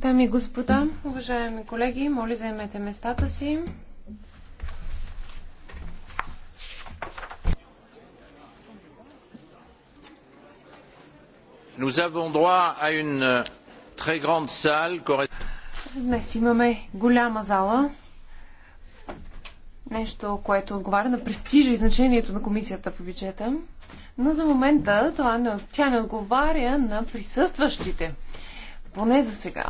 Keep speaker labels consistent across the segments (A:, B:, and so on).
A: Дами и господа, уважаеми колеги, моля заемете местата си. Nous avons droit à une euh, très grande salle. Днес имаме голяма зала. Нещо, което отговаря на престижа и значението на комисията по бюджета но за момента това не, тя не отговаря на присъстващите. Поне за сега.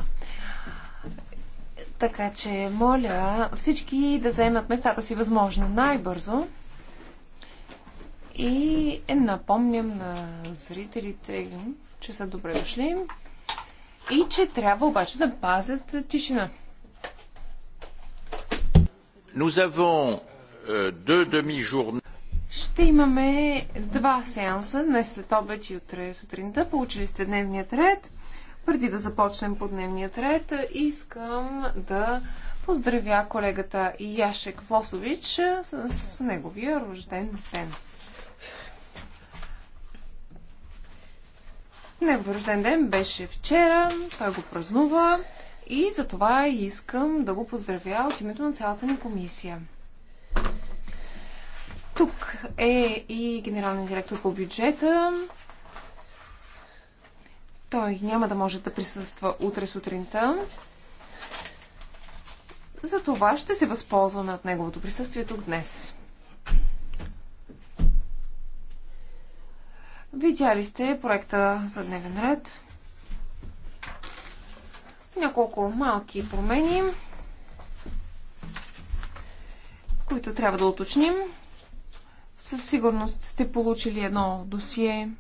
A: Така че, моля всички да заемат местата си възможно най-бързо. И е, напомням на зрителите, че са добре дошли и че трябва обаче да пазят тишина. Nous avons euh, deux demi-journées. Ще имаме два сеанса, днес след обед и утре сутринта. Получили сте дневният ред. Преди да започнем по дневният ред, искам да поздравя колегата Яшек Влосович с неговия рожден ден. Негов рожден ден беше вчера, той го празнува и за това искам да го поздравя от името на цялата ни комисия. Тук е и генералният директор по бюджета. Той няма да може да присъства утре сутринта. За това ще се възползваме от неговото присъствие тук днес. Видяли сте проекта за дневен ред. Няколко малки промени, които трябва да уточним. Със сигурност сте получили едно досие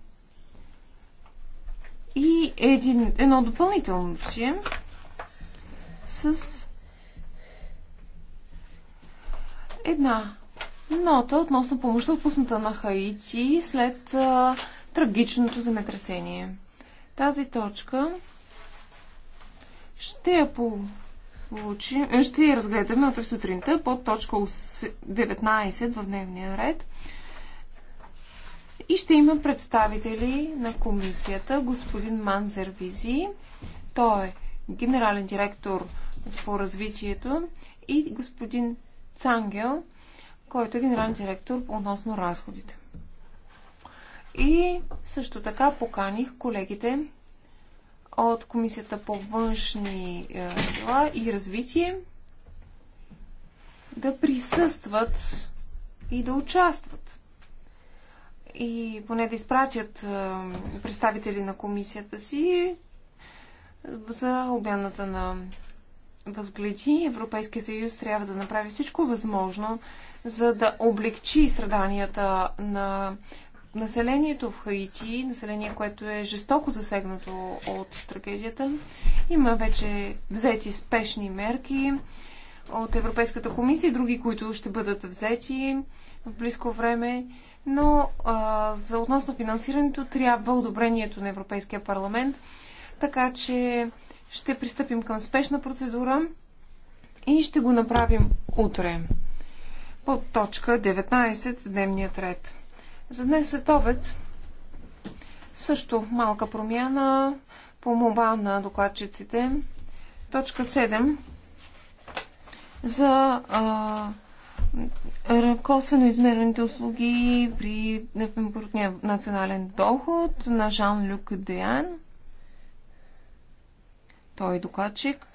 A: и един, едно допълнително досие с една нота относно помощта отпусната на Хаити след а, трагичното земетресение. Тази точка ще я получим, ще я разгледаме утре сутринта под точка 19 в дневния ред. И ще има представители на комисията, господин Манзер Визи. Той е генерален директор по развитието и господин Цангел, който е генерален директор относно разходите. И също така поканих колегите от Комисията по външни е, дела и развитие да присъстват и да участват и поне да изпратят е, представители на комисията си за обяната на възгледи. Европейския съюз трябва да направи всичко възможно, за да облегчи страданията на населението в Хаити, население, което е жестоко засегнато от трагедията. Има вече взети спешни мерки от Европейската комисия и други, които ще бъдат взети в близко време но а, за относно финансирането трябва одобрението на Европейския парламент, така че ще пристъпим към спешна процедура и ще го направим утре под точка 19 в дневният ред. За днес след обед също малка промяна по моба на докладчиците. Точка 7 за а, Косвено измерените услуги при брутния национален доход на Жан-Люк Деян. Той е докладчик.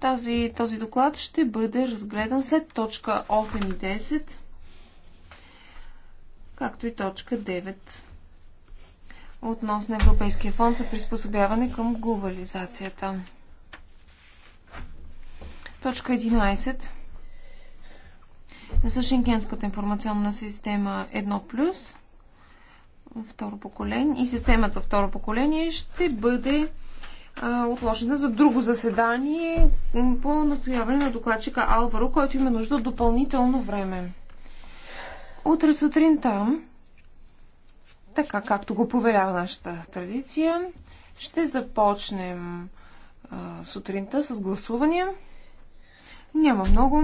A: Тази, този доклад ще бъде разгледан след точка 8 и 10, както и точка 9 относно Европейския фонд за приспособяване към глобализацията. Точка 11 за Шенгенската информационна система 1+, второ поколение, и системата второ поколение ще бъде а, отложена за друго заседание по настояване на докладчика Алваро, който има нужда от допълнително време. Утре сутринта, така както го повелява нашата традиция, ще започнем а, сутринта с гласувания. Няма много.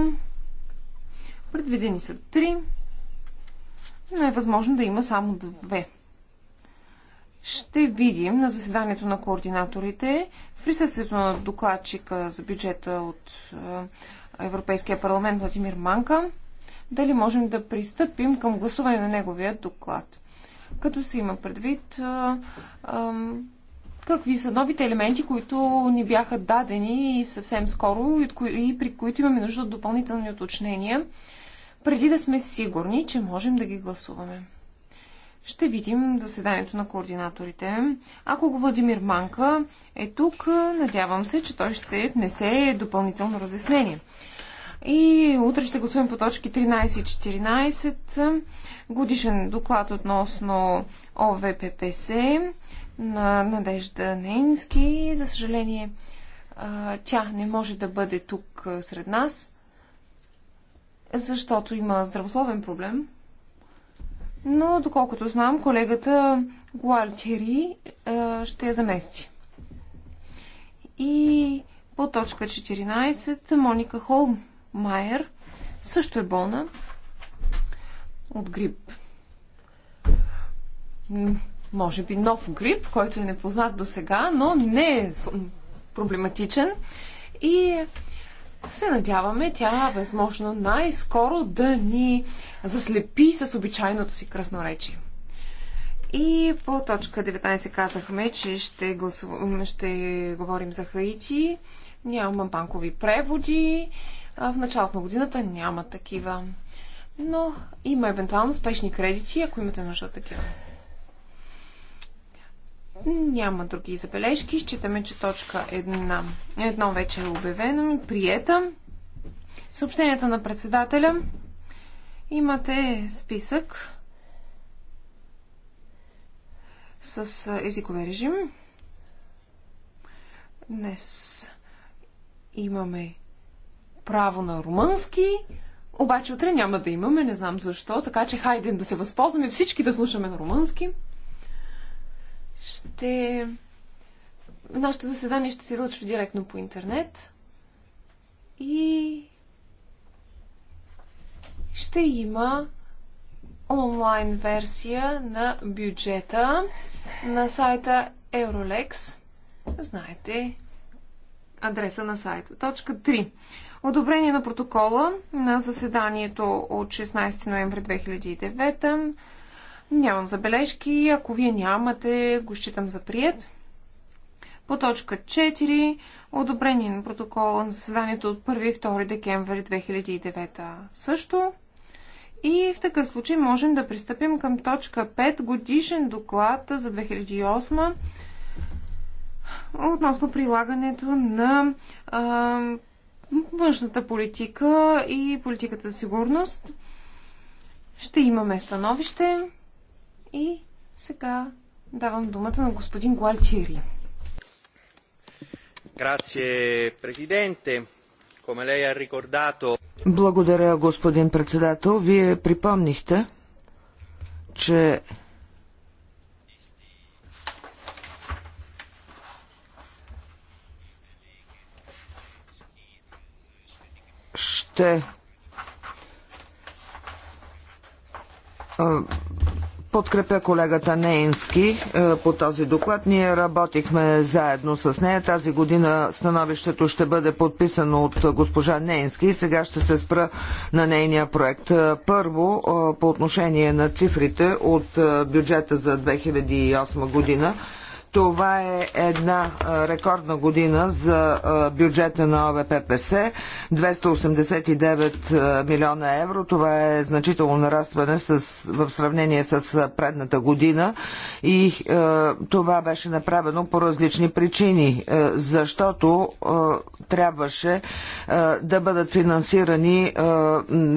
A: Предвидени са три, но е възможно да има само две. Ще видим на заседанието на координаторите в присъствието на докладчика за бюджета от Европейския парламент Владимир Манка дали можем да пристъпим към гласуване на неговия доклад. Като се има предвид какви са новите елементи, които ни бяха дадени съвсем скоро и при които имаме нужда от допълнителни уточнения преди да сме сигурни, че можем да ги гласуваме. Ще видим заседанието на координаторите. Ако го Владимир Манка е тук, надявам се, че той ще внесе допълнително разяснение. И утре ще гласуваме по точки 13 и 14 годишен доклад относно ОВППС на Надежда Нейнски. За съжаление, тя не може да бъде тук сред нас защото има здравословен проблем. Но, доколкото знам, колегата Гуалтери е, ще я замести. И по точка 14 Моника Майер също е болна от грип. Може би нов грип, който е непознат до сега, но не е проблематичен. И се надяваме тя възможно най-скоро да ни заслепи с обичайното си красноречие. И по точка 19 казахме, че ще, гласувам, ще говорим за Хаити. Няма банкови преводи. В началото на годината няма такива. Но има евентуално спешни кредити, ако имате нужда такива. Няма други забележки. Считаме, че точка една. Едно вече е обявено и приета. Съобщенията на председателя. Имате списък с езикови режим. Днес имаме право на румънски, обаче утре няма да имаме, не знам защо, така че хайде да се възползваме всички да слушаме на румънски. Ще... Нашето заседание ще се излъчва директно по интернет и ще има онлайн версия на бюджета на сайта Eurolex. Знаете адреса на сайта. Точка 3. Одобрение на протокола на заседанието от 16 ноември 2009 Нямам забележки. Ако вие нямате, го считам за прият. По точка 4. Одобрение на протокола на заседанието от 1 и 2 декември 2009 също. И в такъв случай можем да пристъпим към точка 5. Годишен доклад за 2008 относно прилагането на а, външната политика и политиката за сигурност. Ще имаме становище. И сега давам думата на господин Гуальчери.
B: Grazie Presidente. Come lei ha ricordato... Благодаря, господин председател. Вие припомнихте, че ще подкрепя колегата Неински е, по този доклад. Ние работихме заедно с нея. Тази година становището ще бъде подписано от госпожа Неински и сега ще се спра на нейния проект. Е, първо, е, по отношение на цифрите от бюджета за 2008 година. Това е една рекордна година за бюджета на ОВППС. 289 милиона евро. Това е значително нарастване с, в сравнение с предната година и е, това беше направено по различни причини, е, защото е, трябваше да бъдат финансирани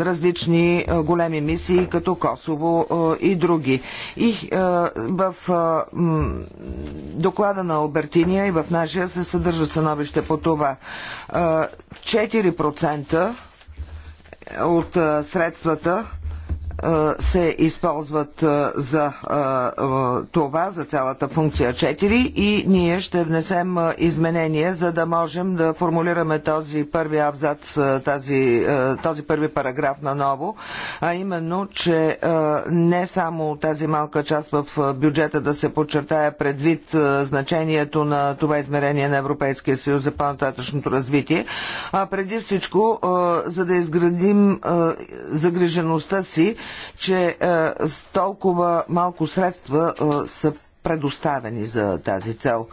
B: различни големи мисии, като Косово и други. И в доклада на Албертиния и в нашия се съдържа становище по това. 4% от средствата се използват за това, за цялата функция 4 и ние ще внесем изменения, за да можем да формулираме този първи абзац, тази, този първи параграф наново, а именно, че не само тази малка част в бюджета да се подчертая предвид значението на това измерение на Европейския съюз за по-нататъчното развитие, а преди всичко, за да изградим загрижеността си, че е, с толкова малко средства е, са предоставени за тази цел.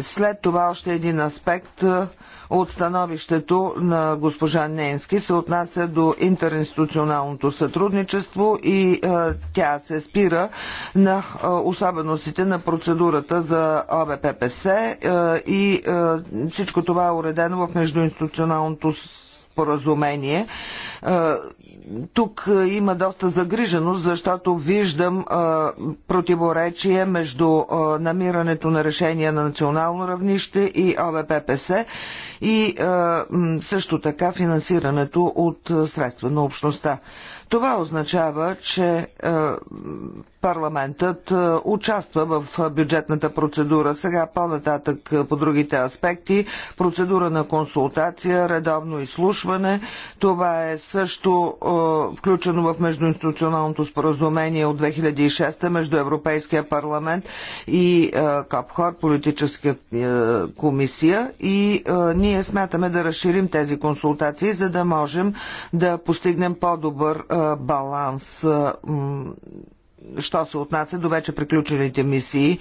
B: След това още един аспект е, от становището на госпожа Ненски се отнася до интеринституционалното сътрудничество и е, тя се спира на е, особеностите на процедурата за ОБППС е, и всичко това е уредено в междуинституционалното споразумение тук е, има доста загриженост, защото виждам а, е, противоречие между а, е, намирането на решения на национално равнище и ОВППС и а, също така финансирането от средства на общността. Това означава, че парламентът е, участва в бюджетната процедура. Сега по-нататък е, по другите аспекти. Процедура на консултация, редовно изслушване. Това е също е, включено в междуинституционалното споразумение от 2006 между Европейския парламент и е, КАПХОР, политическа е, комисия. И е, ние смятаме да разширим тези консултации, за да можем да постигнем по-добър баланс що се отнася до вече приключените мисии.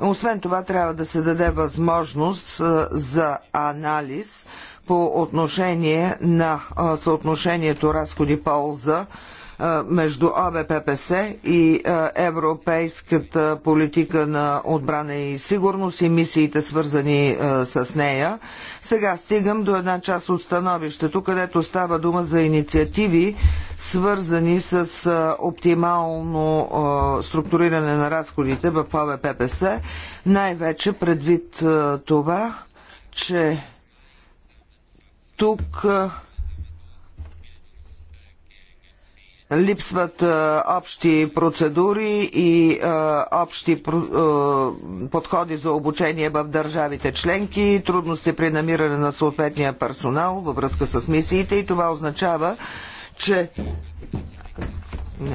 B: Освен това, трябва да се даде възможност за анализ по отношение на съотношението разходи-полза между ОБППС и европейската политика на отбрана и сигурност и мисиите свързани с нея. Сега стигам до една част от становището, където става дума за инициативи, свързани с оптимално структуриране на разходите в ОВППС, най-вече предвид това, че тук липсват общи процедури и общи подходи за обучение в държавите членки, трудности при намиране на съответния персонал във връзка с мисиите и това означава, че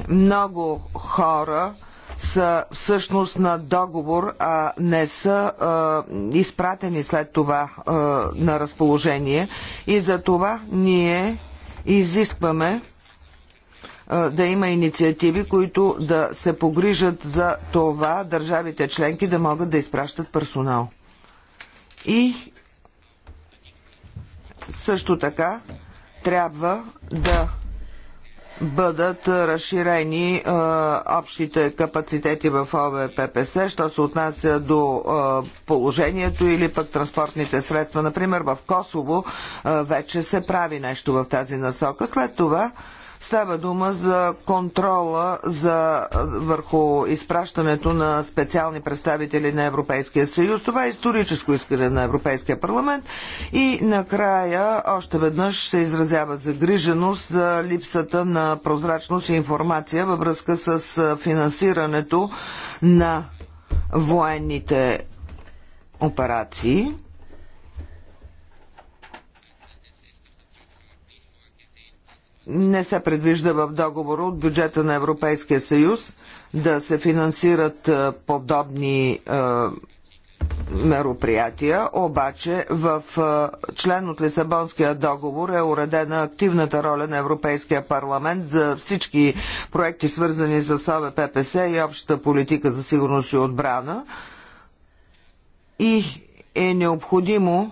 B: много хора са всъщност на договор, а не са а, изпратени след това а, на разположение. И за това ние изискваме да има инициативи, които да се погрижат за това държавите членки да могат да изпращат персонал. И също така трябва да бъдат разширени е, общите капацитети в ОВППС, що се отнася до е, положението или пък транспортните средства. Например, в Косово е, вече се прави нещо в тази насока. След това Става дума за контрола за, върху изпращането на специални представители на Европейския съюз. Това е историческо искане на Европейския парламент. И накрая още веднъж се изразява загриженост за липсата на прозрачност и информация във връзка с финансирането на военните операции. не се предвижда в договора от бюджета на Европейския съюз да се финансират е, подобни е, мероприятия, обаче в е, член от Лисабонския договор е уредена активната роля на Европейския парламент за всички проекти свързани с ОВППС и общата политика за сигурност и отбрана и е необходимо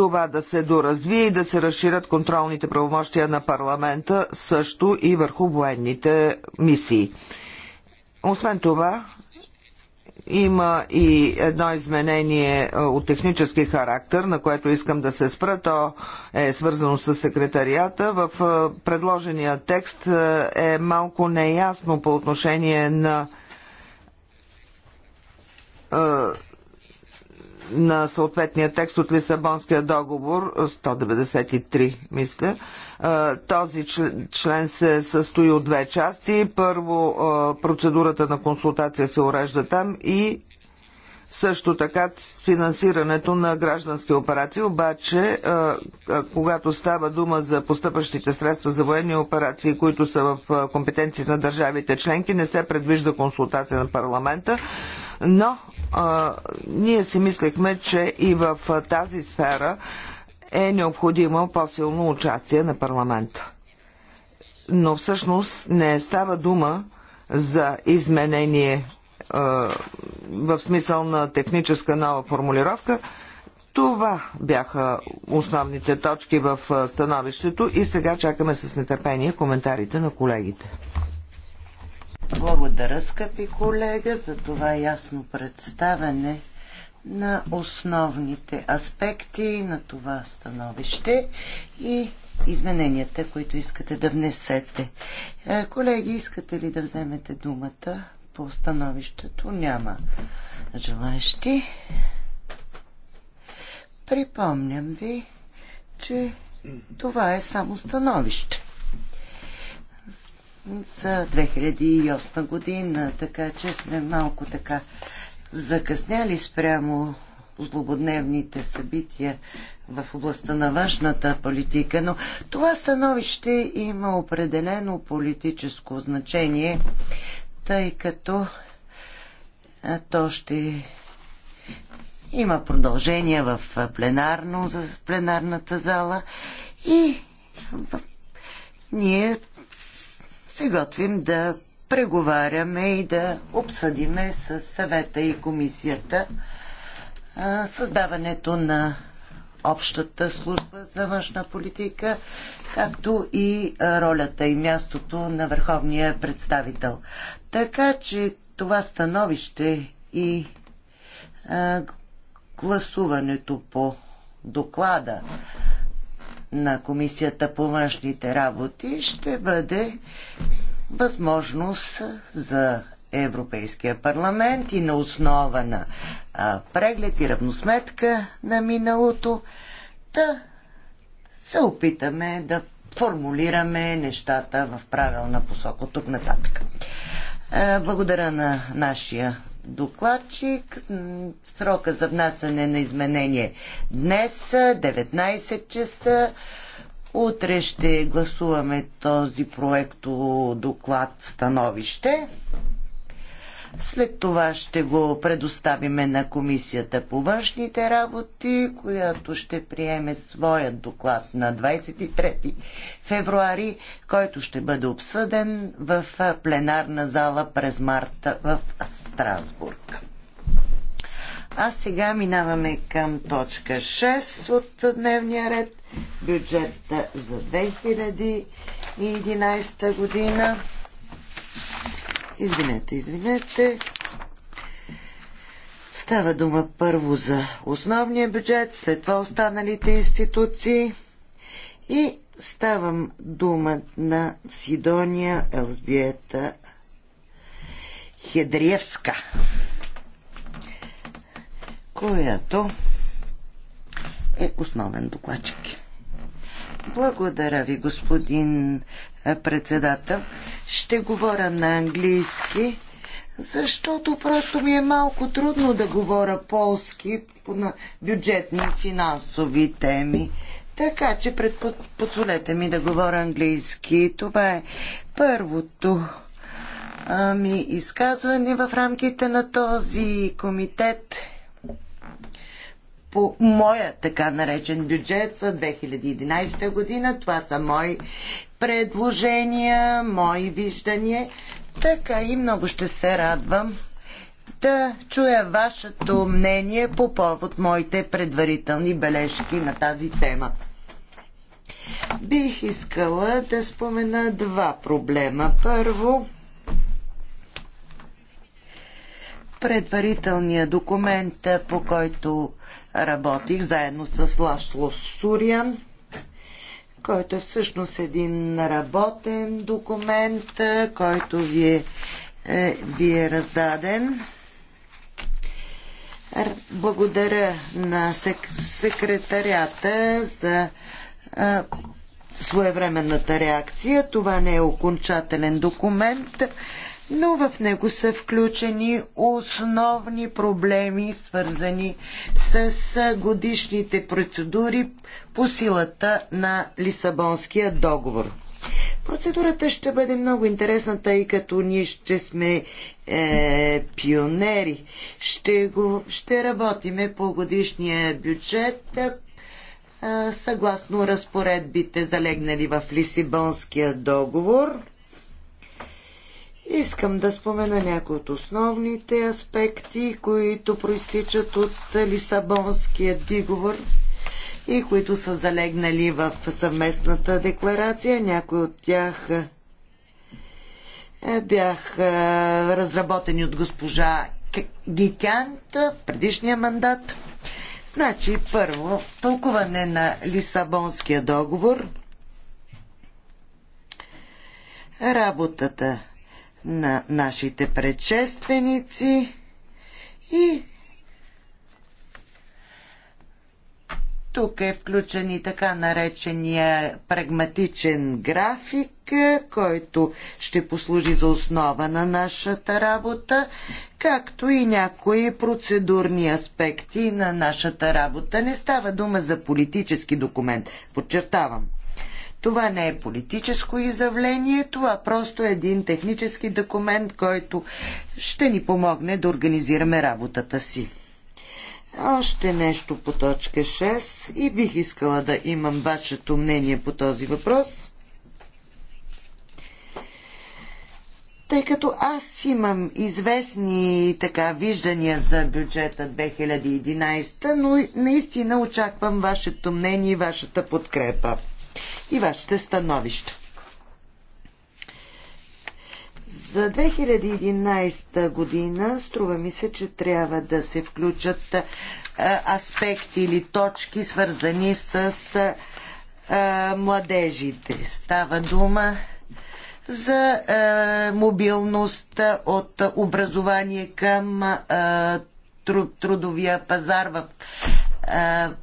B: това да се доразвие и да се разширят контролните правомощия на парламента също и върху военните мисии. Освен това, има и едно изменение от технически характер, на което искам да се спра. То е свързано с секретарията. В предложения текст е малко неясно по отношение на на съответния текст от Лисабонския договор, 193, мисля. Този член се състои от две части. Първо, процедурата на консултация се урежда там и също така финансирането на граждански операции, обаче когато става дума за постъпащите средства за военни операции, които са в компетенции на държавите членки, не се предвижда консултация на парламента, но ние си мислехме, че и в тази сфера е необходимо по-силно участие на парламента. Но всъщност не става дума за изменение в смисъл на техническа нова формулировка. Това бяха основните точки в становището и сега чакаме с нетърпение коментарите на колегите.
C: Благодаря, скъпи колега, за това ясно представене на основните аспекти на това становище и измененията, които искате да внесете. Е, колеги, искате ли да вземете думата по становището? Няма желащи. Припомням ви, че това е само становище за 2008 година, така че сме малко така закъсняли спрямо злободневните събития в областта на външната политика, но това становище има определено политическо значение, тъй като то ще има продължение в пленарно, за пленарната зала и ние се готвим да преговаряме и да обсъдиме с съвета и комисията създаването на общата служба за външна политика, както и ролята и мястото на върховния представител. Така че това становище и гласуването по доклада на Комисията по външните работи ще бъде възможност за Европейския парламент и на основа на а, преглед и равносметка на миналото да се опитаме да формулираме нещата в правилна посока тук нататък. Благодаря на нашия докладчик. Срока за внасяне на изменение днес 19 часа. Утре ще гласуваме този проекто доклад становище. След това ще го предоставиме на Комисията по външните работи, която ще приеме своят доклад на 23 февруари, който ще бъде обсъден в пленарна зала през марта в Страсбург. А сега минаваме към точка 6 от дневния ред. Бюджета за 2011 година. Извинете, извинете. Става дума първо за основния бюджет, след това останалите институции и ставам дума на Сидония Елзбиета Хедриевска, която е основен докладчик. Благодаря ви, господин председател. Ще говоря на английски, защото просто ми е малко трудно да говоря полски на бюджетни и финансови теми. Така че позволете ми да говоря английски. Това е първото ми изказване в рамките на този комитет по моя така наречен бюджет за 2011 година. Това са мои предложения, мои виждания. Така и много ще се радвам да чуя вашето мнение по повод моите предварителни бележки на тази тема. Бих искала да спомена два проблема. Първо, предварителния документ, е, по който работих заедно с Лашло Сурян, който е всъщност един работен документ, е, който ви е, е, ви е раздаден. Благодаря на сек, секретарята за а, своевременната реакция. Това не е окончателен документ но в него са включени основни проблеми, свързани с годишните процедури по силата на Лисабонския договор. Процедурата ще бъде много интересна, тъй като ние ще сме е, пионери. Ще, го, ще работиме по годишния бюджет е, съгласно разпоредбите, залегнали в Лисибонския договор Искам да спомена някои от основните аспекти, които проистичат от Лисабонския договор и които са залегнали в съвместната декларация. Някои от тях е, бяха разработени от госпожа Гикант предишния мандат. Значи, първо, тълкуване на Лисабонския договор, работата на нашите предшественици и Тук е включен и така наречения прагматичен график, който ще послужи за основа на нашата работа, както и някои процедурни аспекти на нашата работа. Не става дума за политически документ, подчертавам. Това не е политическо изявление, това просто е един технически документ, който ще ни помогне да организираме работата си. Още нещо по точка 6 и бих искала да имам вашето мнение по този въпрос. Тъй като аз имам известни така виждания за бюджета 2011, но наистина очаквам вашето мнение и вашата подкрепа и вашите становища. За 2011 година струва ми се, че трябва да се включат аспекти или точки, свързани с младежите. Става дума за мобилност от образование към трудовия пазар в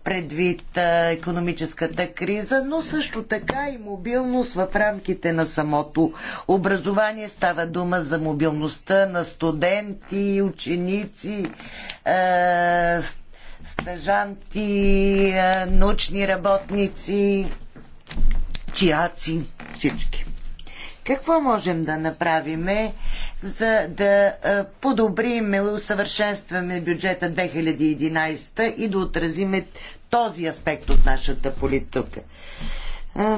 C: предвид економическата криза, но също така и мобилност в рамките на самото образование. Става дума за мобилността на студенти, ученици, стъжанти, научни работници, чияци, всички. Какво можем да направиме, за да подобрим и усъвършенстваме бюджета 2011 и да отразиме този аспект от нашата политика?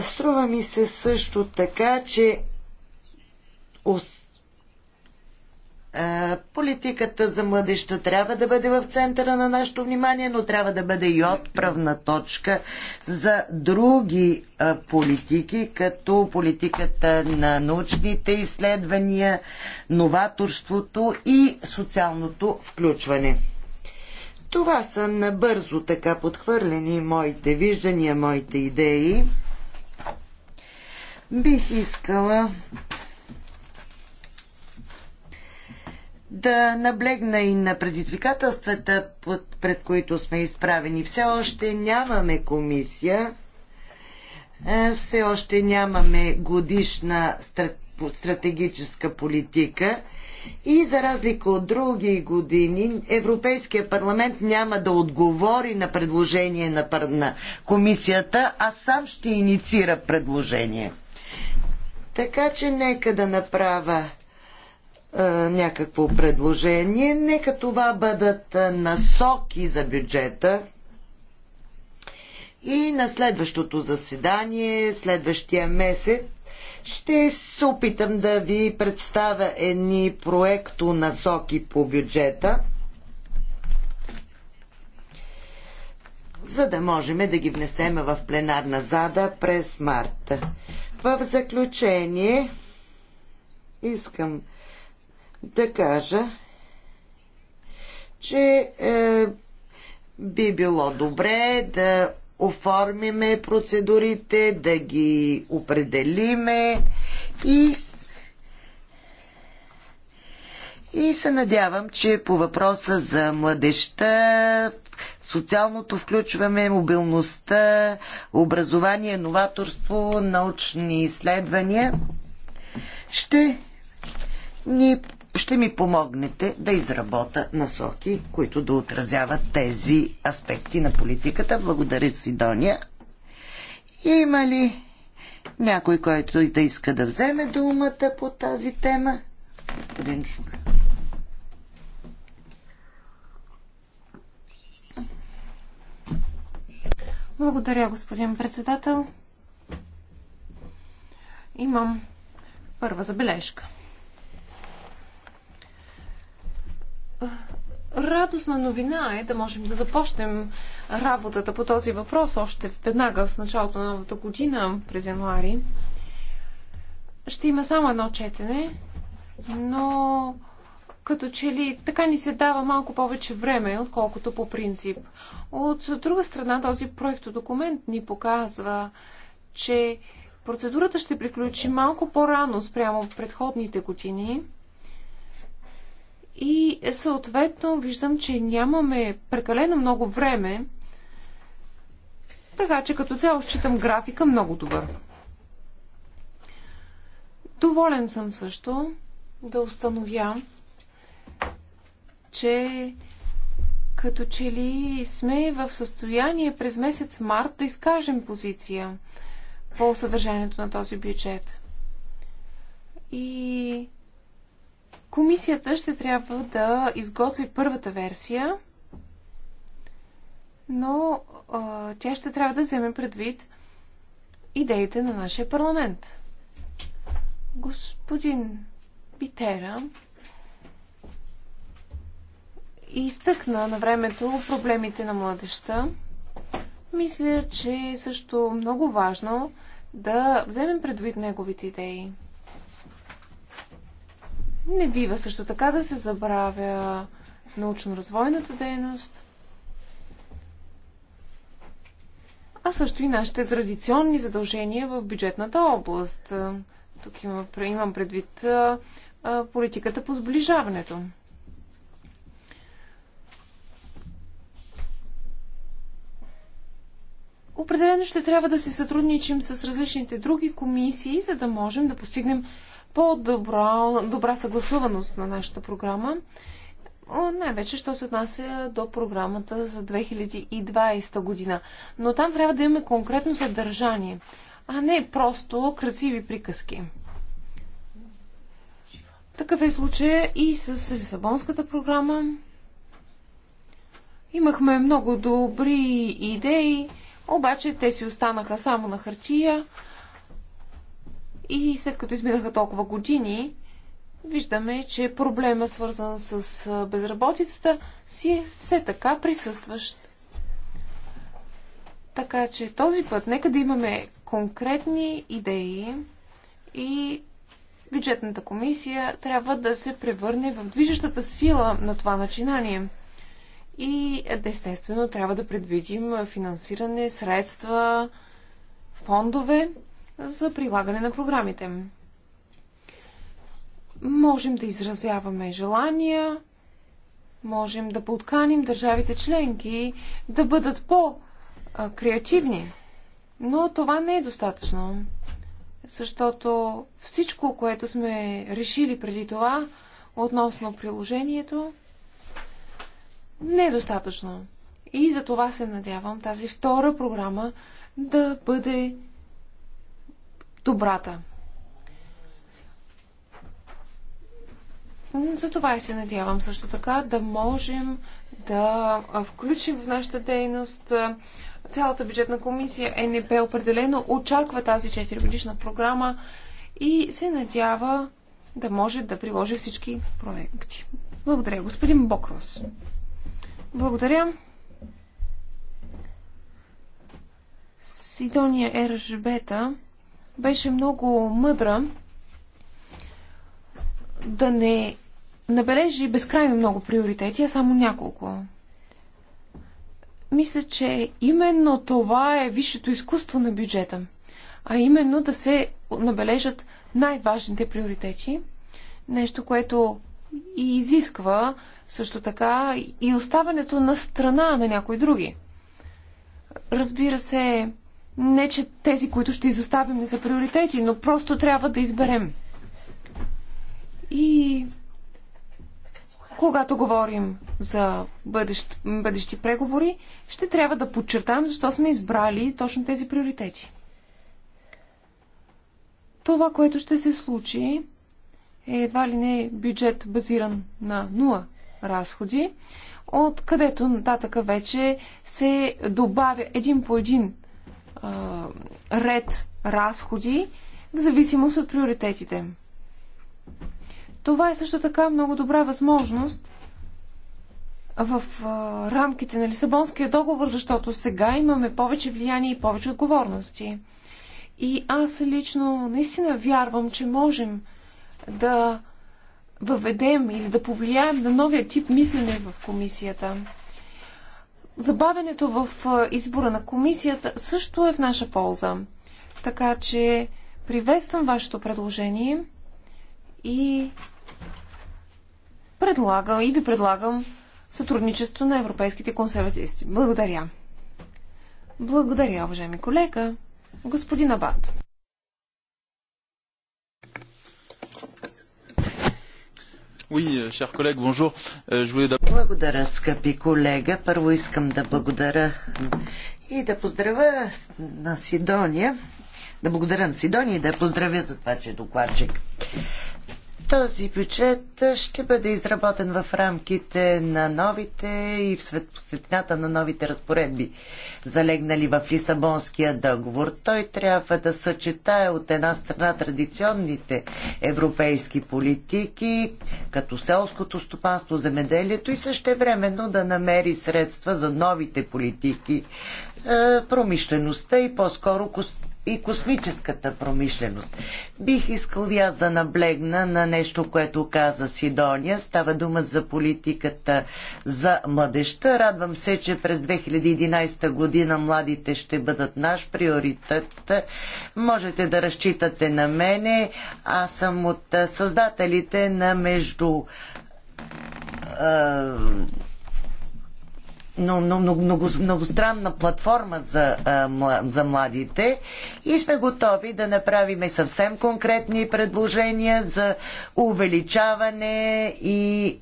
C: Струва ми се също така, че Политиката за младеща трябва да бъде в центъра на нашето внимание, но трябва да бъде и отправна точка за други политики, като политиката на научните изследвания, новаторството и социалното включване. Това са набързо така подхвърлени моите виждания, моите идеи. Бих искала да наблегна и на предизвикателствата, пред които сме изправени. Все още нямаме комисия, е, все още нямаме годишна стратегическа политика и за разлика от други години, Европейския парламент няма да отговори на предложение на, на комисията, а сам ще инициира предложение. Така че нека да направя е, някакво предложение. Нека това бъдат е, насоки за бюджета. И на следващото заседание, следващия месец, ще се опитам да ви представя едни проекто насоки по бюджета, за да можем да ги внесем в пленарна зада през март. В заключение искам да кажа, че е, би било добре да оформиме процедурите, да ги определиме и и се надявам, че по въпроса за младеща, социалното включване, мобилността, образование, новаторство, научни изследвания ще ни ще ми помогнете да изработа насоки, които да отразяват тези аспекти на политиката. Благодаря, Сидония. Има ли някой, който и да иска да вземе думата по тази тема? Господин Шуля.
A: Благодаря, господин председател. Имам първа забележка – Радостна новина е да можем да започнем работата по този въпрос още веднага с началото на новата година, през януари. Ще има само едно четене, но като че ли така ни се дава малко повече време, отколкото по принцип. От друга страна, този проект документ ни показва, че процедурата ще приключи малко по-рано спрямо в предходните години – и съответно виждам, че нямаме прекалено много време, така че като цяло считам графика много добър. Доволен съм също да установя, че като че ли сме в състояние през месец март да изкажем позиция по съдържанието на този бюджет. И Комисията ще трябва да изготви първата версия, но а, тя ще трябва да вземе предвид идеите на нашия парламент. Господин Питера изтъкна на времето проблемите на младеща. Мисля, че е също много важно да вземем предвид неговите идеи. Не бива също така да се забравя научно-развойната дейност, а също и нашите традиционни задължения в бюджетната област. Тук имам, предвид политиката по сближаването. Определено ще трябва да се сътрудничим с различните други комисии, за да можем да постигнем по-добра добра съгласуваност на нашата програма. Най-вече, що се отнася до програмата за 2020 година. Но там трябва да имаме конкретно съдържание, а не просто красиви приказки. Такъв е случая и с Лисабонската програма. Имахме много добри идеи, обаче те си останаха само на хартия. И след като изминаха толкова години, виждаме, че проблема, свързан с безработицата, си е все така присъстващ. Така че този път нека да имаме конкретни идеи и бюджетната комисия трябва да се превърне в движещата сила на това начинание. И естествено трябва да предвидим финансиране, средства, фондове, за прилагане на програмите. Можем да изразяваме желания, можем да подканим държавите членки да бъдат по-креативни. Но това не е достатъчно, защото всичко, което сме решили преди това относно приложението, не е достатъчно. И за това се надявам тази втора програма да бъде добрата. За това и се надявам също така да можем да включим в нашата дейност цялата бюджетна комисия НП определено очаква тази 4 годишна програма и се надява да може да приложи всички проекти. Благодаря, господин Бокрос. Благодаря. Сидония Ержбета беше много мъдра да не набележи безкрайно много приоритети, а само няколко. Мисля, че именно това е висшето изкуство на бюджета, а именно да се набележат най-важните приоритети, нещо, което и изисква също така и оставането на страна на някои други. Разбира се, не, че тези, които ще изоставим, не са приоритети, но просто трябва да изберем. И когато говорим за бъдещ, бъдещи преговори, ще трябва да подчертаем защо сме избрали точно тези приоритети. Това, което ще се случи, е едва ли не бюджет базиран на нула разходи, откъдето нататъка вече се добавя един по един ред разходи в зависимост от приоритетите. Това е също така много добра възможност в а, рамките на Лисабонския договор, защото сега имаме повече влияние и повече отговорности. И аз лично наистина вярвам, че можем да въведем или да повлияем на новия тип мислене в комисията забавенето в избора на комисията също е в наша полза. Така че приветствам вашето предложение и предлагам и ви предлагам сътрудничество на европейските консерватисти. Благодаря. Благодаря, уважаеми колега. Господин Абат. Oui, euh, cher collègue, bonjour. Euh, je voulais
C: Благодаря, скъпи колега. Първо искам да благодаря и да поздравя на Сидония. Да благодаря на Сидония и да я поздравя за това, че е докладчик. Този бюджет ще бъде изработен в рамките на новите и в светлината на новите разпоредби, залегнали в Лисабонския договор. Той трябва да съчетае от една страна традиционните европейски политики, като селското стопанство, земеделието и същевременно да намери средства за новите политики, е, промишлеността и по-скоро и космическата промишленост. Бих искал и аз да наблегна на нещо, което каза Сидония. Става дума за политиката за младеща. Радвам се, че през 2011 година младите ще бъдат наш приоритет. Можете да разчитате на мене. Аз съм от създателите на между много, много, много, многостранна платформа за, за младите и сме готови да направим съвсем конкретни предложения за увеличаване и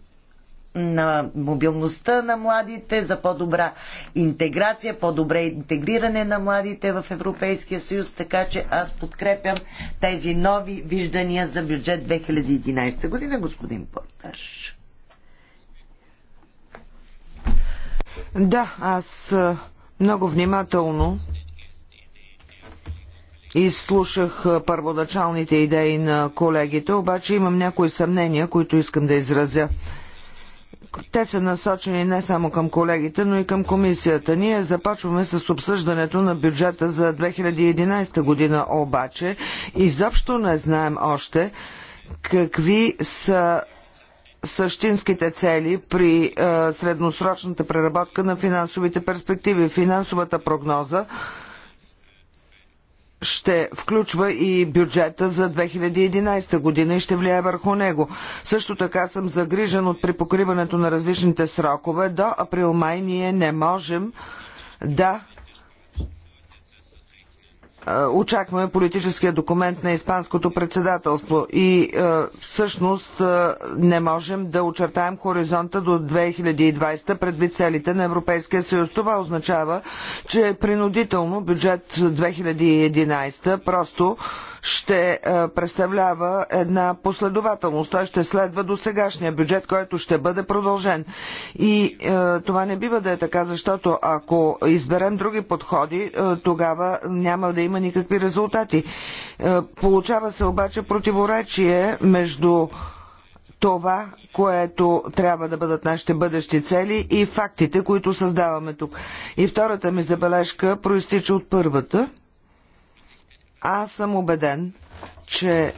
C: на мобилността на младите, за по-добра интеграция, по-добре интегриране на младите в Европейския съюз, така че аз подкрепям тези нови виждания за бюджет 2011
B: година, господин Порташ. Да, аз много внимателно изслушах първоначалните идеи на колегите, обаче имам някои съмнения, които искам да изразя. Те са насочени не само към колегите, но и към комисията. Ние започваме с обсъждането на бюджета за 2011 година, обаче изобщо не знаем още какви са същинските цели при е, средносрочната преработка на финансовите перспективи. Финансовата прогноза ще включва и бюджета за 2011 година и ще влияе върху него. Също така съм загрижен от припокриването на различните срокове. До април-май ние не можем да очакваме политическия документ на Испанското председателство и всъщност не можем да очертаем хоризонта до 2020 предвид целите на Европейския съюз. Това означава, че е принудително бюджет 2011 просто ще е, представлява една последователност. Той ще следва до сегашния бюджет, който ще бъде продължен. И е, това не бива да е така, защото ако изберем други подходи, е, тогава няма да има никакви резултати. Е, получава се обаче противоречие между това, което трябва да бъдат нашите бъдещи цели и фактите, които създаваме тук. И втората ми забележка проистича от първата – аз съм убеден, че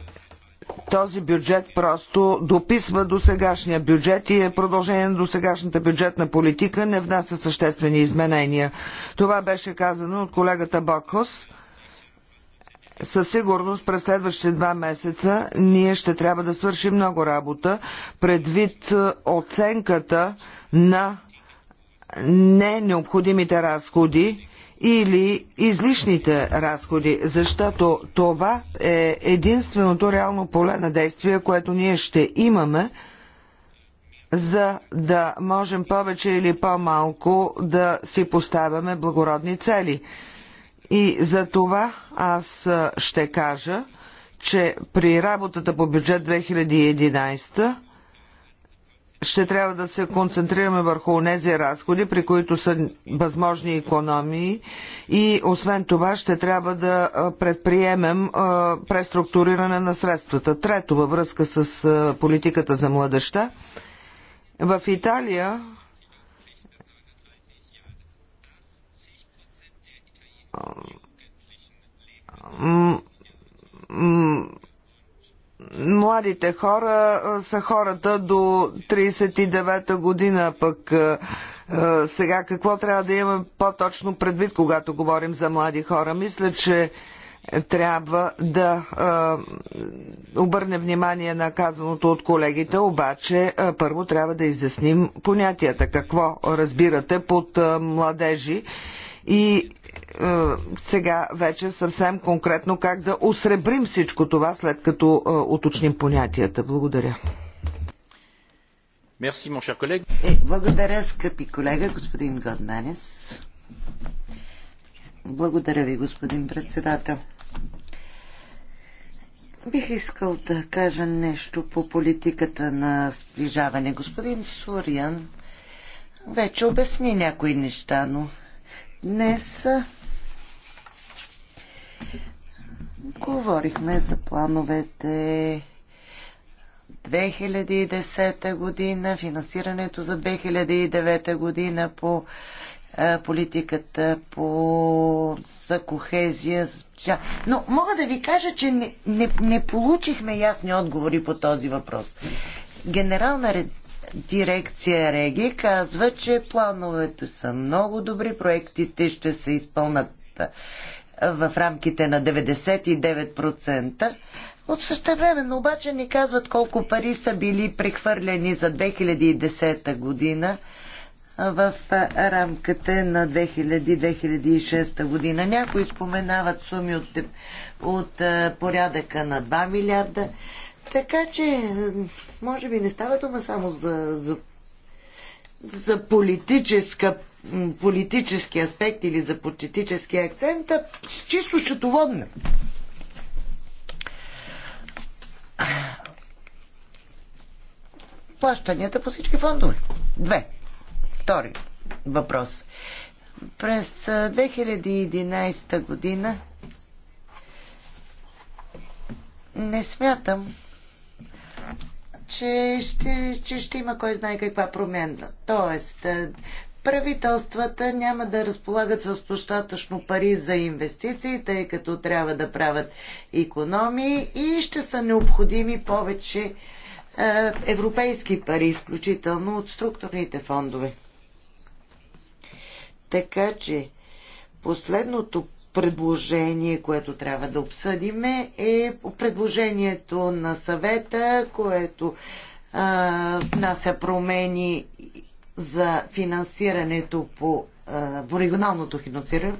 B: този бюджет просто дописва до сегашния бюджет и е продължение на сегашната бюджетна политика, не внася съществени изменения. Това беше казано от колегата Бокхос. Със сигурност през следващите два месеца ние ще трябва да свършим много работа предвид е, оценката на не необходимите разходи или излишните разходи, защото това е единственото реално поле на действие, което ние ще имаме, за да можем повече или по-малко да си поставяме благородни цели. И за това аз ще кажа, че при работата по бюджет 2011 ще трябва да се концентрираме върху тези разходи, при които са възможни економии и освен това ще трябва да предприемем преструктуриране на средствата. Трето, във връзка с политиката за младеща. В Италия младите хора са хората до 39-та година, пък сега какво трябва да имаме по-точно предвид, когато говорим за млади хора? Мисля, че трябва да е, обърне внимание на казаното от колегите, обаче е, първо трябва да изясним понятията. Какво разбирате под е, младежи и е, сега вече съвсем конкретно как да осребрим всичко това, след като е, уточним понятията. Благодаря.
C: mon cher collègue. колег. благодаря, скъпи колега, господин Годманес. Благодаря ви, господин председател. Бих искал да кажа нещо по политиката на сближаване. Господин Сурян вече обясни някои неща, но днес Говорихме за плановете 2010 година, финансирането за 2009 година по е, политиката по, за кохезия. Но мога да ви кажа, че не, не, не получихме ясни отговори по този въпрос. Генерална дирекция Реги казва, че плановете са много добри, проектите ще се изпълнат в рамките на 99%. От но обаче ни казват колко пари са били прехвърлени за 2010 година в рамките на 2000-2006 година. Някои споменават суми от, от порядъка на 2 милиарда. Така че, може би не става дума само за, за, за политическа политически аспект или за политически акцент, а с чисто счетоводна. Плащанията по всички фондове. Две. Втори въпрос. През 2011 година не смятам, че ще, че ще има кой знае каква промяна. Тоест, правителствата няма да разполагат с достатъчно пари за инвестиции, тъй като трябва да правят економии и ще са необходими повече е, европейски пари, включително от структурните фондове. Така че последното предложение, което трябва да обсъдим е предложението на съвета, което а, е, нася промени за финансирането по, по регионалното финансиране,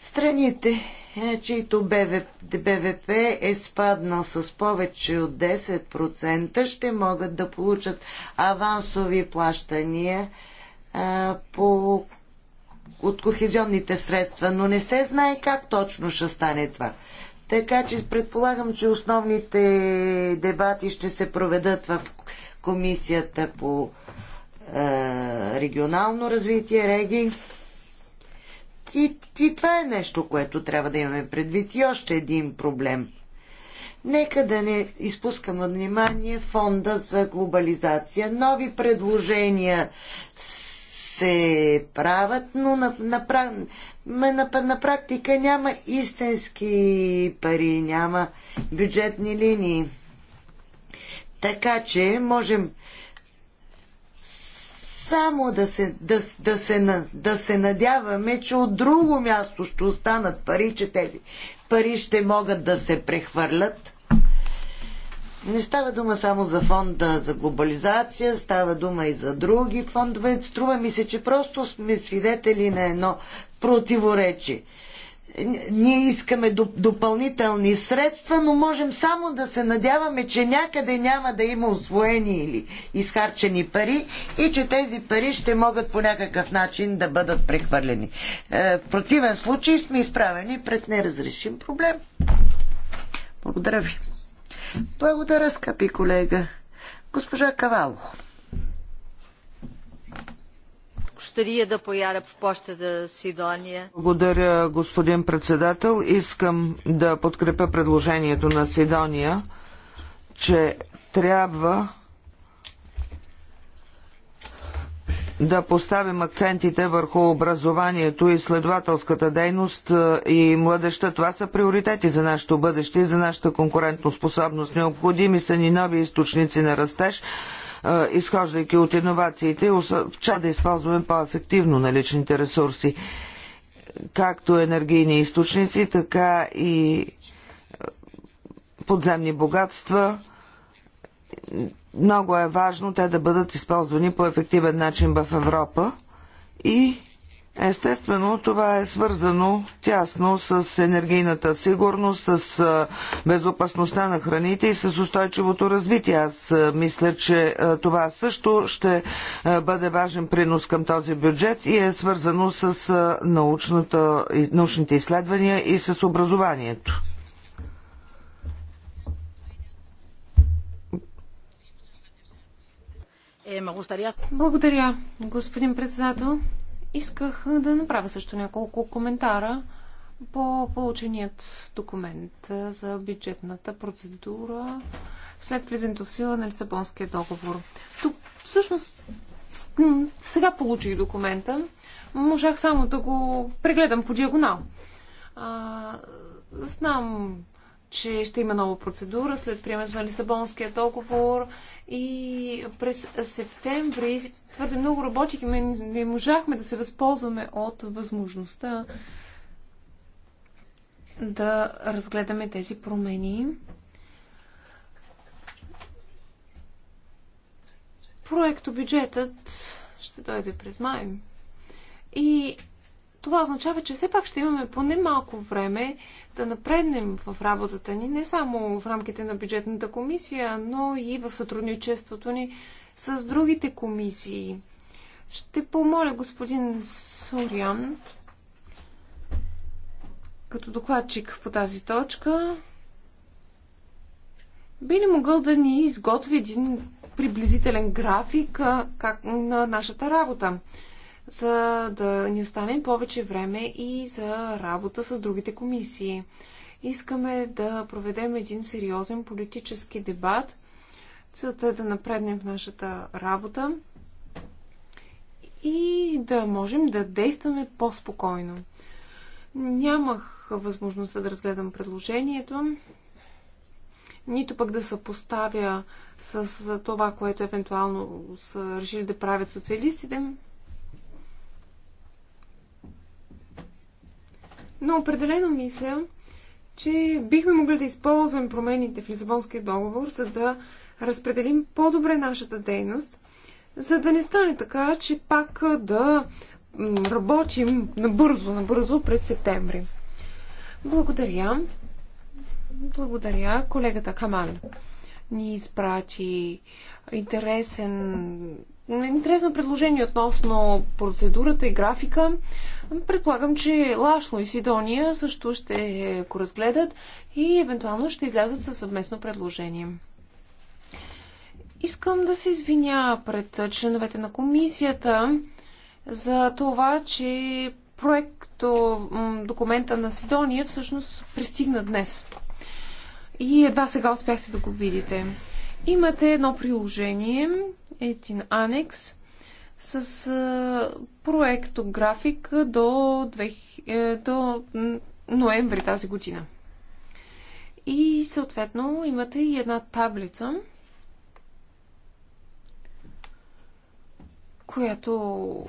C: страните, е, чието БВП, БВП е спаднал с повече от 10%, ще могат да получат авансови плащания а, по, от кохезионните средства, но не се знае как точно ще стане това. Така че предполагам, че основните дебати ще се проведат в Комисията по е, регионално развитие, Реги. И, и това е нещо, което трябва да имаме предвид. И още един проблем. Нека да не изпускаме внимание фонда за глобализация. Нови предложения се правят, но на, на, на, на, на практика няма истински пари, няма бюджетни линии. Така че можем само да се, да, да, се, да се надяваме, че от друго място ще останат пари, че тези пари ще могат да се прехвърлят. Не става дума само за фонда за глобализация, става дума и за други фондове. Струва ми се, че просто сме свидетели на едно противоречие ние искаме допълнителни средства, но можем само да се надяваме, че някъде няма да има освоени или изхарчени пари и че тези пари ще могат по някакъв начин да бъдат прехвърлени. Е, в противен случай сме изправени пред неразрешим проблем. Благодаря ви. Благодаря, скъпи
B: колега. Госпожа Кавалов. Gostaria de apoiar a proposta da Sidónia. Благодаря, господин председател. Искам да подкрепя предложението на Сидония, че трябва да поставим акцентите върху образованието, е, и следователската дейност и младеща. Това са приоритети за нашето бъдеще и за нашата конкурентоспособност. Необходими са ни нови източници на растеж изхождайки от иновациите, че да използваме по-ефективно наличните ресурси, както енергийни източници, така и подземни богатства. Много е важно те да бъдат използвани по ефективен начин в Европа и Естествено, това е свързано тясно с енергийната сигурност, с безопасността на храните и с устойчивото развитие. Аз мисля, че това също ще бъде важен принос към този бюджет и е свързано с научните изследвания и с образованието.
A: Благодаря, господин председател. Исках да направя също няколко коментара по полученият документ за бюджетната процедура след влизането в сила на Лисабонския договор. Тук всъщност сега получих документа. Можах само да го прегледам по диагонал. А, знам, че ще има нова процедура след приемането на Лисабонския договор и през септември твърде много работихме, не можахме да се възползваме от възможността да разгледаме тези промени. Проекто бюджетът ще дойде през май. И това означава, че все пак ще имаме поне малко време да напреднем в работата ни, не само в рамките на бюджетната комисия, но и в сътрудничеството ни с другите комисии. Ще помоля господин Сурян, като докладчик по тази точка, би ли могъл да ни изготви един приблизителен график как, на нашата работа? за да ни остане повече време и за работа с другите комисии. Искаме да проведем един сериозен политически дебат. Целта е да напреднем в нашата работа и да можем да действаме по-спокойно. Нямах възможността да разгледам предложението, нито пък да съпоставя с това, което евентуално са решили да правят социалистите. Но определено мисля, че бихме могли да използваме промените в Лисабонския договор, за да разпределим по-добре нашата дейност, за да не стане така, че пак да работим набързо, набързо през септември. Благодаря. Благодаря колегата Камал. Ни изпрати интересен, интересно предложение относно процедурата и графика. Предполагам, че Лашло и Сидония също ще го разгледат и евентуално ще излязат със съвместно предложение. Искам да се извиня пред членовете на комисията за това, че проекто документа на Сидония всъщност пристигна днес. И едва сега успяхте да го видите. Имате едно приложение, един анекс – с а, проектографик до, е, до ноември тази година. И съответно имате и една таблица, която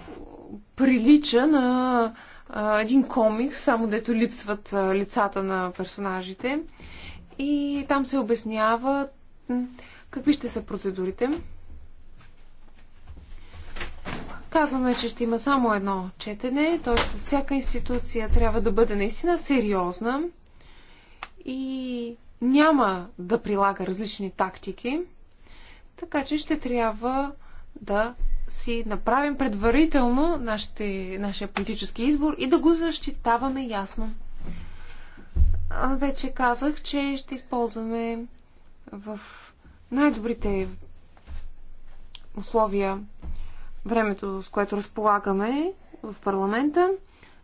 A: прилича на а, един комикс, само дето липсват а, лицата на персонажите. И там се обяснява какви ще са процедурите. Казано е, че ще има само едно четене, т.е. всяка институция трябва да бъде наистина сериозна и няма да прилага различни тактики, така че ще трябва да си направим предварително нашите, нашия политически избор и да го защитаваме ясно. Вече казах, че ще използваме в най-добрите условия времето, с което разполагаме в парламента,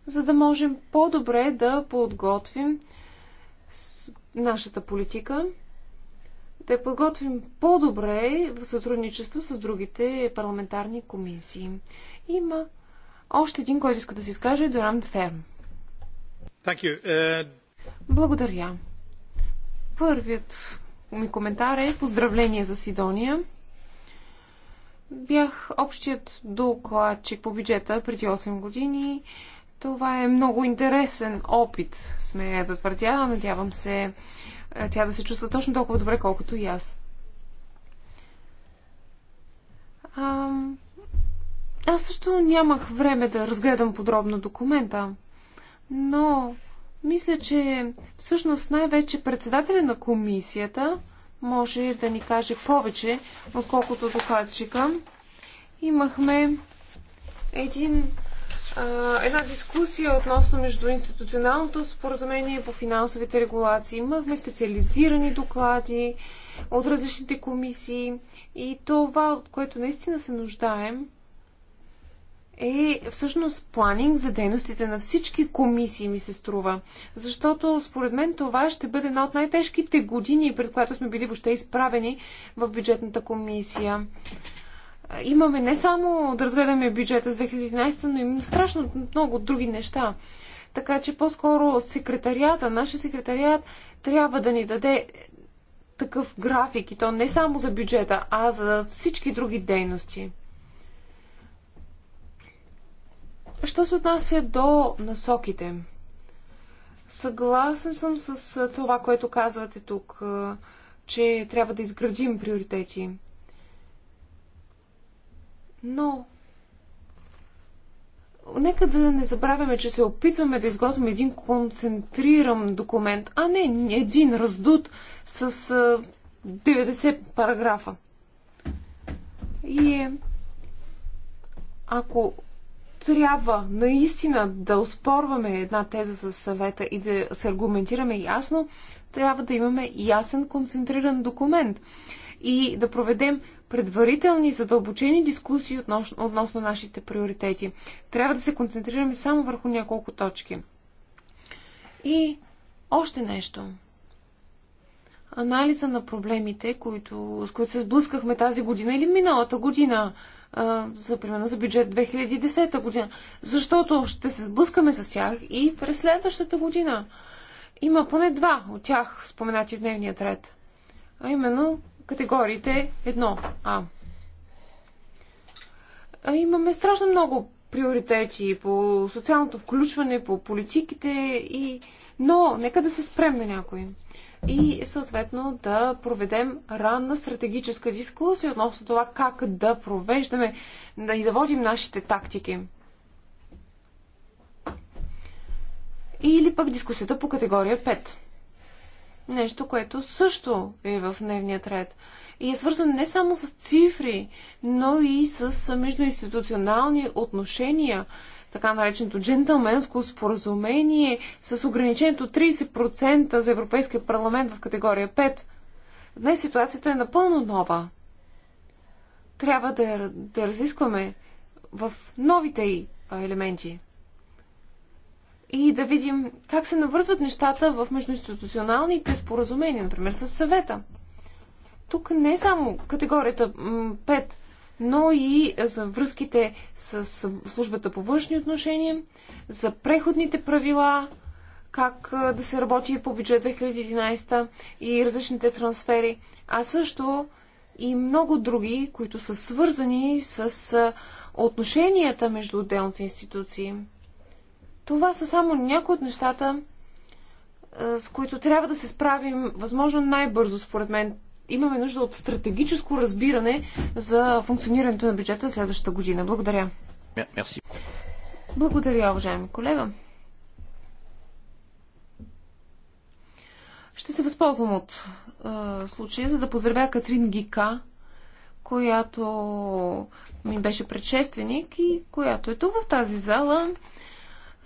A: за да можем по-добре да подготвим нашата политика, да я подготвим по-добре в сътрудничество с другите парламентарни комисии. Има още един, който иска да се изкаже, Доран Ферм. Uh... Благодаря. Първият ми коментар е поздравление за Сидония. Бях общият докладчик по бюджета преди 8 години. Това е много интересен опит, смея да твърдя. Надявам се е, тя да се чувства точно толкова добре, колкото и аз. А, аз също нямах време да разгледам подробно документа, но мисля, че всъщност най-вече председателя на комисията може да ни каже повече, отколкото докладчика. Имахме един, една дискусия относно междуинституционалното споразумение по финансовите регулации. Имахме специализирани доклади от различните комисии и това, от което наистина се нуждаем, е всъщност планинг за дейностите на всички комисии, ми се струва. Защото според мен това ще бъде една от най-тежките години, пред която сме били въобще изправени в бюджетната комисия. Имаме не само да разгледаме бюджета с 2011, но и страшно много други неща. Така че по-скоро секретарията, нашия секретарият трябва да ни даде такъв график и то не само за бюджета, а за всички други дейности. Що се отнася до насоките? Съгласен съм с това, което казвате тук, че трябва да изградим приоритети. Но нека да не забравяме, че се опитваме да изготвим един концентриран документ, а не един раздут с 90 параграфа. И ако трябва наистина да оспорваме една теза с съвета и да се аргументираме ясно, трябва да имаме ясен концентриран документ и да проведем предварителни задълбочени дискусии относно, относно нашите приоритети. Трябва да се концентрираме само върху няколко точки. И още нещо. Анализа на проблемите, които, с които се сблъскахме тази година или миналата година, за, примерно, за бюджет 2010 година, защото ще се сблъскаме с тях и през следващата година. Има поне два от тях споменати в дневния ред. А именно категориите 1А. А имаме страшно много приоритети по социалното включване, по политиките и... Но нека да се спрем на някои и съответно да проведем ранна стратегическа дискусия относно това как да провеждаме да и да водим нашите тактики. Или пък дискусията по категория 5. Нещо, което също е в дневния ред. И е свързано не само с цифри, но и с междуинституционални отношения така нареченото джентълменско споразумение с ограничението 30% за Европейския парламент в категория 5. Днес ситуацията е напълно нова. Трябва да да разискваме в новите й елементи. И да видим как се навързват нещата в междуинституционалните споразумения, например с съвета. Тук не е само категорията 5 но и за връзките с службата по външни отношения, за преходните правила, как да се работи по бюджет 2011 и различните трансфери, а също и много други, които са свързани с отношенията между отделните институции. Това са само някои от нещата, с които трябва да се справим възможно най-бързо, според мен имаме нужда от стратегическо разбиране за функционирането на бюджета следващата година. Благодаря. Мерси. Благодаря, уважаеми колега. Ще се възползвам от е, случая, за да поздравя Катрин Гика, която ми беше предшественик и която е тук в тази зала.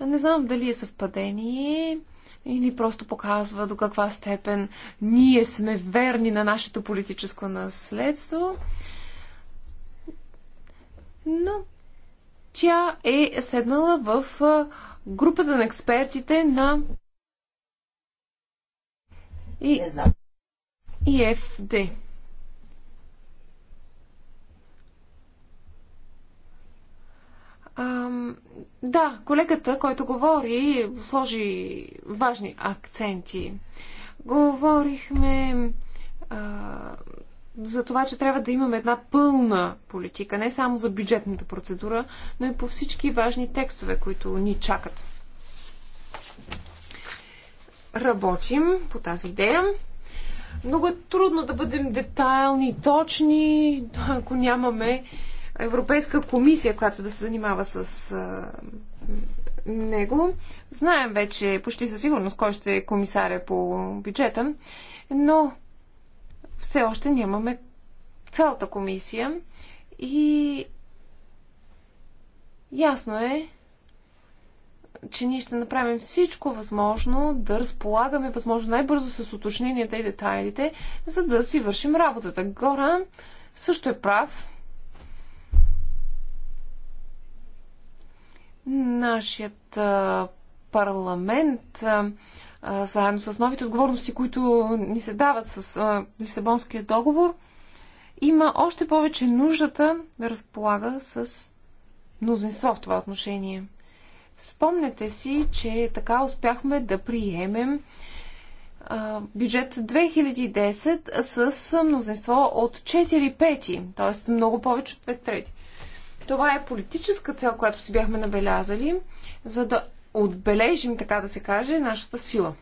A: Не знам дали е съвпадение или просто показва до каква степен ние сме верни на нашето политическо наследство. Но тя е седнала в групата на експертите на и... ЕФД. да, колегата, който говори, сложи важни акценти. Говорихме а, за това, че трябва да имаме една пълна политика, не само за бюджетната процедура, но и по всички важни текстове, които ни чакат. Работим по тази идея. Много е трудно да бъдем детайлни и точни, ако нямаме Европейска комисия, която да се занимава с а, него. Знаем вече почти със сигурност кой ще е комисаря по бюджета, но все още нямаме цялата комисия и ясно е, че ние ще направим всичко възможно да разполагаме възможно най-бързо с уточненията и детайлите, за да си вършим работата. Гора също е прав Нашият парламент заедно с новите отговорности, които ни се дават с Лисабонския договор, има още повече нуждата да разполага с мнозинство в това отношение. Спомнете си, че така успяхме да приемем бюджет 2010 с мнозинство от 4 пети, т.е. много повече от 2 трети. Това е политическа цел, която си бяхме набелязали, за да отбележим, така да се каже, нашата сила.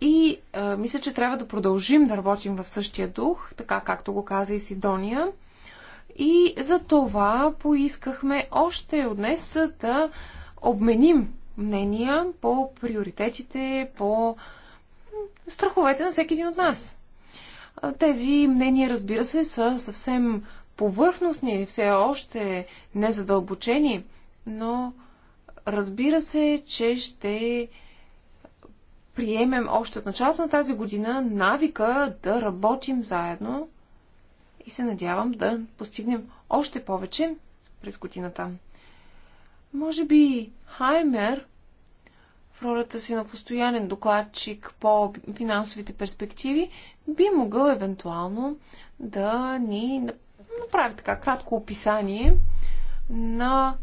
A: И а, мисля, че трябва да продължим да работим в същия дух, така както го каза и Сидония. И за това поискахме още от днес да обменим мнения по приоритетите, по страховете на всеки един от нас. Тези мнения, разбира се, са съвсем повърхностни, все още незадълбочени, но разбира се, че ще приемем още от началото на тази година навика да работим заедно и се надявам да постигнем още повече през годината. Може би Хаймер в ролята си на постоянен докладчик по финансовите перспективи би могъл евентуално да ни направи така кратко описание на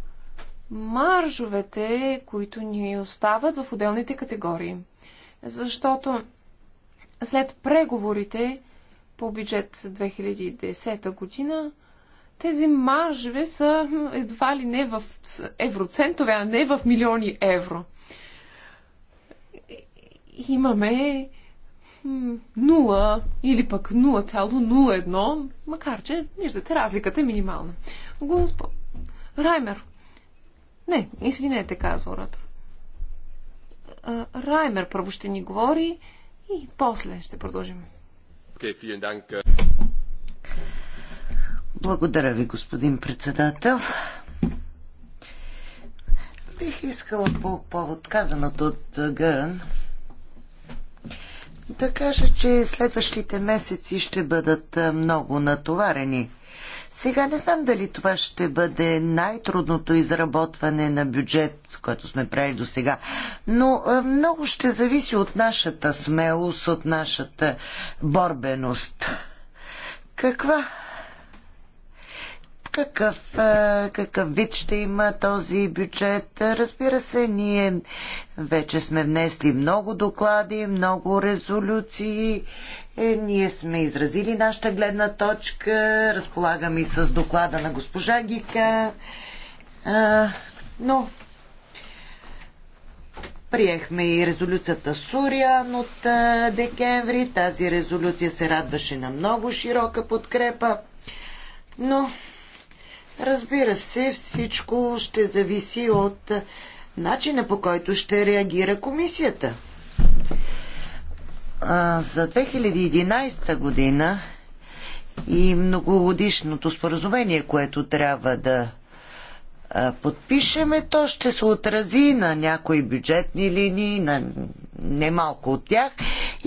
A: маржовете, които ни остават в отделните категории. Защото след преговорите по бюджет 2010 година, тези маржове са едва ли не в евроцентове, а не в милиони евро. Имаме 0 или пък 0,01, макар че, виждате, разликата е минимална. Господ... Раймер. Не, извинете, казва оратор. Раймер първо ще ни говори и после ще продължим.
B: Okay,
C: Благодаря ви, господин председател. Бих искала по повод казаното от Гърън да кажа, че следващите месеци ще бъдат много натоварени. Сега не знам дали това ще бъде най-трудното изработване на бюджет, който сме правили до сега, но много ще зависи от нашата смелост, от нашата борбеност. Каква какъв, е, какъв вид ще има този бюджет. Разбира се, ние вече сме внесли много доклади, много резолюции. Е, ние сме изразили нашата гледна точка. Разполагаме и с доклада на госпожа Гика. Е, но Приехме и резолюцията Суриан от декември. Тази резолюция се радваше на много широка подкрепа. Но Разбира се, всичко ще зависи от начина по който ще реагира комисията. За 2011 година и многогодишното споразумение, което трябва да подпишеме, то ще се отрази на някои бюджетни линии, на немалко от тях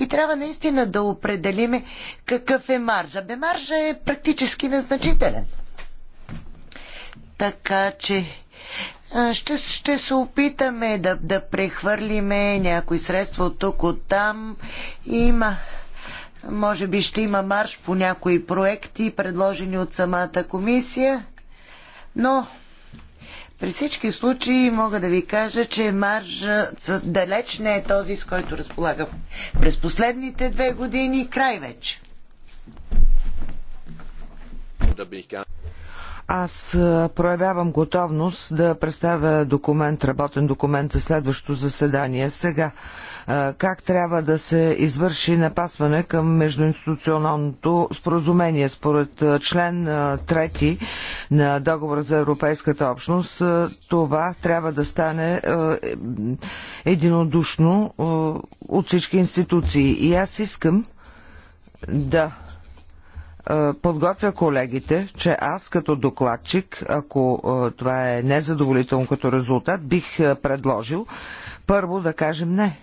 C: и трябва наистина да определиме какъв е маржа. Бе маржа е практически незначителен – така че ще, ще се опитаме да, да прехвърлиме някои средства от тук, от там. Има може би ще има марш по някои проекти, предложени от самата комисия, но при всички случаи мога да ви кажа, че марш далеч не е този, с който разполагам през последните две години край вече.
A: Да
B: аз проявявам готовност да представя документ, работен документ за следващото заседание. Сега, как трябва да се извърши напасване към междуинституционалното споразумение според член 3 на договора за Европейската общност? Това трябва да стане е, единодушно от всички институции. И аз искам да е, подготвя колегите, че аз като докладчик, ако е, това е незадоволително като резултат, бих е, предложил първо да кажем не.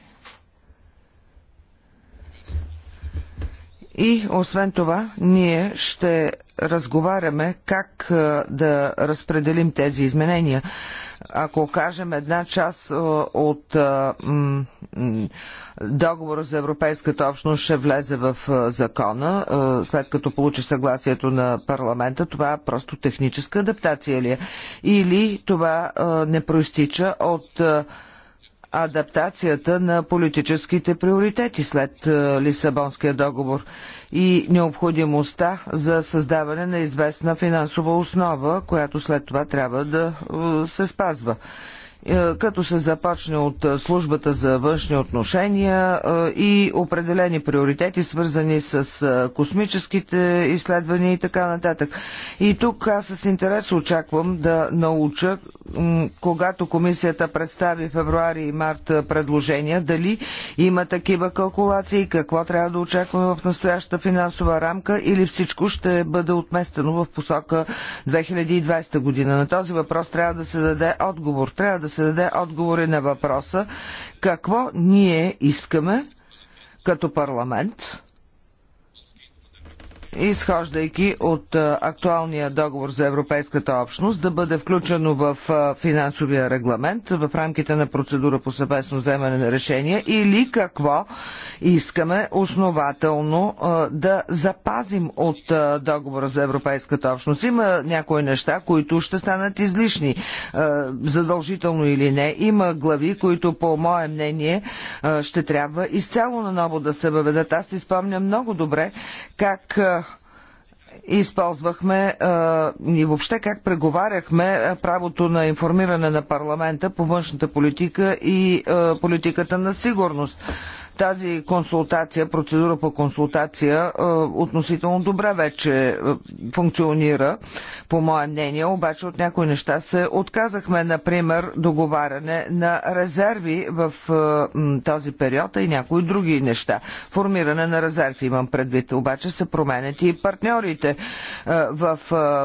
B: И освен това, ние ще разговаряме как да разпределим тези изменения ако кажем една част от договора за Европейската общност ще влезе в закона, след като получи съгласието на парламента, това е просто техническа адаптация ли е? Или това не проистича от адаптацията на политическите приоритети след е, Лисабонския договор и необходимостта за създаване на известна финансова основа, която след това трябва да е, се спазва. Е, като се започне от е, службата за външни отношения е, и определени приоритети, свързани с космическите изследвания и така нататък. И тук аз с интерес очаквам да науча, когато комисията представи февруари и март предложения, дали има такива калкулации, какво трябва да очакваме в настоящата финансова рамка или всичко ще бъде отместено в посока 2020 година. На този въпрос трябва да се даде отговор. Трябва да се се даде отговори на въпроса какво ние искаме като парламент изхождайки от актуалния договор за Европейската общност, да бъде включено в финансовия регламент в рамките на процедура по съвместно вземане на решения или какво искаме основателно да запазим от договора за Европейската общност. Има някои неща, които ще станат излишни, задължително или не. Има глави, които по мое мнение ще трябва изцяло наново да се въведат. Аз си спомням много добре как използвахме и въобще как преговаряхме правото на информиране на парламента по външната политика и политиката на сигурност. Тази консултация, процедура по консултация е, относително добре вече е, функционира, по мое мнение, обаче от някои неща се отказахме, например, договаряне на резерви в е, този период, и някои други неща. Формиране на резерви имам предвид, обаче се променят и партньорите в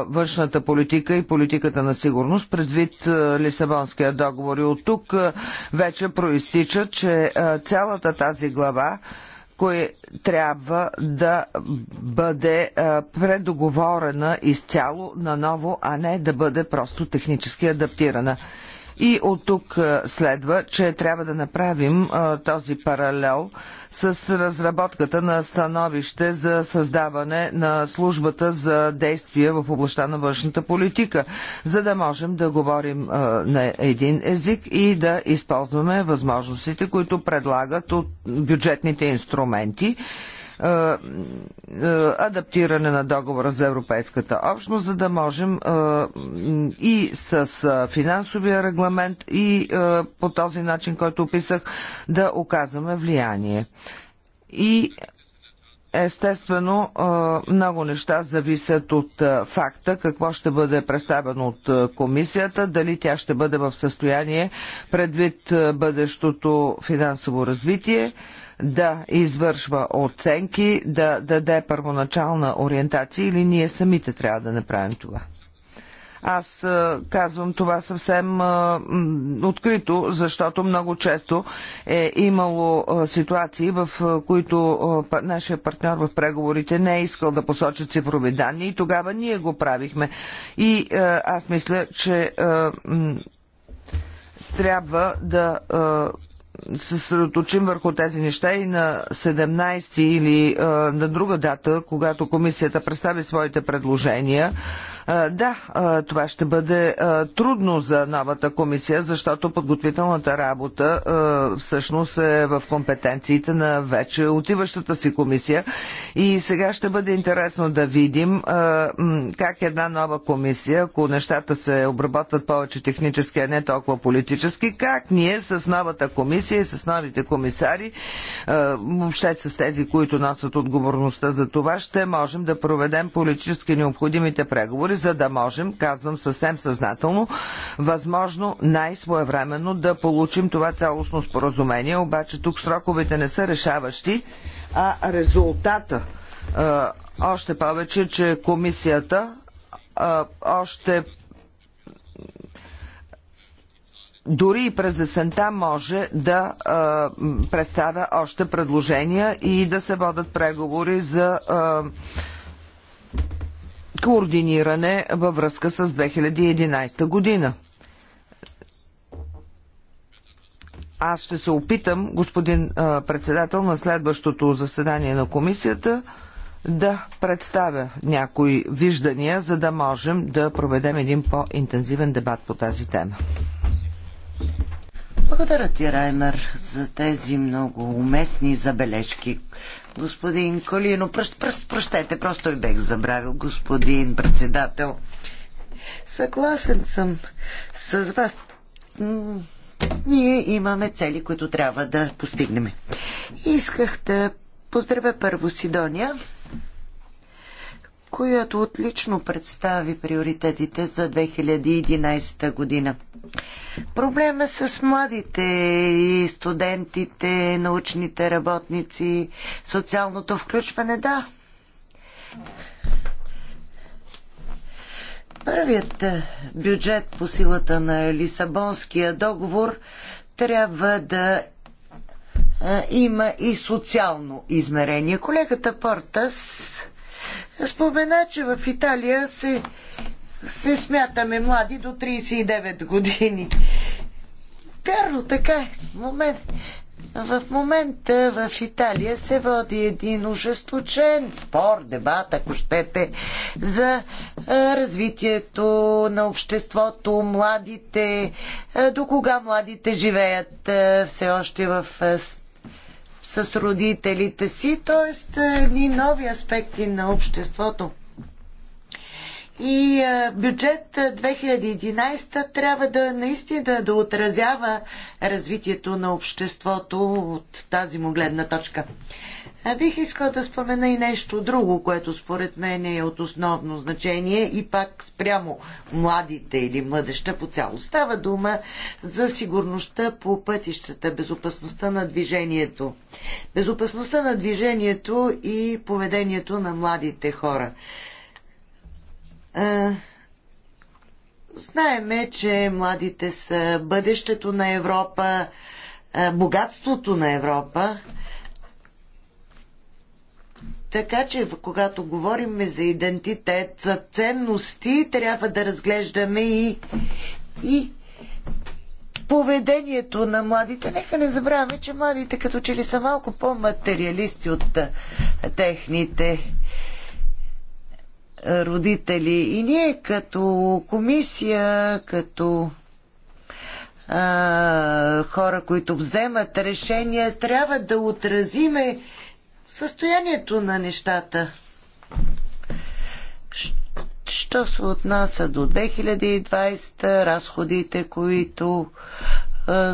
B: външната политика и политиката на сигурност, предвид Лисабонския договор. И от тук вече проистича, че цялата тази тази глава, кое трябва да бъде предоговорена изцяло наново, а не да бъде просто технически адаптирана. И от тук е, следва, че трябва да направим е, този паралел с разработката на становище за създаване на службата за действия в областта на външната политика, за да можем да говорим е, на един език и да използваме възможностите, които предлагат от бюджетните инструменти адаптиране на договора за Европейската общност, за да можем и с финансовия регламент и по този начин, който описах, да оказваме влияние. И Естествено, много неща зависят от факта какво ще бъде представено от комисията, дали тя ще бъде в състояние предвид бъдещото финансово развитие да извършва оценки, да даде първоначална ориентация или ние самите трябва да направим това? Аз е, казвам това съвсем е, открито, защото много често е имало е, ситуации, в които нашия партньор в преговорите не е искал да посочи цифрови данни и тогава ние го правихме. И аз мисля, че трябва да съсредоточим върху тези неща и на 17 или а, на друга дата, когато комисията представи своите предложения. А, да, а, това ще бъде а, трудно за новата комисия, защото подготвителната работа а, всъщност е в компетенциите на вече отиващата си комисия. И сега ще бъде интересно да видим а, как една нова комисия, ако нещата се обработват повече технически, а не толкова политически, как ние с новата комисия комисия, с новите комисари, въобще с тези, които носят отговорността за това, ще можем да проведем политически необходимите преговори, за да можем, казвам съвсем съзнателно, възможно най-своевременно да получим това цялостно споразумение. Обаче тук сроковете не са решаващи, а резултата. Още повече, че комисията още дори и през есента може да а, представя още предложения и да се водат преговори за а, координиране във връзка с 2011 година. Аз ще се опитам, господин а, председател, на следващото заседание на комисията да представя някои виждания, за да можем да проведем един по-интензивен дебат по тази тема.
C: Благодаря ти, Раймер, за тези много уместни забележки. Господин Колино, пръщ, пръщ, пръщете, просто и бех забравил, господин председател. Съгласен съм с вас. Ние имаме цели, които трябва да постигнем. Исках да поздравя първо Сидония която отлично представи приоритетите за 2011 година. Проблема е с младите и студентите, научните работници, социалното включване, да. Първият бюджет по силата на Лисабонския договор трябва да е, има и социално измерение. Колегата Портас Спомена, че в Италия се, се смятаме млади до 39 години. Вярно, така е. Момент. В момента в Италия се води един ужесточен спор, дебат, ако щете, за развитието на обществото, младите, до кога младите живеят все още в с родителите си, т.е. едни нови аспекти на обществото. И е, бюджет 2011 трябва да наистина да отразява развитието на обществото от тази му гледна точка. А бих искал да спомена и нещо друго, което според мен е от основно значение и пак спрямо младите или младеща по цяло. Става дума за сигурността по пътищата, безопасността на движението. Безопасността на движението и поведението на младите хора. Знаеме, че младите са бъдещето на Европа, богатството на Европа така че, когато говорим за идентитет, за ценности, трябва да разглеждаме и, и поведението на младите. Нека не забравяме, че младите като че ли са малко по-материалисти от техните родители. И ние като комисия, като а, хора, които вземат решения, трябва да отразиме състоянието на нещата. Що се отнася до 2020, разходите, които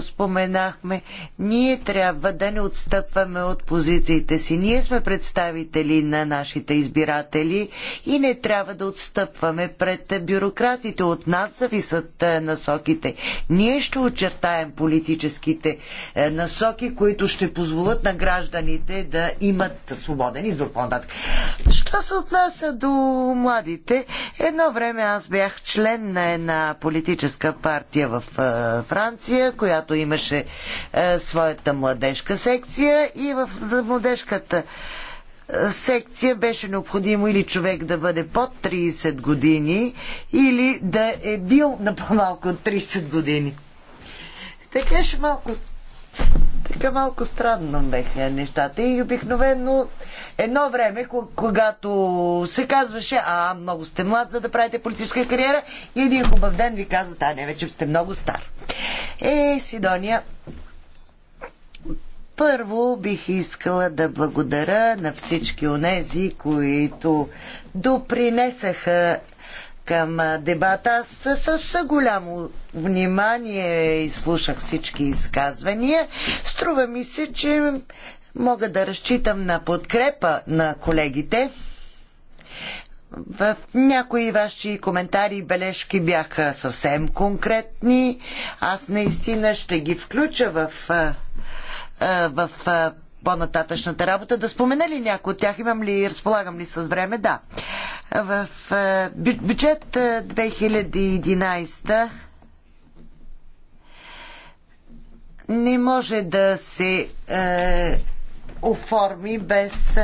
C: споменахме, ние трябва да не отстъпваме от позициите си. Ние сме представители на нашите избиратели и не трябва да отстъпваме пред бюрократите. От нас зависят насоките. Ние ще очертаем политическите насоки, които ще позволят на гражданите да имат свободен избор по Що се отнася до младите, едно време аз бях член на една политическа партия в Франция, която имаше е, своята младежка секция и в, за младежката е, секция беше необходимо или човек да бъде под 30 години, или да е бил на по-малко от 30 години. Така ще малко така малко странно беха нещата. И обикновено едно време, когато се казваше, а много сте млад, за да правите политическа кариера, и един хубав ден ви казват, а не, вече сте много стар. Е, Сидония, първо бих искала да благодаря на всички онези, които допринесаха към дебата. Аз с, с голямо внимание изслушах всички изказвания. Струва ми се, че мога да разчитам на подкрепа на колегите. В някои ваши коментари и бележки бяха съвсем конкретни. Аз наистина ще ги включа в, в по-нататъчната работа. Да спомена ли някой от тях? Имам ли, разполагам ли с време? Да. В бюджет 2011 не може да се е, оформи без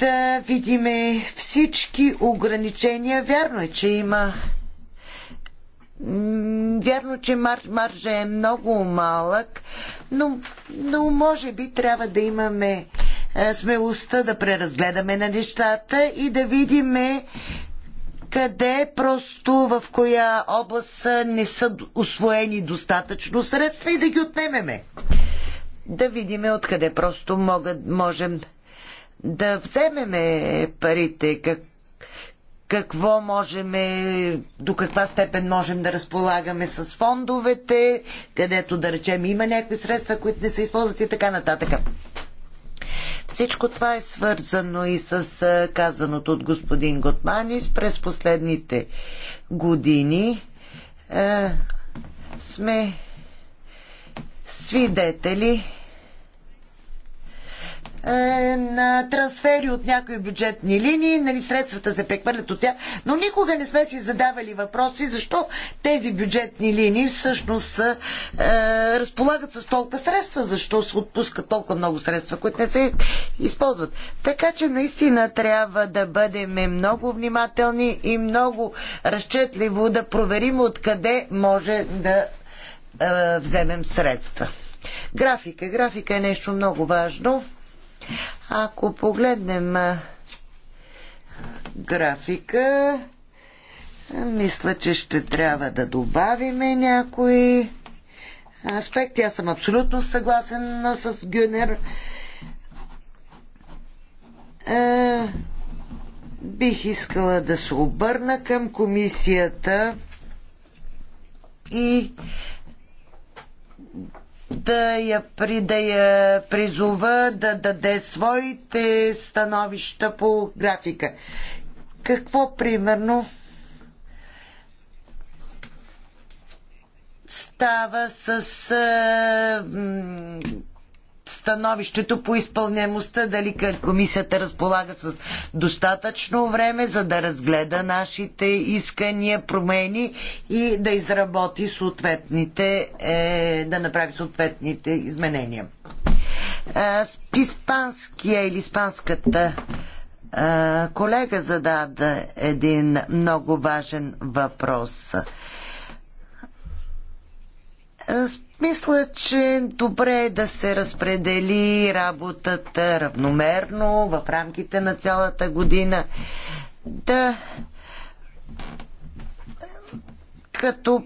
C: да видиме всички ограничения. Вярно е, че има Вярно, че мар, маржа е много малък, но, но може би трябва да имаме е, смелостта да преразгледаме на нещата и да видиме къде просто в коя област не са освоени достатъчно средства и да ги отнемеме. Да видиме откъде просто могат, можем да вземеме парите, как, какво можем, до каква степен можем да разполагаме с фондовете, където да речем има някакви средства, които не се използват и така нататък. Всичко това е свързано и с казаното от господин Готманис през последните години. Е, сме свидетели е, на трансфери от някои бюджетни линии, нали, средствата се прехвърлят от тях, но никога не сме си задавали въпроси защо тези бюджетни линии всъщност е, разполагат с толкова средства, защо се отпускат толкова много средства, които не се използват. Така че наистина трябва да бъдем много внимателни и много разчетливо да проверим откъде може да е, вземем средства. Графика. Графика е нещо много важно. Ако погледнем графика, мисля, че ще трябва да добавиме някои аспекти. Аз съм абсолютно съгласен с Гюнер. бих искала да се обърна към комисията и да я, при, да я призова да даде своите становища по графика. Какво примерно става с е, становището по изпълнемостта, дали комисията разполага с достатъчно време, за да разгледа нашите искания, промени и да изработи съответните, е, да направи съответните изменения. Е, испанския или испанската е, колега зададе един много важен въпрос. Е, мисля, че добре е да се разпредели работата равномерно в рамките на цялата година. Да. Като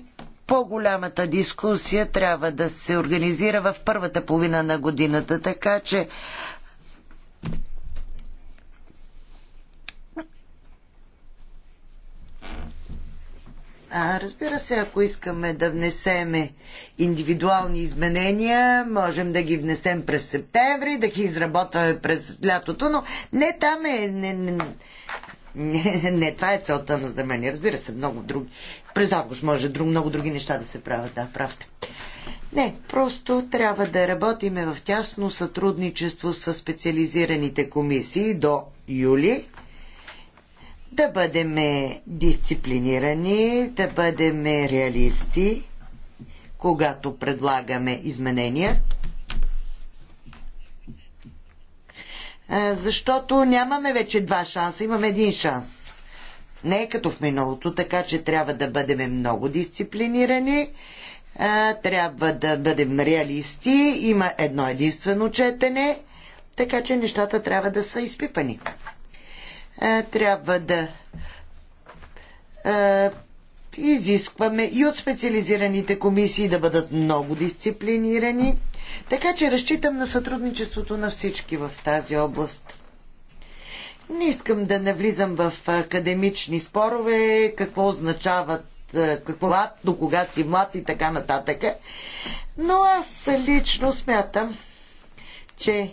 C: по-голямата дискусия трябва да се организира в първата половина на годината, така че А, разбира се, ако искаме да внесеме индивидуални изменения, можем да ги внесем през септември, да ги изработваме през лятото, но не там е... Не, не, не, не това е целта на замене. Разбира се, много други. През август може друг, много други неща да се правят. Да, прав сте. Не, просто трябва да работиме в тясно сътрудничество с специализираните комисии до юли, да бъдем дисциплинирани, да бъдем реалисти, когато предлагаме изменения. Защото нямаме вече два шанса, имаме един шанс. Не е като в миналото, така че трябва да бъдем много дисциплинирани, трябва да бъдем реалисти, има едно единствено четене, така че нещата трябва да са изпипани. Е, трябва да е, изискваме и от специализираните комисии да бъдат много дисциплинирани. Така че разчитам на сътрудничеството на всички в тази област. Не искам да навлизам в академични спорове, какво означават, е, какво млад, до кога си млад и така нататък. Но аз лично смятам, че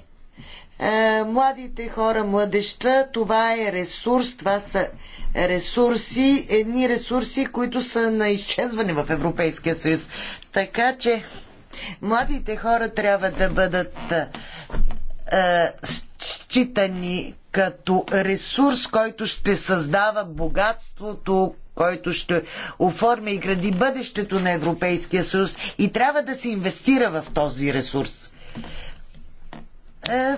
C: е, младите хора, младеща, това е ресурс, това са ресурси, едни ресурси, които са на изчезване в Европейския съюз. Така че младите хора трябва да бъдат е, считани като ресурс, който ще създава богатството, който ще оформя и гради бъдещето на Европейския съюз и трябва да се инвестира в този ресурс. Е,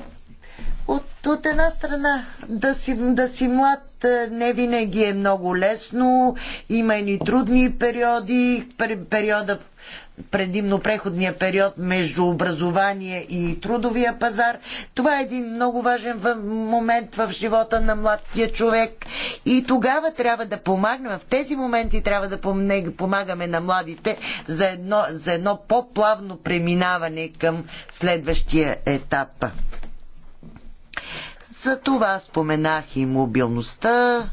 C: от една страна, да си, да си млад е, не винаги е много лесно, има и трудни периоди, периода предимно преходния период между образование и трудовия пазар. Това е един много важен момент в живота на младия човек и тогава трябва да помагаме. В тези моменти трябва да помагаме на младите за едно, за едно по-плавно преминаване към следващия етап. За това споменах и мобилността,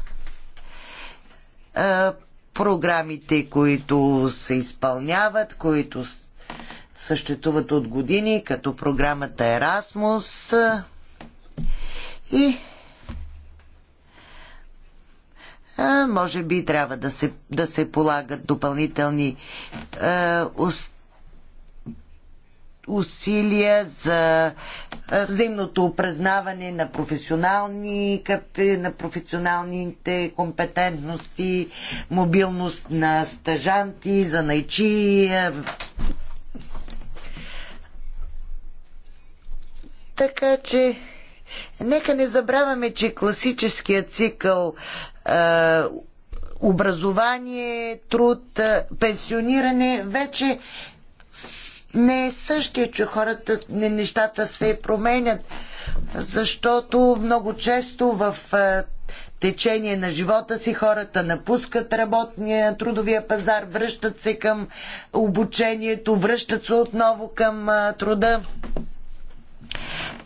C: програмите, които се изпълняват, които съществуват от години, като програмата Ерасмус и а, може би трябва да се, да се полагат допълнителни а, усилия за взаимното признаване на, професионални, на професионалните компетентности, мобилност на стъжанти, за найчи. Така че, нека не забравяме, че класическият цикъл образование, труд, пенсиониране вече не е същия, че хората, нещата се променят, защото много често в е, течение на живота си хората напускат работния трудовия пазар, връщат се към обучението, връщат се отново към е, труда.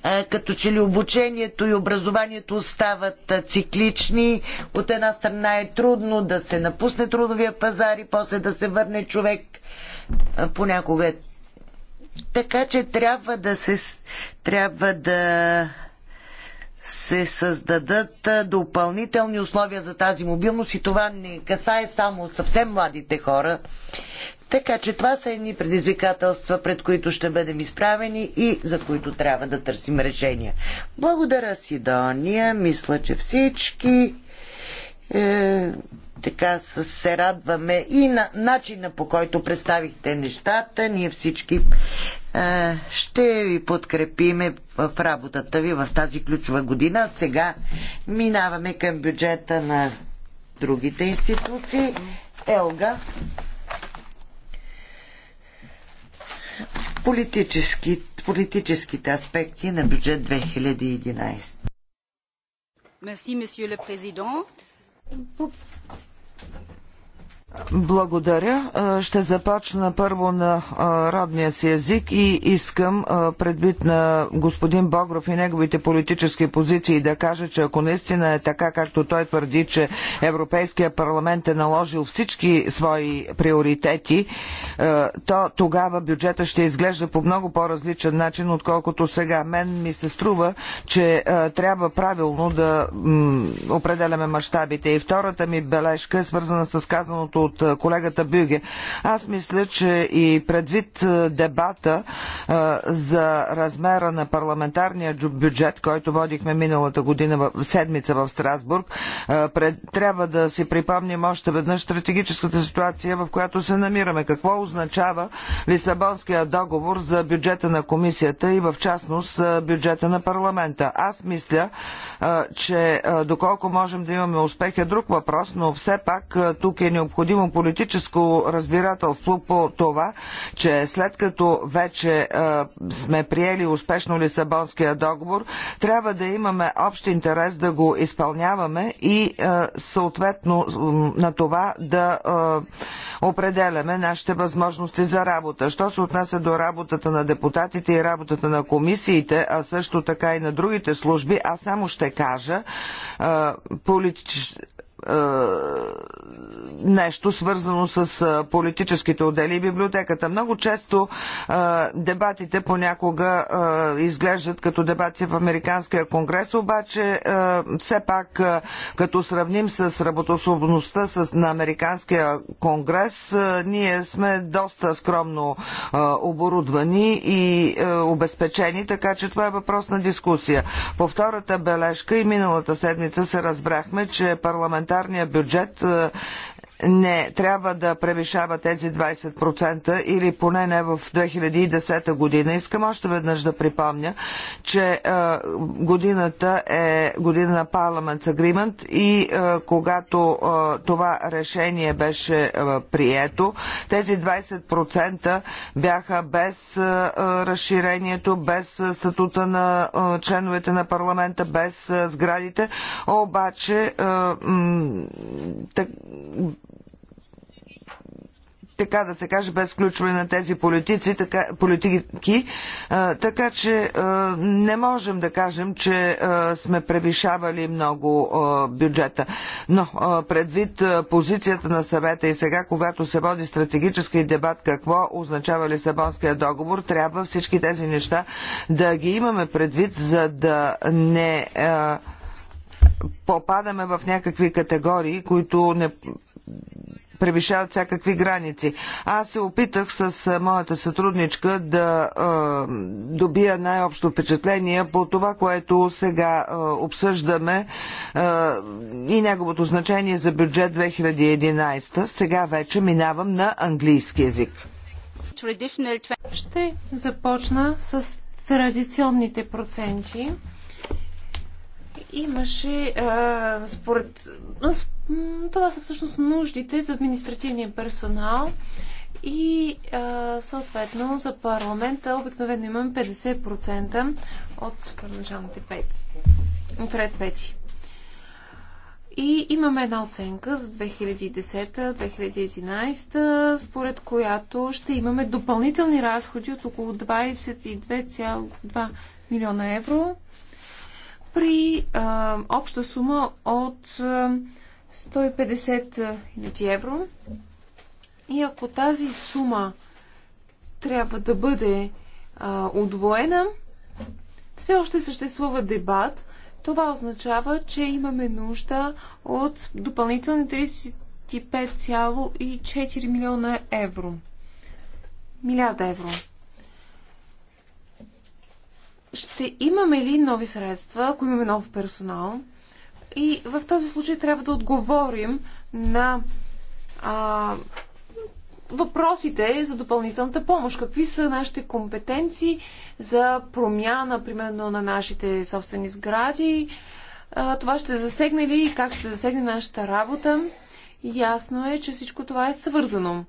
C: Е, като че ли обучението и образованието остават циклични. От една страна е трудно да се напусне трудовия пазар и после да се върне човек. Понякога е така че трябва да се, трябва да се създадат допълнителни условия за тази мобилност и това не касае само съвсем младите хора. Така че това са едни предизвикателства, пред които ще бъдем изправени и за които трябва да търсим решения. Благодаря, Сидония. Мисля, че всички. Е така се радваме и на начина по който представихте нещата. Ние всички а, е, ще ви подкрепиме в работата ви в тази ключова година. Сега минаваме към бюджета на другите институции. Елга. Политически, политическите аспекти на бюджет
B: 2011. Merci, благодаря. Ще започна първо на родния си език и искам предвид на господин Богров и неговите политически позиции да кажа, че ако наистина е така, както той твърди, че Европейския парламент е наложил всички свои приоритети, то тогава бюджета ще изглежда по много по-различен начин, отколкото сега. Мен ми се струва, че трябва правилно да определяме мащабите. И втората ми бележка е свързана с казаното от колегата Бюге. Аз мисля, че и предвид дебата за размера на парламентарния бюджет, който водихме миналата година в седмица в Страсбург, трябва да си припомним още веднъж стратегическата ситуация, в която се намираме. Какво означава Лисабонския договор за бюджета на комисията и в частност бюджета на парламента? Аз мисля, че доколко можем да имаме успех е друг въпрос, но все пак тук е необходимо необходимо политическо разбирателство по това, че след като вече е, сме приели успешно Лисабонския договор, трябва да имаме общ интерес да го изпълняваме и е, съответно на това да е, определяме нашите възможности за работа. Що се отнася до работата на депутатите и работата на комисиите, а също така и на другите служби, аз само ще кажа, политически е, нещо свързано с е, политическите отдели и библиотеката. Много често е, дебатите понякога изглеждат като дебати в Американския конгрес, обаче все пак като сравним с работоспособността на Американския конгрес, ние сме доста скромно оборудвани и обезпечени, така че това е въпрос на дискусия. По втората бележка и миналата седмица се разбрахме, че парламентарната парламентарния бюджет не трябва да превишава тези 20% или поне не в 2010 година. Искам още веднъж да припомня, че е, годината е година на парламент Агримент и е, когато е, това решение беше е, прието, тези 20% бяха без е, разширението, без статута на е, членовете на парламента, без сградите, обаче так, така да се каже, без включване на тези политици, така, политики. А, така че а, не можем да кажем, че а, сме превишавали много а, бюджета. Но а, предвид а, позицията на съвета и сега, когато се води стратегически дебат какво означава Лисабонския договор, трябва всички тези неща да ги имаме предвид, за да не. А, попадаме в някакви категории, които не превишават всякакви граници. Аз се опитах с моята сътрудничка да е, добия най-общо впечатление по това, което сега е, обсъждаме е, и неговото значение за бюджет 2011. Сега вече минавам на английски язик.
A: Ще започна с традиционните проценти. Имаше, а, според... Това са всъщност нуждите за административния персонал и а, съответно за парламента обикновено имаме 50% от първоначалните 5. От ред 5. И имаме една оценка за 2010-2011, според която ще имаме допълнителни разходи от около 22,2 милиона евро при а, обща сума от 150 евро. И ако тази сума трябва да бъде а, удвоена, все още съществува дебат. Това означава, че имаме нужда от допълнителни 35,4 милиона евро. Милиарда евро ще имаме ли нови средства, ако имаме нов персонал? И в този случай трябва да отговорим на а, въпросите за допълнителната помощ. Какви са нашите компетенции за промяна, примерно, на нашите собствени сгради? А, това ще засегне ли и как ще засегне нашата работа? Ясно е, че всичко това е свързано.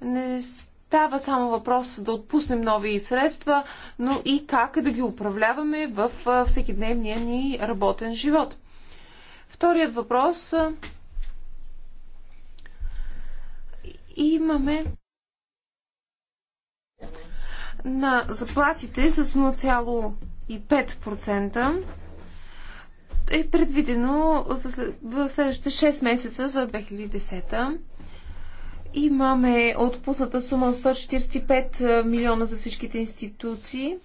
A: Не става само въпрос да отпуснем нови средства, но и как да ги управляваме в всекидневния ни работен живот. Вторият въпрос. Имаме на заплатите с 0,5% е предвидено в следващите 6 месеца за 2010 Имаме отпусната сума от 145 е, милиона за всичките институции.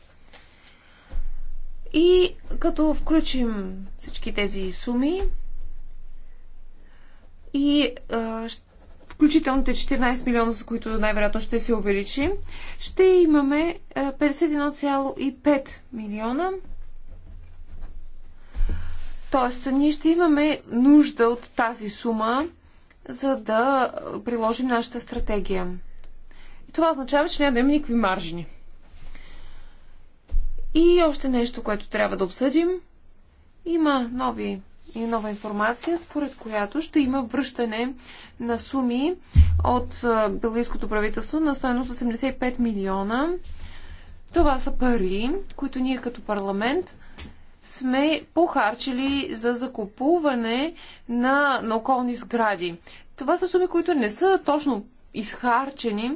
A: И като включим всички тези суми и а, е, включителните 14 милиона, за които най-вероятно ще се увеличи, ще имаме 51,5 е, милиона. Тоест, ние ще имаме нужда от тази сума за да приложим нашата стратегия. И това означава, че няма да има никакви маржини. И още нещо, което трябва да обсъдим. Има нови и нова информация, според която ще има връщане на суми от белгийското правителство на стоеност 85 милиона. Това са пари, които ние като парламент сме похарчили за закупуване на, на околни сгради. Това са суми, които не са точно изхарчени,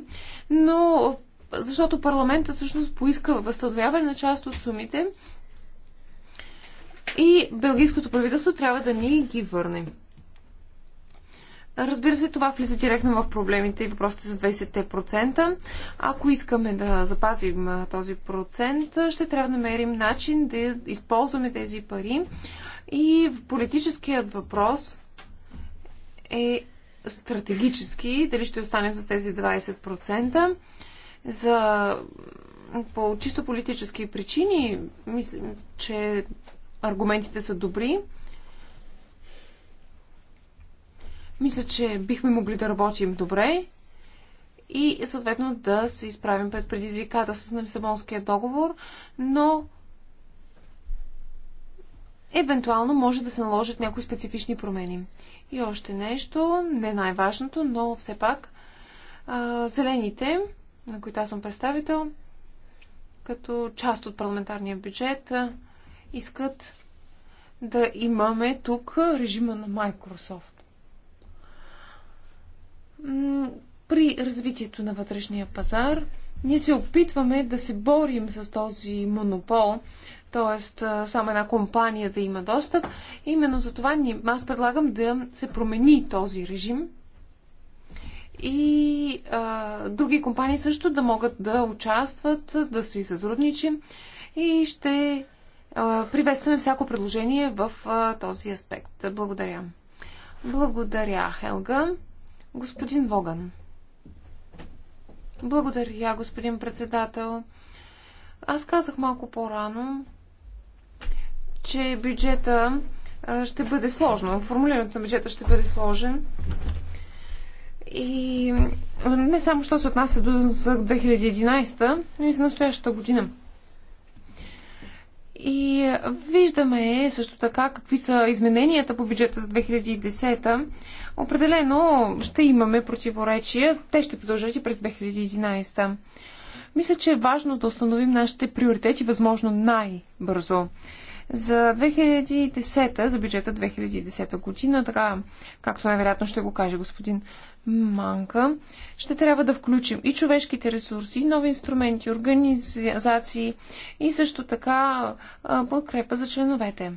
A: но защото парламентът всъщност поиска възстановяване на част от сумите и белгийското правителство трябва да ни ги върне. Разбира се, това влиза директно в проблемите и въпросите за 20%. Ако искаме да запазим този процент, ще трябва да намерим начин да използваме тези пари. И политическият въпрос е стратегически, дали ще останем с тези 20%. За по чисто политически причини, мисля, че аргументите са добри. Мисля, че бихме могли да работим добре и съответно да се изправим пред предизвикателството на Лисабонския договор, но евентуално може да се наложат някои специфични промени. И още нещо, не най-важното, но все пак зелените, на които аз съм представител, като част от парламентарния бюджет, искат да имаме тук режима на Microsoft при развитието на вътрешния пазар ние се опитваме да се борим с този монопол, т.е. само една компания да има достъп. Именно за това аз предлагам да се промени този режим и а, други компании също да могат да участват, да си сътрудничим и ще а, приветстваме всяко предложение в а, този аспект. Благодаря. Благодаря, Хелга. Господин Воган. Благодаря, господин председател. Аз казах малко по-рано, че бюджета ще бъде сложно. Формулирането на бюджета ще бъде сложен. И не само, що се отнася до за 2011, но и за настоящата година. И виждаме също така какви са измененията по бюджета за 2010 Определено ще имаме противоречия. Те ще продължат и през 2011. Мисля, че е важно да установим нашите приоритети възможно най-бързо. За 2010, за бюджета 2010 година, така, както най-вероятно ще го каже господин Манка, ще трябва да включим и човешките ресурси, и нови инструменти, организации и също така подкрепа за членовете.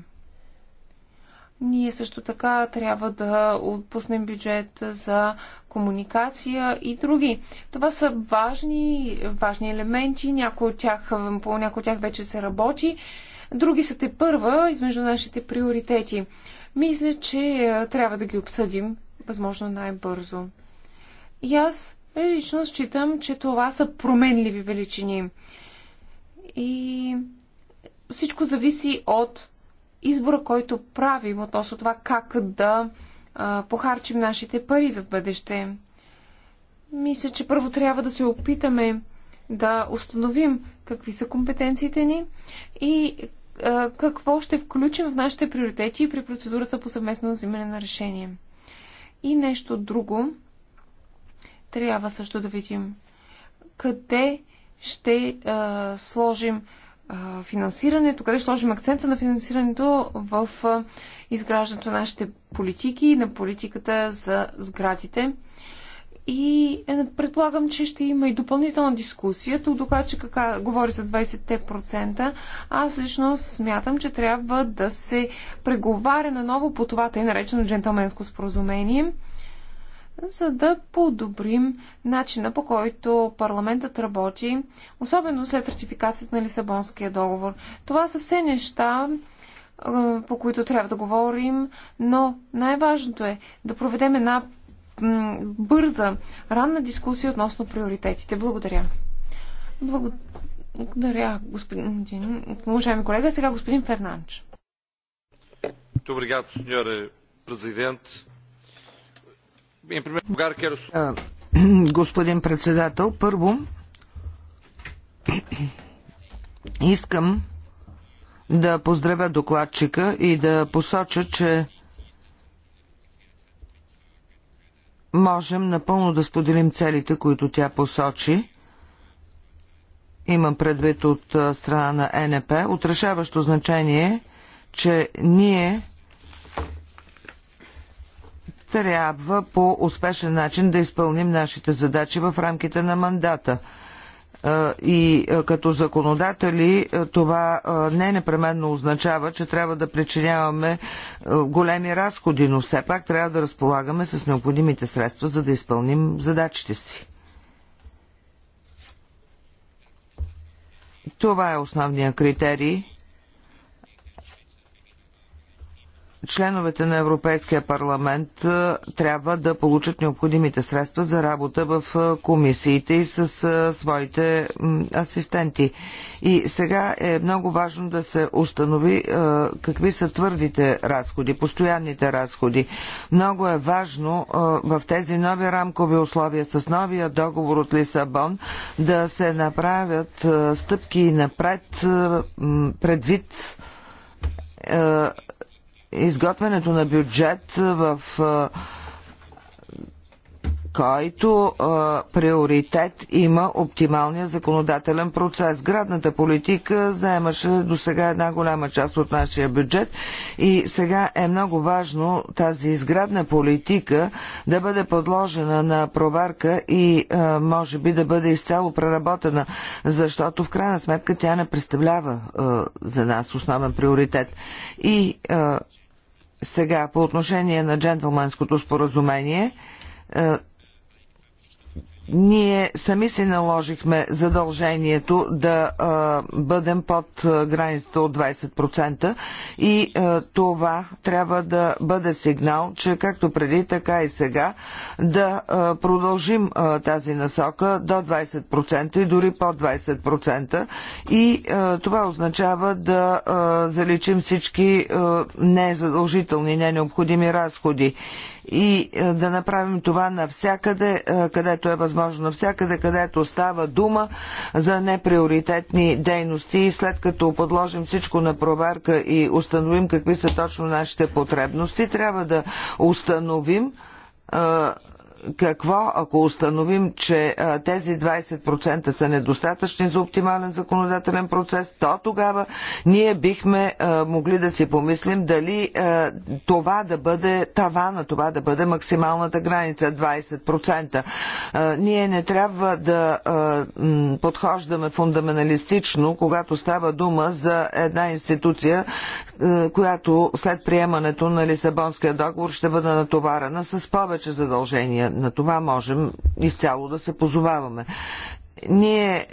A: Ние също така трябва да отпуснем бюджет за комуникация и други. Това са важни, важни елементи. Някои от тях, по някои от тях вече се работи. Други са те първа измежду нашите приоритети. Мисля, че е, трябва да ги обсъдим възможно най-бързо. И аз лично считам, че това са променливи величини. И всичко зависи от избора, който правим относно това как да а, похарчим нашите пари за бъдеще. Мисля, че първо трябва да се опитаме да установим какви са компетенциите ни и а, какво ще включим в нашите приоритети при процедурата по съвместно взимане на решение. И нещо друго трябва също да видим къде ще а, сложим финансирането, къде ще сложим акцента на финансирането в изграждането на нашите политики, на политиката за сградите. И е, предполагам, че ще има и допълнителна дискусия. Тук кака, говори за 20%. Аз лично смятам, че трябва да се преговаря наново по това тъй наречено джентълменско споразумение за да подобрим начина по който парламентът работи, особено след ратификацията на Лисабонския договор. Това са все неща, по които трябва да говорим, но най-важното е да проведем една бърза, ранна дискусия относно приоритетите. Благодаря. Благодаря, господин. Уважаеми колега, сега господин Фернанч.
B: Добре, господин президент. Господин председател, първо искам да поздравя докладчика и да посоча, че можем напълно да споделим целите, които тя посочи. Имам предвид от страна на НП. Отрешаващо значение е, че ние трябва по успешен начин да изпълним нашите задачи в рамките на мандата и като законодатели това не непременно означава, че трябва да причиняваме големи разходи, но все пак трябва да разполагаме с необходимите средства, за да изпълним задачите си. Това е основният критерий членовете на Европейския парламент трябва да получат необходимите средства за работа в комисиите и с своите асистенти. И сега е много важно да се установи какви са твърдите разходи, постоянните разходи. Много е важно в тези нови рамкови условия с новия договор от Лисабон да се направят стъпки напред предвид изготвянето на бюджет в който а, приоритет има оптималния законодателен процес. Градната политика заемаше до сега една голяма част от нашия бюджет и сега е много важно тази изградна политика да бъде подложена на проверка и а, може би да бъде изцяло преработена, защото в крайна сметка тя не представлява а, за нас основен приоритет. И а, сега, по отношение на джентлманското споразумение, е, ние сами си наложихме задължението да а, бъдем под границата от 20% и а, това трябва да бъде сигнал, че както преди, така и сега да а, продължим а, тази насока до 20% и дори под 20% и а, това означава да а, заличим всички а, незадължителни, необходими разходи и е, да направим това навсякъде, е, където е възможно, навсякъде, където става дума за неприоритетни дейности и след като подложим всичко на проверка и установим какви са точно нашите потребности, трябва да установим е, какво, ако установим, че а, тези 20% са недостатъчни за оптимален законодателен процес, то тогава ние бихме а, могли да си помислим дали а, това да бъде тавана, това да бъде максималната граница 20%. Ние не трябва да подхождаме фундаменталистично, когато става дума за една институция, която след приемането на Лисабонския договор ще бъде натоварена с повече задължения на това можем изцяло да се позоваваме. Ние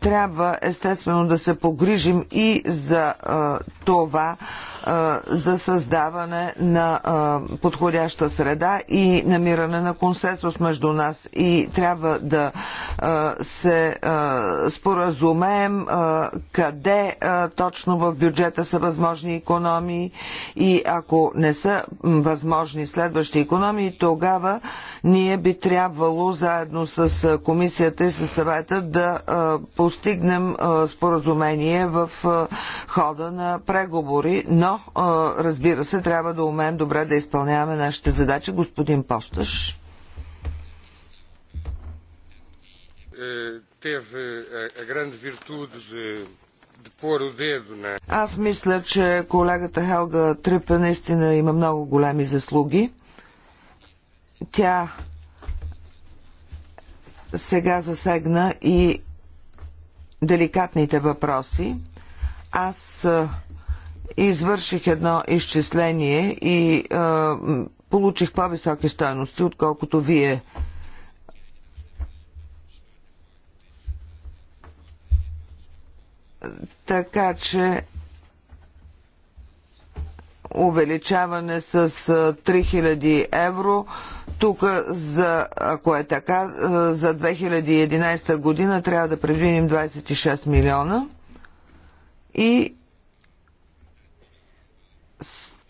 B: трябва естествено да се погрижим и за а, това, а, за създаване на а, подходяща среда и намиране на консенсус между нас. И трябва да а, се а, споразумеем а, къде а, точно в бюджета са възможни економии и ако не са възможни следващи економии, тогава ние би трябвало заедно с комисията и с съвета да а, постигнем споразумение в хода на преговори, но разбира се, трябва да умеем добре да изпълняваме нашите задачи. Господин Посташ. Е, е, е Аз мисля, че колегата Хелга Трипа наистина има много големи заслуги. Тя сега засегна и деликатните въпроси. Аз извърших едно изчисление и а, получих по-високи стоености, отколкото вие. Така че увеличаване с 3000 евро тук, за, ако е така, е, за 2011 година трябва да предвидим 26 милиона и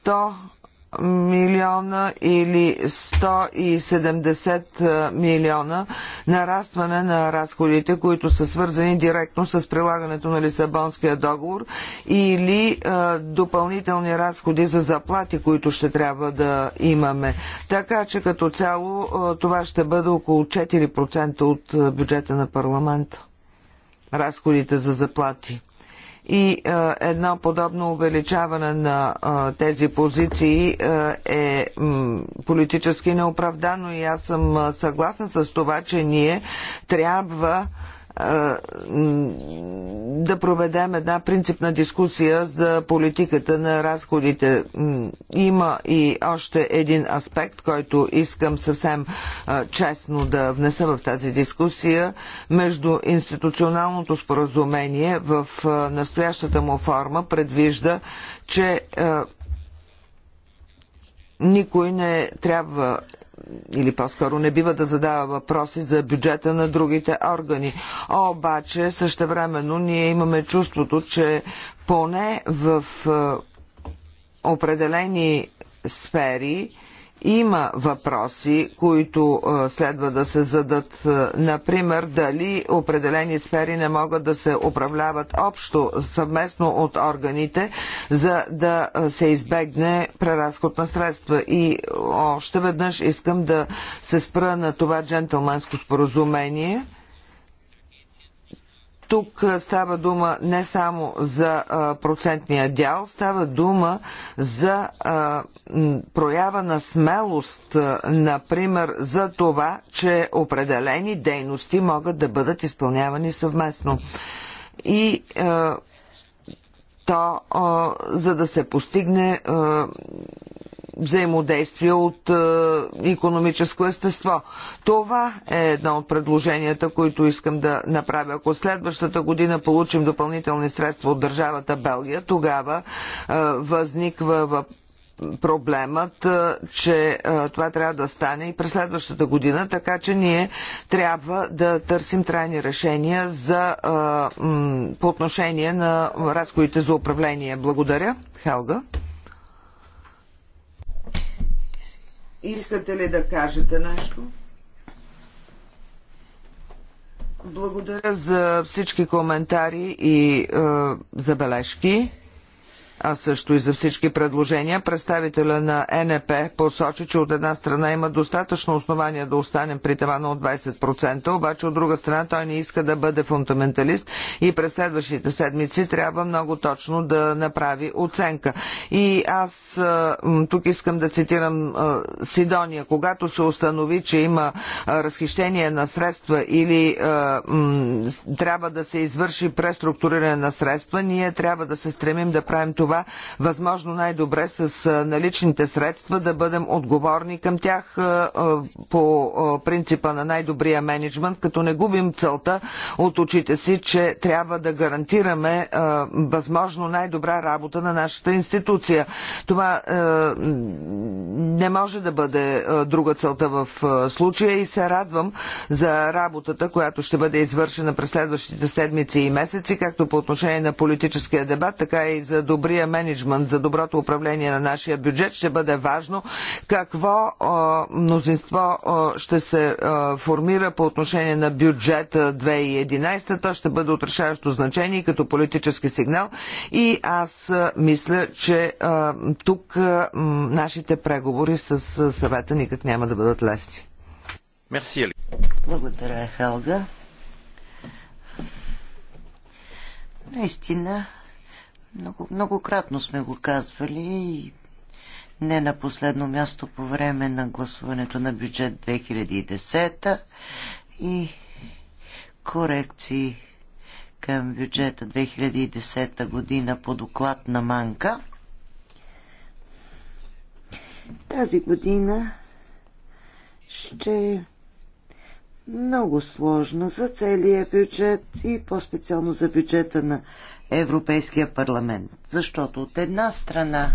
B: 100 милиона или 170 милиона нарастване на разходите, които са свързани директно с прилагането на Лисабонския договор или допълнителни разходи за заплати, които ще трябва да имаме. Така че като цяло това ще бъде около 4% от бюджета на парламента. Разходите за заплати и едно подобно увеличаване на тези позиции е политически неоправдано и аз съм съгласна с това, че ние трябва да проведем една принципна дискусия за политиката на разходите. Има и още един аспект, който искам съвсем честно да внеса в тази дискусия. Между институционалното споразумение в настоящата му форма предвижда, че никой не трябва или по-скоро не бива да задава въпроси за бюджета на другите органи. Обаче същевременно ние имаме чувството, че поне в е, определени сфери има въпроси, които следва да се задат, например, дали определени сфери не могат да се управляват общо, съвместно от органите, за да се избегне преразход на средства. И още веднъж искам да се спра на това джентълманско споразумение тук става дума не само за процентния дял, става дума за проява на смелост, например, за това, че определени дейности могат да бъдат изпълнявани съвместно. И то, за да се постигне взаимодействие от економическо естество. Това е едно от предложенията, които искам да направя. Ако следващата година получим допълнителни средства от държавата Белгия, тогава е, възниква в проблемът, е, че е, това трябва да стане и през следващата година, така че ние трябва да търсим трайни решения за, по отношение на разходите за управление. Благодаря. Хелга. Искате ли да кажете нещо? Благодаря за всички коментари и е, забележки а също и за всички предложения. Представителя на НП посочи, че от една страна има достатъчно основания да останем при тавана от 20%, обаче от друга страна той не иска да бъде фундаменталист и през следващите седмици трябва много точно да направи оценка. И аз тук искам да цитирам Сидония. Когато се установи, че има разхищение на средства или трябва да се извърши преструктуриране на средства, ние трябва да се стремим да правим това това възможно най-добре с наличните средства да бъдем отговорни към тях по принципа на най-добрия менеджмент, като не губим целта от очите си, че трябва да гарантираме възможно най-добра работа на нашата институция. Това не може да бъде друга целта в случая и се радвам за работата, която ще бъде извършена през следващите седмици и месеци, както по отношение на политическия дебат, така и за добрия добрия менеджмент, за доброто управление на нашия бюджет, ще бъде важно какво мнозинство ще се формира по отношение на бюджет 2011. То ще бъде отрешаващо значение като политически сигнал и аз мисля, че тук нашите преговори с съвета никак няма да бъдат лесни.
C: Мерси, Благодаря, Хелга. Наистина, много, многократно сме го казвали и не на последно място по време на гласуването на бюджет 2010 и корекции към бюджета 2010 година по доклад на Манка. Тази година ще е много сложна за целия бюджет и по-специално за бюджета на Европейския парламент. Защото от една страна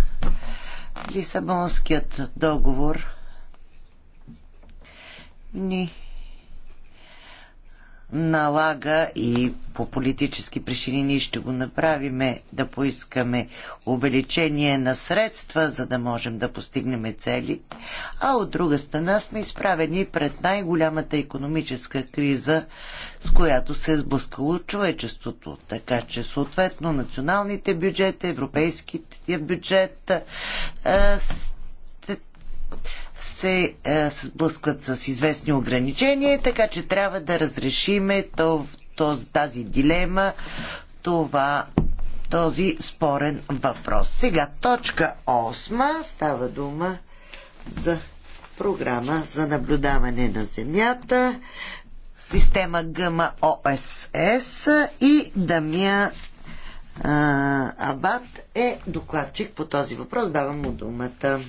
C: Лисабонският договор ни налага и по политически причини ние ще го направиме да поискаме увеличение на средства, за да можем да постигнем цели. а от друга страна сме изправени пред най-голямата економическа криза, с която се е сблъскало човечеството. Така че съответно националните бюджети, европейските бюджет, е, се е, сблъскват с известни ограничения, така че трябва да разрешиме то, то, тази дилема, това, този спорен въпрос. Сега точка 8 става дума за програма за наблюдаване на Земята, система ГМА ОСС и Дамия Абат е докладчик по този въпрос. Давам му думата.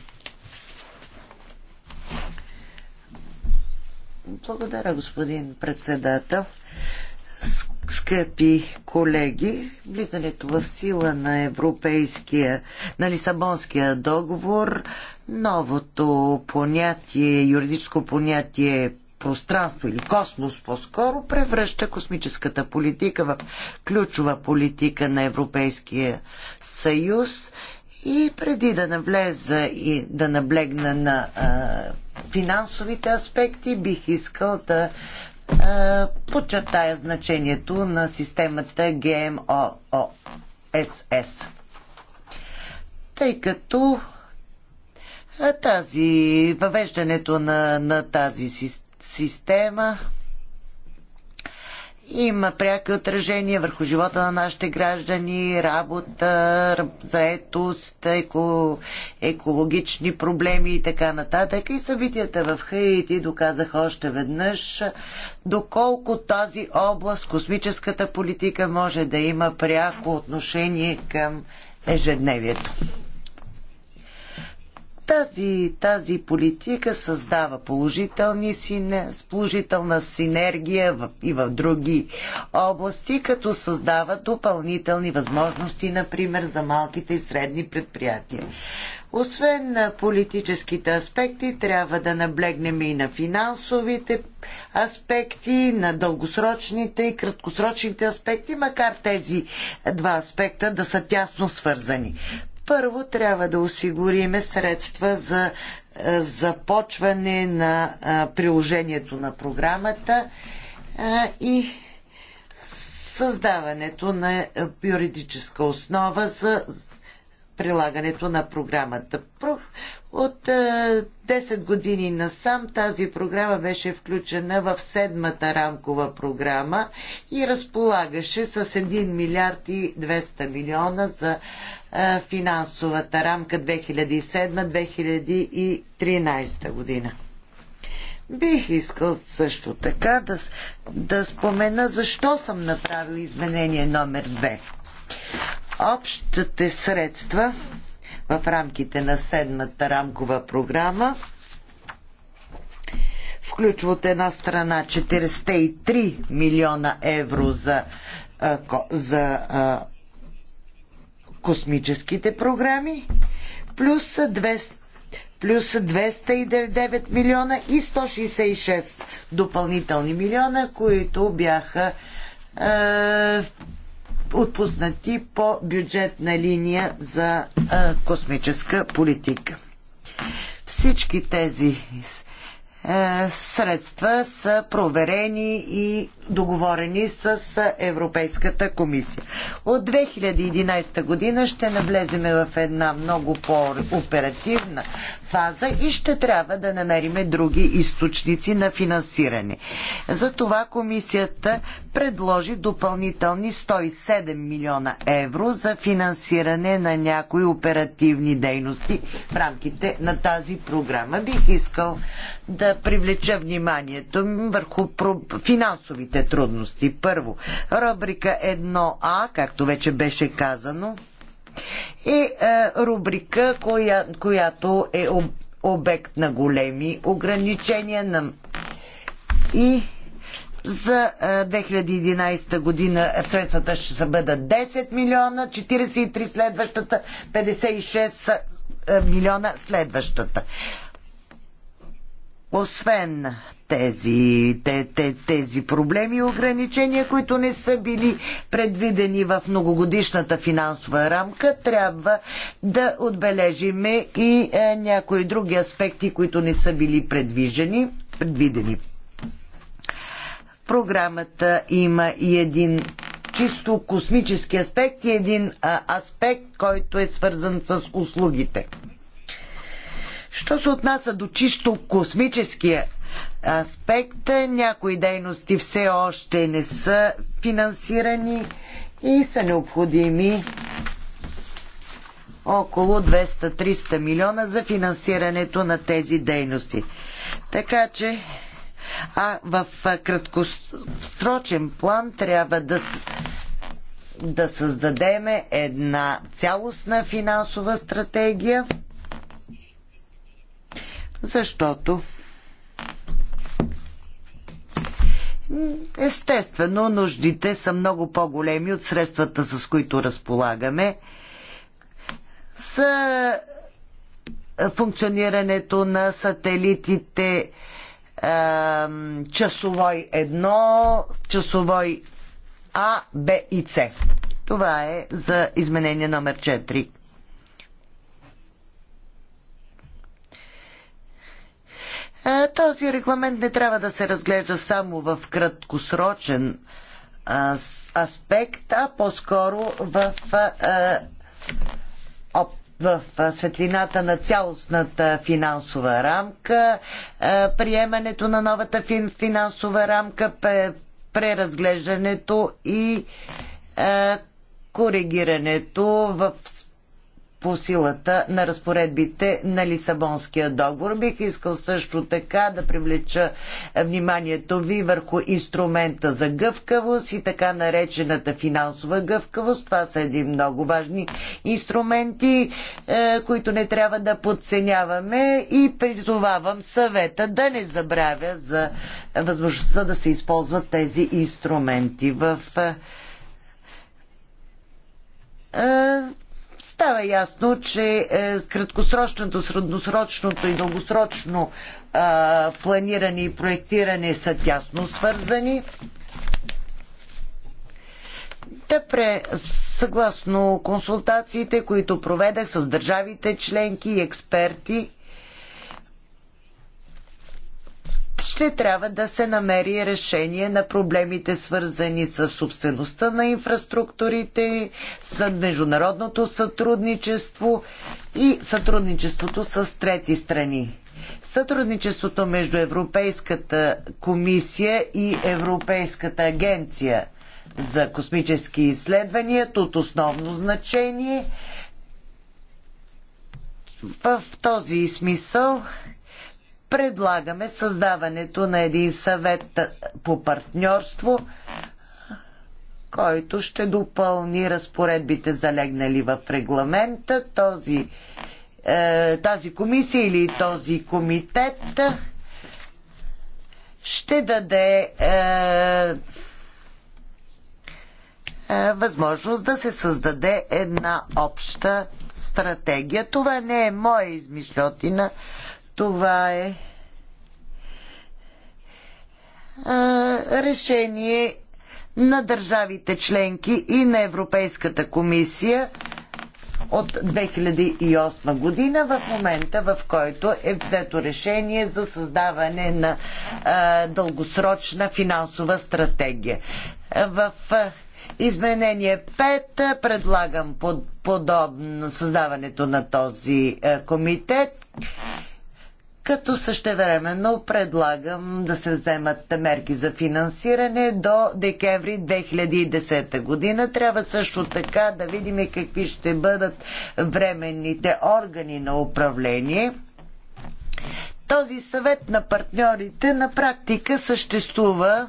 C: Благодаря, господин председател. Скъпи колеги, влизането в сила на Европейския, на Лисабонския договор, новото понятие, юридическо понятие пространство или космос по-скоро превръща космическата политика в ключова политика на Европейския съюз и преди да навлеза и да наблегна на а, финансовите аспекти, бих искал да подчертая значението на системата GMOSS. Тъй като тази, въвеждането на, на тази система има пряки отражения върху живота на нашите граждани, работа, заетост, еко, екологични проблеми и така нататък. И събитията в Хаити доказаха още веднъж доколко тази област, космическата политика, може да има пряко отношение към ежедневието. Тази, тази политика създава положителни сине, положителна синергия в, и в други области, като създава допълнителни възможности, например, за малките и средни предприятия. Освен на политическите аспекти, трябва да наблегнем и на финансовите аспекти, на дългосрочните и краткосрочните аспекти, макар тези два аспекта да са тясно свързани. Първо трябва да осигуриме средства за е, започване на е, приложението на програмата е, и създаването на юридическа основа за прилагането на програмата. От 10 е, години насам тази програма беше включена в седмата рамкова програма и разполагаше с 1 милиард и 200 милиона за е, финансовата рамка 2007-2013 година. Бих искал също така да, да спомена защо съм направил изменение номер 2. Общите средства в рамките на седмата рамкова програма включва от една страна 43 милиона евро за, за а, космическите програми, плюс 200 плюс 209 милиона и 166 допълнителни милиона, които бяха отпуснати по бюджетна линия за космическа политика. Всички тези средства са проверени и договорени с Европейската комисия. От 2011 година ще навлеземе в една много по-оперативна фаза и ще трябва да намерим други източници на финансиране. Затова комисията предложи допълнителни 107 милиона евро за финансиране на някои оперативни дейности в рамките на тази програма. Бих искал да привлеча вниманието върху финансовите трудности. Първо, рубрика 1А, както вече беше казано, е рубрика, коя, която е обект на големи ограничения на... и за 2011 е, година средствата ще са бъдат 10 милиона, 43 следващата, 56 е, милиона следващата. Освен тези, те, те, тези проблеми и ограничения, които не са били предвидени в многогодишната финансова рамка, трябва да отбележиме и е, някои други аспекти, които не са били предвижени, предвидени. В програмата има и един чисто космически аспект и един а, е, аспект, който е свързан с услугите. Що се отнася до чисто космическия аспект. Някои дейности все още не са финансирани и са необходими около 200-300 милиона за финансирането на тези дейности. Така че а в краткосрочен план трябва да, да създадем една цялостна финансова стратегия, защото Естествено, нуждите са много по-големи от средствата, с които разполагаме. С функционирането на сателитите часовой 1, часовой А, Б и С. Това е за изменение номер 4. Е, този регламент не трябва да се разглежда само в краткосрочен аспект, а по-скоро в, е, в светлината на цялостната финансова рамка, е, приемането на новата финансова рамка, преразглеждането и коригирането в по силата на разпоредбите на Лисабонския договор. Бих искал също така да привлеча вниманието ви върху инструмента за гъвкавост и така наречената финансова гъвкавост. Това са едни много важни инструменти, е, които не трябва да подценяваме и призовавам съвета да не забравя за възможността да се използват тези инструменти. В е, е, става ясно, че е, краткосрочното, средносрочното и дългосрочно е, планиране и проектиране са тясно свързани. Тъпре, съгласно консултациите, които проведах с държавите членки и експерти, ще трябва да се намери решение на проблемите свързани с собствеността на инфраструктурите, с международното сътрудничество и сътрудничеството с трети страни. Сътрудничеството между Европейската комисия и Европейската агенция за космически изследвания е от основно значение. В този смисъл предлагаме създаването на един съвет по партньорство, който ще допълни разпоредбите залегнали в регламента. Този, е, тази комисия или този комитет ще даде е, е, възможност да се създаде една обща стратегия. Това не е моя измишлетина. Това е решение на държавите членки и на Европейската комисия от 2008 година, в момента в който е взето решение за създаване на а, дългосрочна финансова стратегия. В а, изменение 5 предлагам под, подобно създаването на този а, комитет като същевременно предлагам да се вземат мерки за финансиране до декември 2010 година. Трябва също така да видим какви ще бъдат временните органи на управление. Този съвет на партньорите на практика съществува,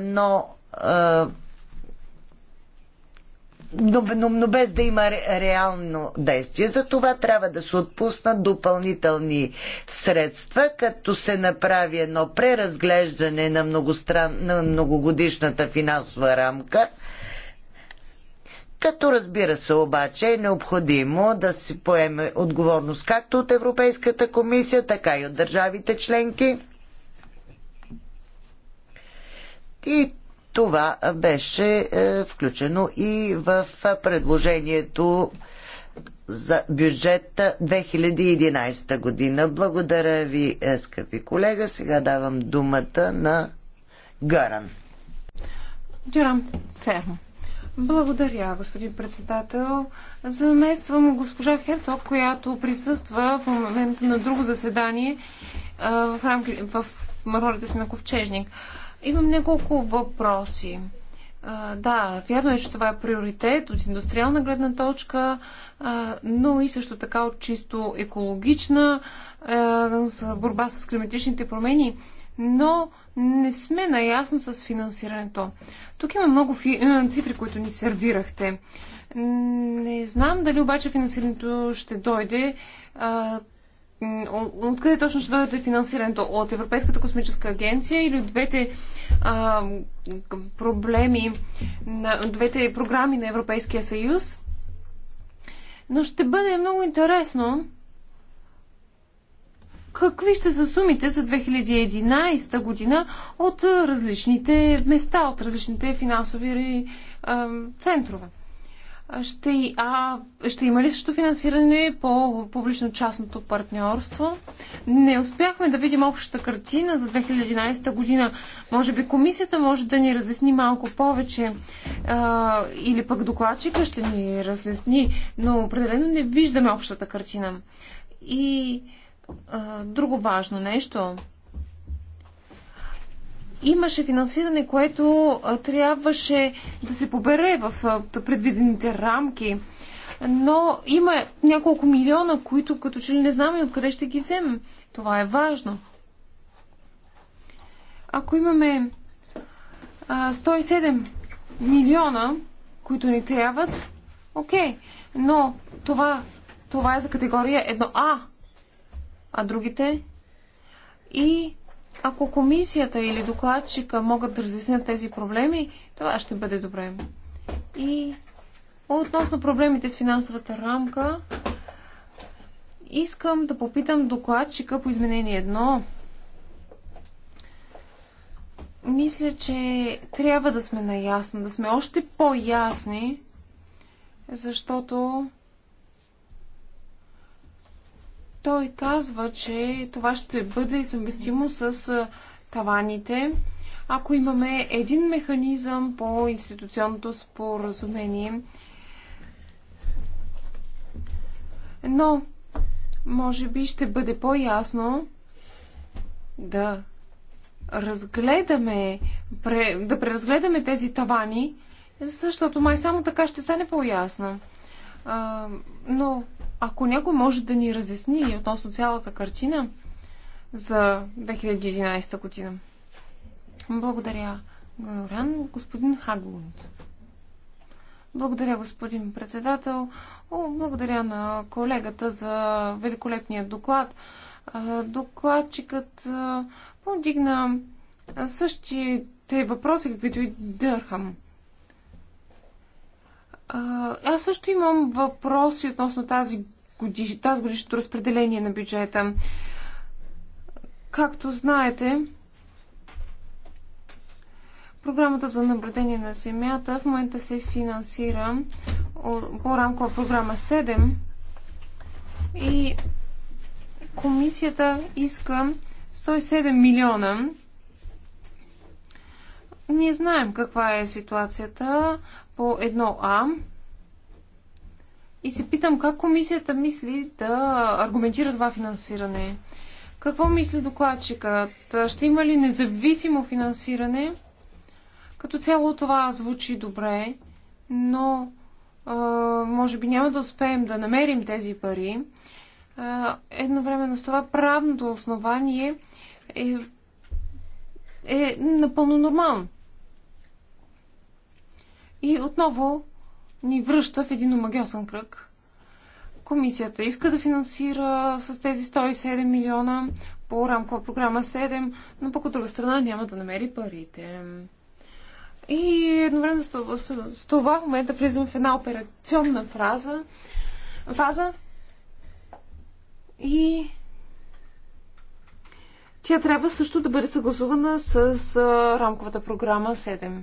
C: но но, но, но без да има реално действие. За това трябва да се отпуснат допълнителни средства, като се направи едно преразглеждане на, многостран... на многогодишната финансова рамка. Като разбира се обаче е необходимо да се поеме отговорност както от Европейската комисия, така и от държавите членки. И това беше е, включено и в предложението за бюджета 2011 година. Благодаря ви, е, скъпи колега. Сега давам думата на Гаран.
A: Дюрам Фермо. Благодаря, господин председател. Замествам госпожа Херцог, която присъства в момента на друго заседание е, в, рамки, в ролята си на ковчежник. Имам няколко въпроси. А, да, вярно е, че това е приоритет от индустриална гледна точка, а, но и също така от чисто екологична а, с борба с климатичните промени. Но не сме наясно с финансирането. Тук има много фи... цифри, които ни сервирахте. Не знам дали обаче финансирането ще дойде откъде точно ще дойде финансирането? От Европейската космическа агенция или от двете а, проблеми, на, двете програми на Европейския съюз? Но ще бъде много интересно какви ще са сумите за 2011 година от различните места, от различните финансови а, центрове. Ще, а, ще има ли също финансиране по публично-частното партньорство? Не успяхме да видим общата картина за 2011 година. Може би комисията може да ни разясни малко повече а, или пък докладчика ще ни разясни, но определено не виждаме общата картина. И а, друго важно нещо имаше финансиране, което трябваше да се побере в предвидените рамки. Но има няколко милиона, които като че ли не знаме откъде ще ги вземем. Това е важно. Ако имаме 107 милиона, които ни трябват, окей, но това, това е за категория 1А, а другите и ако комисията или докладчика могат да разяснят тези проблеми, това ще бъде добре. И относно проблемите с финансовата рамка, искам да попитам докладчика по изменение 1. Мисля, че трябва да сме наясно, да сме още по-ясни, защото той казва, че това ще бъде съвместимо с таваните, ако имаме един механизъм по институционното споразумение. Но, може би ще бъде по-ясно да разгледаме, да преразгледаме тези тавани, защото май само така ще стане по-ясно. но ако някой може да ни разясни относно цялата картина за 2011 година. Благодаря, Горан. Господин Хагунд. Благодаря, господин председател. О, благодаря на колегата за великолепния доклад. Докладчикът повдигна същите въпроси, каквито и Дърхам. Аз също имам въпроси относно тази годиш, тази годишното разпределение на бюджета. Както знаете, програмата за наблюдение на Земята в момента се финансира по рамкова програма 7 и комисията иска 107 милиона ние знаем каква е ситуацията по 1А и се питам как комисията мисли да аргументира това финансиране. Какво мисли докладчикът? Ще има ли независимо финансиране? Като цяло това звучи добре, но а, може би няма да успеем да намерим тези пари. А, едновременно с това правното основание е, е напълно нормално и отново ни връща в един омагиосен кръг. Комисията иска да финансира с тези 107 милиона по рамкова програма 7, но пък от друга страна няма да намери парите. И едновременно с това в момента влизам в една операционна фраза, фаза и тя трябва също да бъде съгласувана с, с, рамковата програма 7.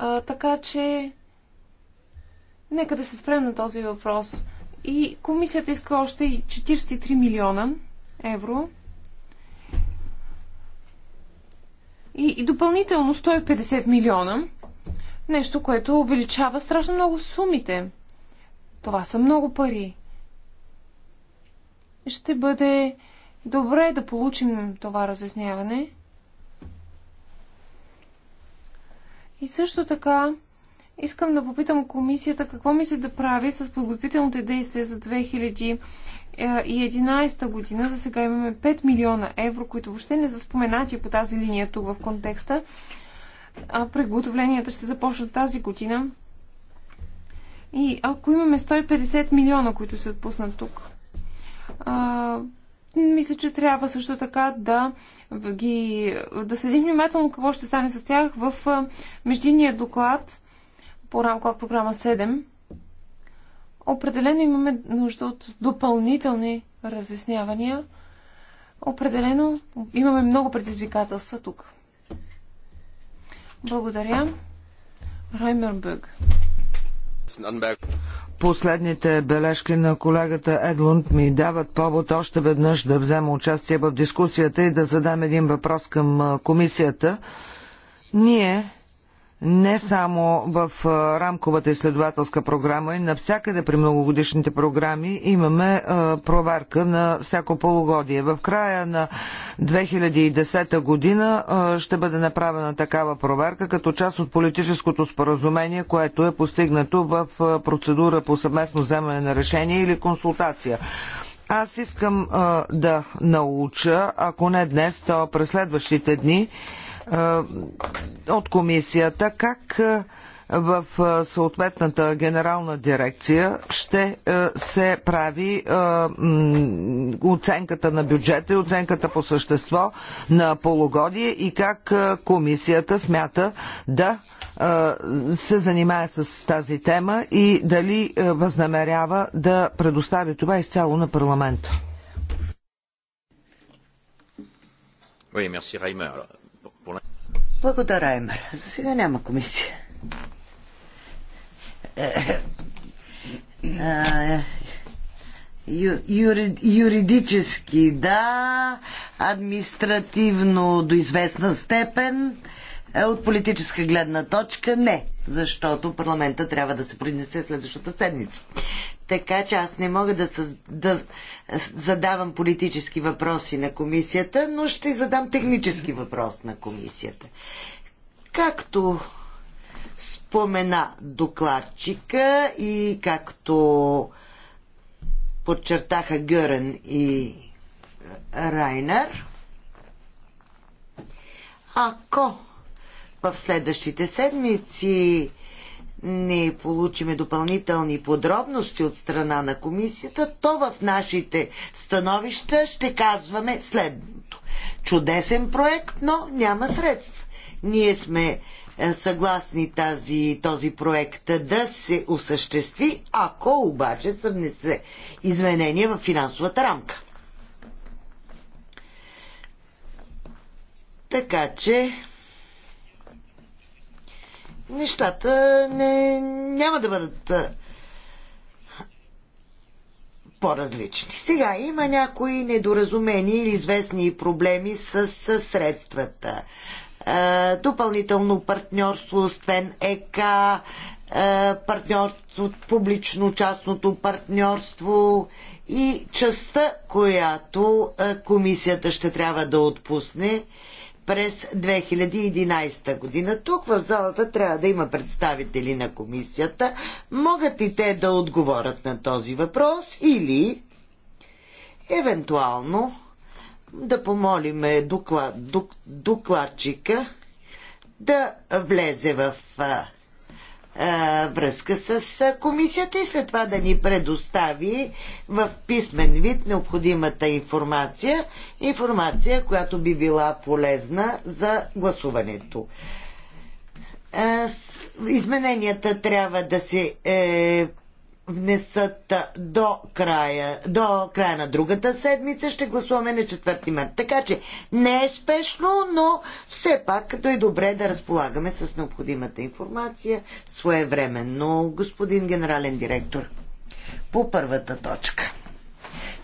A: А, така че, нека да се спрем на този въпрос. И комисията иска още 43 милиона евро. И, и допълнително 150 милиона. Нещо, което увеличава страшно много сумите. Това са много пари. Ще бъде добре да получим това разясняване. И също така искам да попитам комисията какво мисли да прави с подготвителните действия за 2011 е, година. За сега имаме 5 милиона евро, които въобще не са споменати по тази линия тук в контекста. А приготовленията ще започнат тази година. И ако имаме 150 милиона, които се отпуснат тук, мисля, че трябва също така да ги, да следим внимателно какво ще стане с тях в междинния доклад по рамка програма 7. Определено имаме нужда от допълнителни разяснявания. Определено имаме много предизвикателства тук. Благодаря. Раймер Бъг.
B: Последните бележки на колегата Едлунд ми дават повод още веднъж да взема участие в дискусията и да задам един въпрос към комисията. Ние не само в рамковата изследователска програма и навсякъде при многогодишните програми имаме проверка на всяко полугодие. В края на 2010 година ще бъде направена такава проверка като част от политическото споразумение, което е постигнато в процедура по съвместно вземане на решение или консултация. Аз искам да науча, ако не днес, то през следващите дни, от комисията как в съответната генерална дирекция ще се прави оценката на бюджета и оценката по същество на полугодие и как комисията смята да се занимае с тази тема и дали възнамерява да предостави това изцяло на парламента. Oui, merci Reimer. Alors,
C: благодаря, Емер. За сега няма комисия. Е, е, е, ю, юри, юридически, да, административно до известна степен, от политическа гледна точка не, защото парламента трябва да се произнесе следващата седмица. Така че аз не мога да, съз... да задавам политически въпроси на комисията, но ще задам технически въпрос на комисията. Както спомена докладчика и както подчертаха Гърен и е, Райнер, ако в следващите седмици не получиме допълнителни подробности от страна на комисията, то в нашите становища ще казваме следното. Чудесен проект, но няма средства. Ние сме е, съгласни тази, този проект да се осъществи, ако обаче се внесе изменения в финансовата рамка. Така че нещата не, няма да бъдат по-различни. Сега има някои недоразумени или известни проблеми с, с средствата. Е, допълнително партньорство с ТВЕН ЕК, е, партньорство, публично-частното партньорство и частта, която е, комисията ще трябва да отпусне. Е, през 2011 година. Тук в залата трябва да има представители на комисията. Могат и те да отговорят на този въпрос или евентуално да помолиме доклад, док, докладчика да влезе в а, връзка с комисията и след това да ни предостави в писмен вид необходимата информация, информация, която би била полезна за гласуването. Измененията трябва да се е, внесат до края, до края на другата седмица. Ще гласуваме на 4 марта. Така че не е спешно, но все пак като е добре да разполагаме с необходимата информация своевременно, господин генерален директор. По първата точка.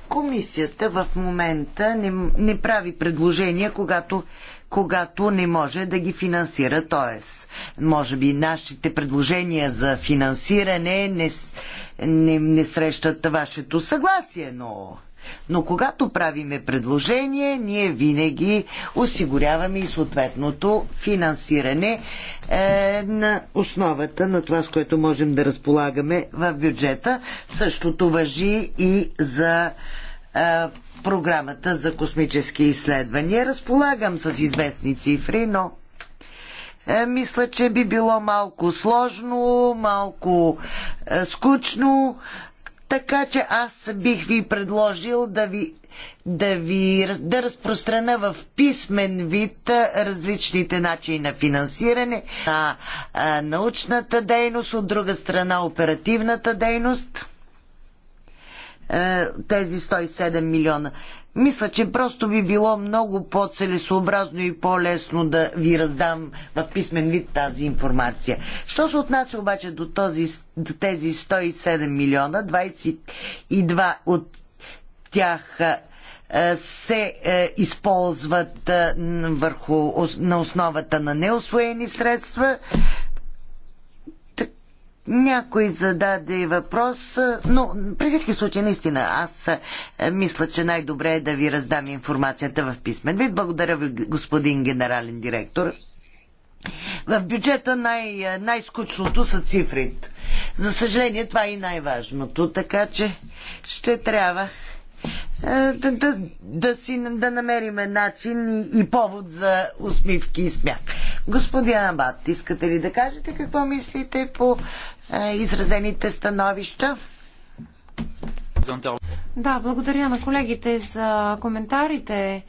C: Комисията в момента не, не прави предложения, когато когато не може да ги финансира. Тоест, може би нашите предложения за финансиране не, не, не срещат вашето съгласие, но... Но когато правиме предложение, ние винаги осигуряваме и съответното финансиране е, на основата на това, с което можем да разполагаме в бюджета. Същото въжи и за е, програмата за космически изследвания. Разполагам с известни цифри, но е, мисля, че би било малко сложно, малко е, скучно. Така че аз бих ви предложил да ви да ви да разпространя в писмен вид е, различните начини на финансиране на научната дейност, от друга страна оперативната дейност. Тези 107 милиона мисля, че просто би било много по-целесообразно и по-лесно да ви раздам в писмен вид тази информация. Що се отнася обаче до, този, до тези 107 милиона, 22 от тях е, се е, използват е, върху, на основата на неосвоени средства, някой зададе въпрос, но при всички случаи наистина аз е, мисля, че най-добре е да ви раздам информацията в писмен вид. Благодаря ви, господин генерален директор. В бюджета най- е, най-скучното са цифрите. За съжаление, това е и най-важното, така че ще трябва е, да, да, да си да намериме начин и, и повод за усмивки и смях. Господин Абат, искате ли да кажете какво мислите
A: по е, изразените становища? Да, благодаря на колегите за коментарите.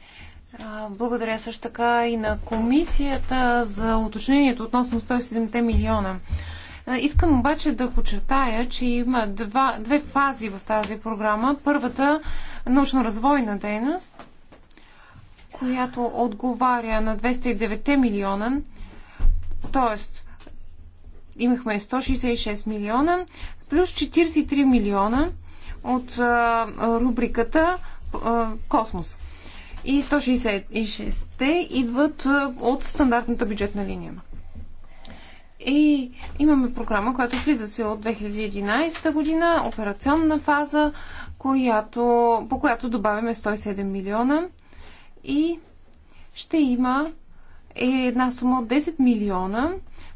A: Благодаря също така и на комисията за уточнението относно 107 милиона. Искам обаче да подчертая, че има два, две фази в тази програма. Първата научно-развойна дейност, която отговаря на 209 милиона, т.е. имахме 166 милиона, плюс 43 милиона от а, рубриката а, Космос. И 166-те идват а, от стандартната бюджетна линия. И имаме програма, която влиза се от 2011 година, операционна фаза, която, по която добавяме 107 милиона и ще има една сума от 10 милиона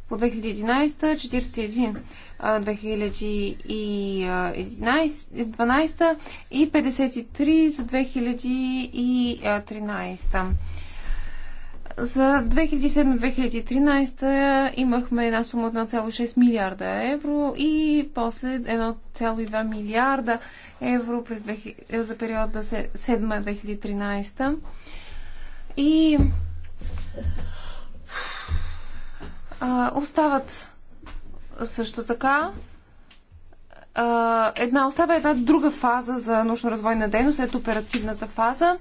A: по 2011, 41 2012 и 53 за 2013. За 2007-2013 имахме една сума от 1,6 милиарда евро и после 1,2 милиарда евро през 2000, е, за периода 7-2013. И а, остават също така а, една, остава една друга фаза за научно-развойна дейност, ето оперативната фаза.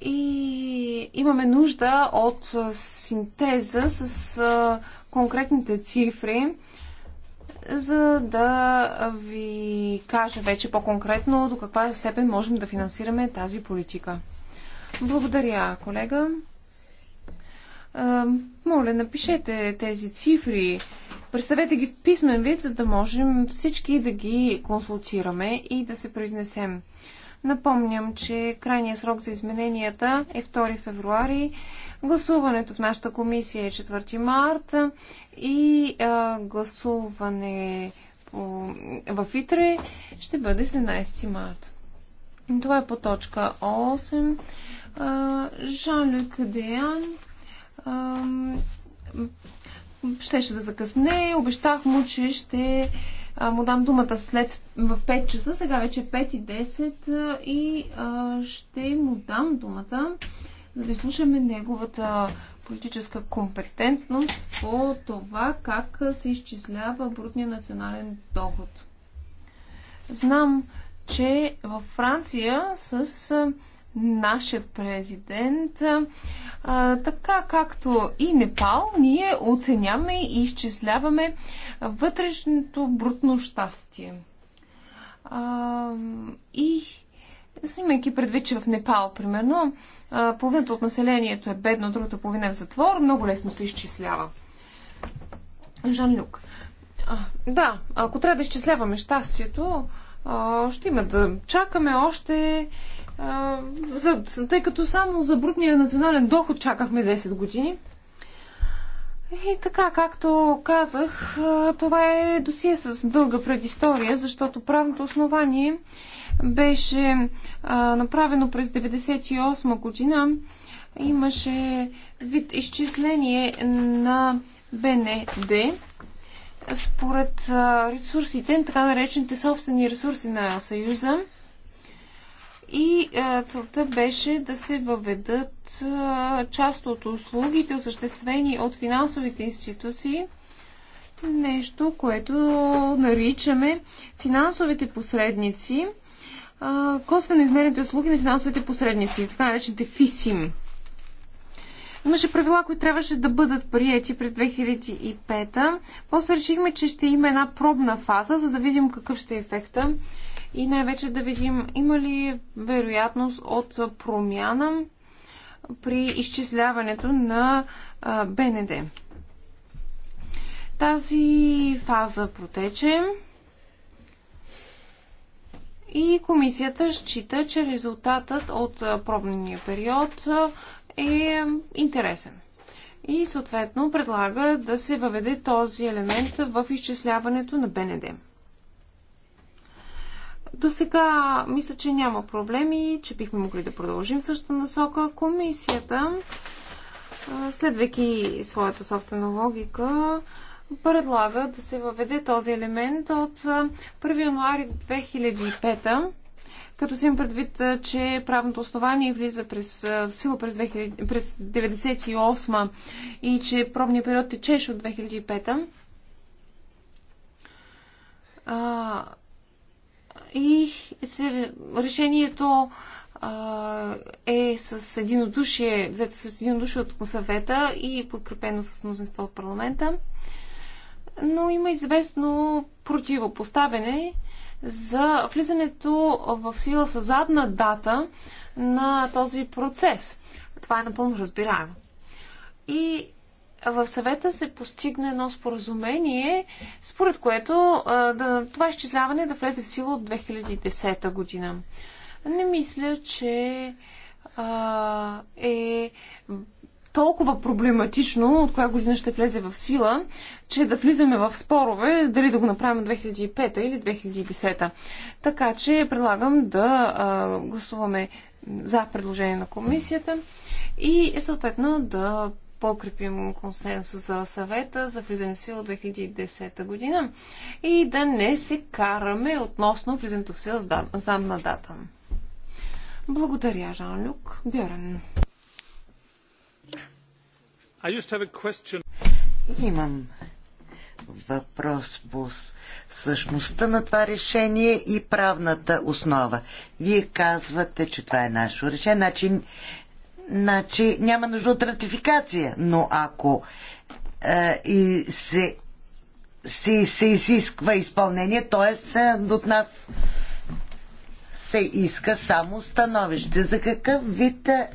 A: И имаме нужда от синтеза с конкретните цифри, за да ви кажа вече по-конкретно до каква степен можем да финансираме тази политика. Благодаря, колега. Моля, напишете тези цифри. Представете ги в писмен вид, за да можем всички да ги консултираме и да се произнесем. Напомням, че крайният срок за измененията е 2 февруари. Гласуването в нашата комисия е 4 март и а, гласуване по, в ИТРЕ ще бъде 17 март. Това е по точка 8. Жан-Люк Деян щеше да закъсне. Обещах му, че ще му дам думата след в 5 часа, сега вече 5 е и 10 и а, ще му дам думата, за да изслушаме неговата политическа компетентност по това как се изчислява брутния национален доход. Знам, че във Франция с нашият президент. А, така както и Непал, ние оценяваме и изчисляваме вътрешното брутно щастие. А, и снимайки предвид, че в Непал, примерно, половината от населението е бедно, другата половина е в затвор, много лесно се изчислява. Жан Люк. А, да, ако трябва да изчисляваме щастието, а, ще има да чакаме още за, тъй като само за брутния национален доход чакахме 10 години. И така, както казах, това е досие с дълга предистория, защото правното основание беше а, направено през 1998 година. Имаше вид изчисление на БНД според ресурсите, така наречените собствени ресурси на Съюза – и целта беше да се въведат част от услугите, осъществени от финансовите институции, нещо, което наричаме финансовите посредници, косвено измерените услуги на финансовите посредници, така наречените ФИСИМ. Имаше правила, които трябваше да бъдат приети през 2005. -та. После решихме, че ще има една пробна фаза, за да видим какъв ще е ефекта и най-вече да видим има ли вероятност от промяна при изчисляването на БНД. Тази фаза протече и комисията счита, че резултатът от пробния период е интересен. И съответно предлага да се въведе този елемент в изчисляването на БНД. До сега мисля, че няма проблеми, че бихме могли да продължим същата насока. Комисията, следвайки своята собствена логика, предлага да се въведе този елемент от 1 януари 2005 като си им предвид, че правното основание влиза през, в сила през, 2000, през 98 и че пробният период течеше от 2005 а, и се, решението а, е с единодушие, взето с единодушие от съвета и подкрепено с мнозинство от парламента. Но има известно противопоставяне за влизането в сила с задна дата на този процес. Това е напълно разбираемо. И в съвета се постигна едно споразумение, според което да, това изчисляване да влезе в сила от 2010 година. Не мисля, че а, е толкова проблематично, от коя година ще влезе в сила, че да влизаме в спорове, дали да го направим 2005 или 2010. Така че предлагам да а, гласуваме за предложение на комисията и съответно да по-крепим консенсуса в съвета за влизане в сила 2010 година и да не се караме относно влизането в сила с задна дата. Благодаря, Жан-Люк Бюрен. Имам
C: въпрос по същността на това решение и правната основа. Вие казвате, че това е наше решение, значи Значи няма нужда от ратификация, но ако е, и се, се, се изисква изпълнение, т.е. Е, от нас се иска само становище. За какъв вид е,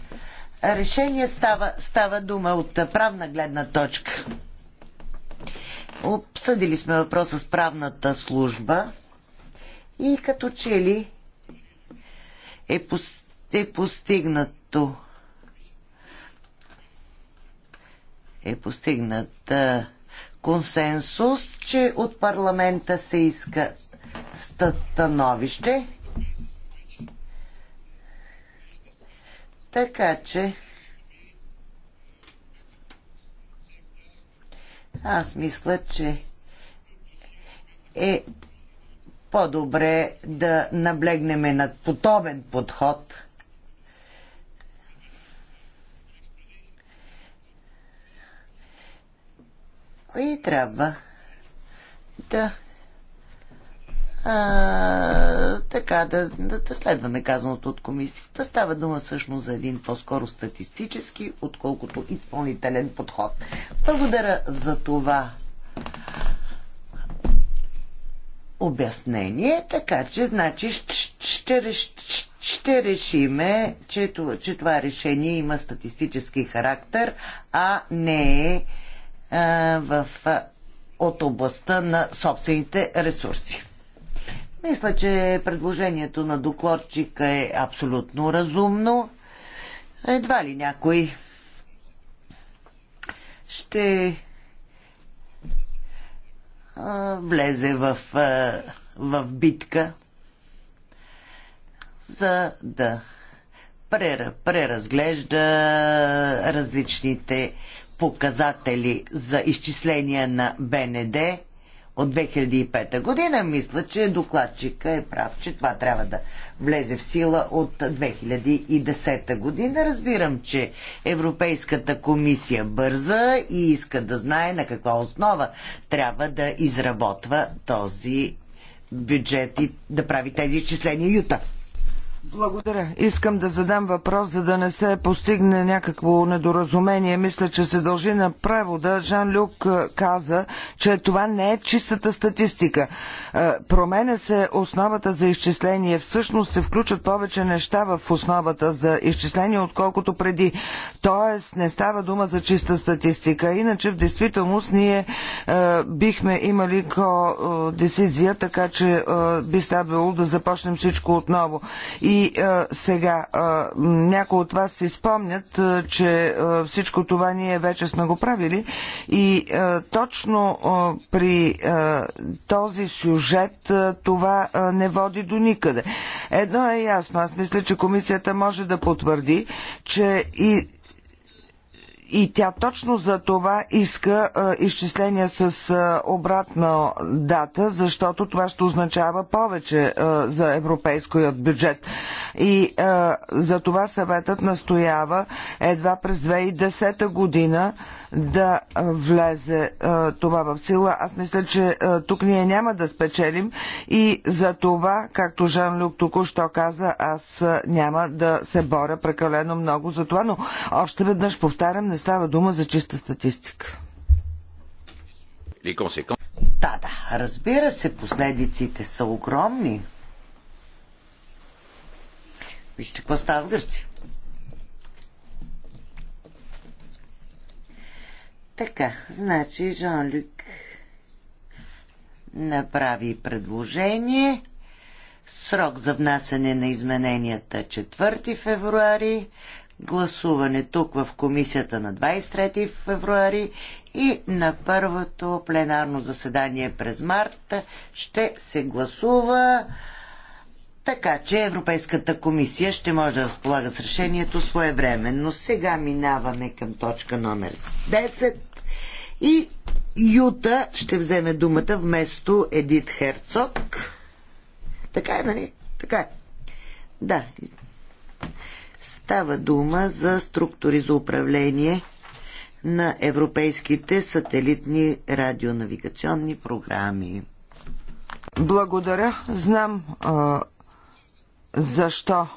C: решение става, става дума от правна гледна точка? Обсъдили сме въпроса с правната служба и като че ли е, е постигнато е постигнат консенсус, че от парламента се иска становище. Така че аз мисля, че е по-добре да наблегнеме на подобен подход – И трябва да а, така, да, да, да следваме казаното от комисията. Става дума всъщност за един по-скоро статистически, отколкото изпълнителен подход. Благодаря за това обяснение, така че, значи, ще, ще, ще решиме, че, че това решение има статистически характер, а не е е, в, е, от областта на собствените ресурси. Мисля, че предложението на докладчика е абсолютно разумно. Едва ли някой ще е, влезе в, в битка, за да преразглежда различните показатели за изчисления на БНД от 2005 година. Мисля, че докладчика е прав, че това трябва да влезе в сила от 2010 година. Разбирам, че Европейската комисия бърза и иска да знае на каква основа трябва да изработва този бюджет и да прави тези изчисления
B: Юта. Благодаря. Искам да задам въпрос, за да не се постигне някакво недоразумение. Мисля, че се дължи на превода. Жан Люк каза, че това не е чистата статистика. Променя се основата за изчисление. Всъщност се включат повече неща в основата за изчисление, отколкото преди. Тоест не става дума за чиста статистика. Иначе в действителност ние бихме имали ко десизия, така че би следвало да започнем всичко отново. И и а, сега, а, някои от вас си спомнят, а, че а, всичко това ние вече сме го правили. И а, точно а, при а, този сюжет а, това а, не води до никъде. Едно е ясно. Аз мисля, че комисията може да потвърди, че и и тя точно за това иска а, изчисления с а, обратна дата, защото това ще означава повече а, за европейският бюджет. И за това съветът настоява едва през 2010 година да влезе това в сила. Аз мисля, че тук ние няма да спечелим и за това, както Жан Люк току-що каза, аз няма да се боря прекалено много за това, но още веднъж повтарям, не става дума за чиста статистика.
C: Да, да, разбира се, последиците са огромни. Вижте какво става в Гърция. Така, значи Жан-Люк направи предложение. Срок за внасене на измененията 4 е февруари, гласуване тук в комисията на 23 февруари и на първото пленарно заседание през март ще се гласува така, че Европейската комисия ще може да разполага с решението своевременно. Сега минаваме към точка номер 10. И Юта ще вземе думата вместо Едит Херцог. Така е, нали? Така е. Да. Става дума за структури за управление на европейските сателитни радионавигационни
B: програми. Благодаря. Знам а, защо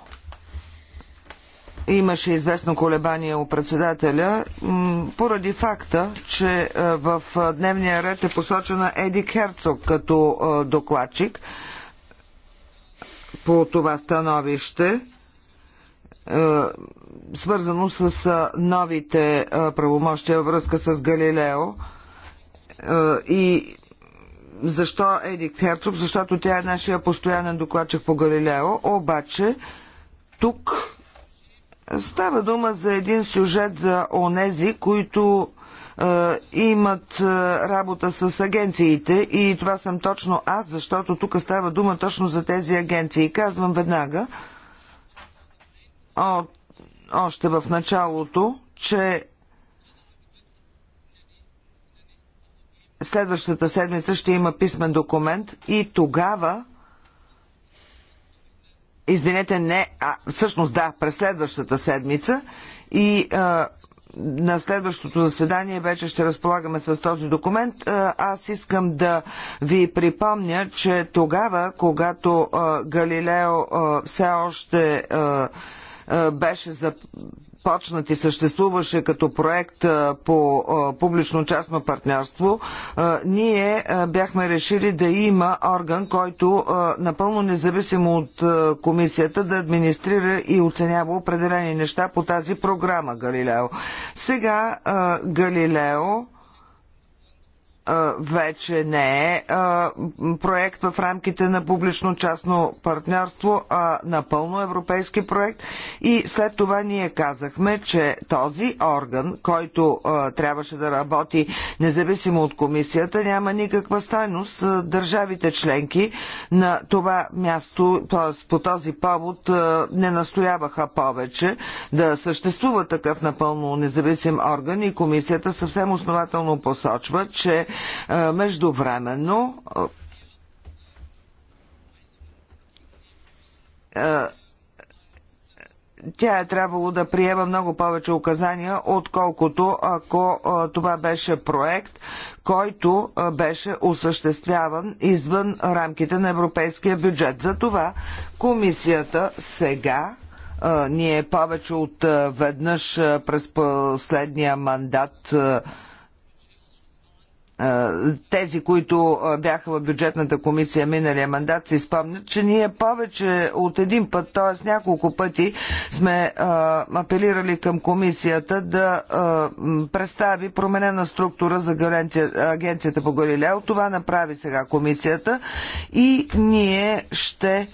B: имаше известно колебание у председателя, поради факта, че е, в е, дневния ред е посочена Еди Херцог като е, докладчик по това становище, свързано с новите правомощия във връзка с Галилео и защо Едик Херцог? Защото тя е нашия постоянен докладчик по Галилео, обаче тук Става дума за един сюжет за онези, които е, имат е, работа с агенциите и това съм точно аз, защото тук става дума точно за тези агенции. Казвам веднага, о, още в началото, че следващата седмица ще има писмен документ и тогава Извинете, не, а всъщност да, през следващата седмица и а, на следващото заседание вече ще разполагаме с този документ. Аз искам да ви припомня, че тогава, когато Галилео все още беше за започнат и съществуваше като проект по публично-частно партньорство, ние бяхме решили да има орган, който напълно независимо от комисията да администрира и оценява определени неща по тази програма Галилео. Сега Галилео вече не е проект в рамките на публично-частно партньорство, а напълно европейски проект. И след това ние казахме, че този орган, който трябваше да работи независимо от комисията, няма никаква стойност. Държавите членки на това място, т.е. по този повод, не настояваха повече да съществува такъв напълно независим орган и комисията съвсем основателно посочва, че Междувременно тя е трябвало да приема много повече указания, отколкото ако това беше проект, който беше осъществяван извън рамките на европейския бюджет. За това комисията сега ние повече от веднъж през последния мандат тези, които бяха в бюджетната комисия миналия мандат, си спомнят, че ние повече от един път, т.е. няколко пъти сме апелирали към комисията да представи променена структура за агенцията по Галилео. Това направи сега комисията и ние ще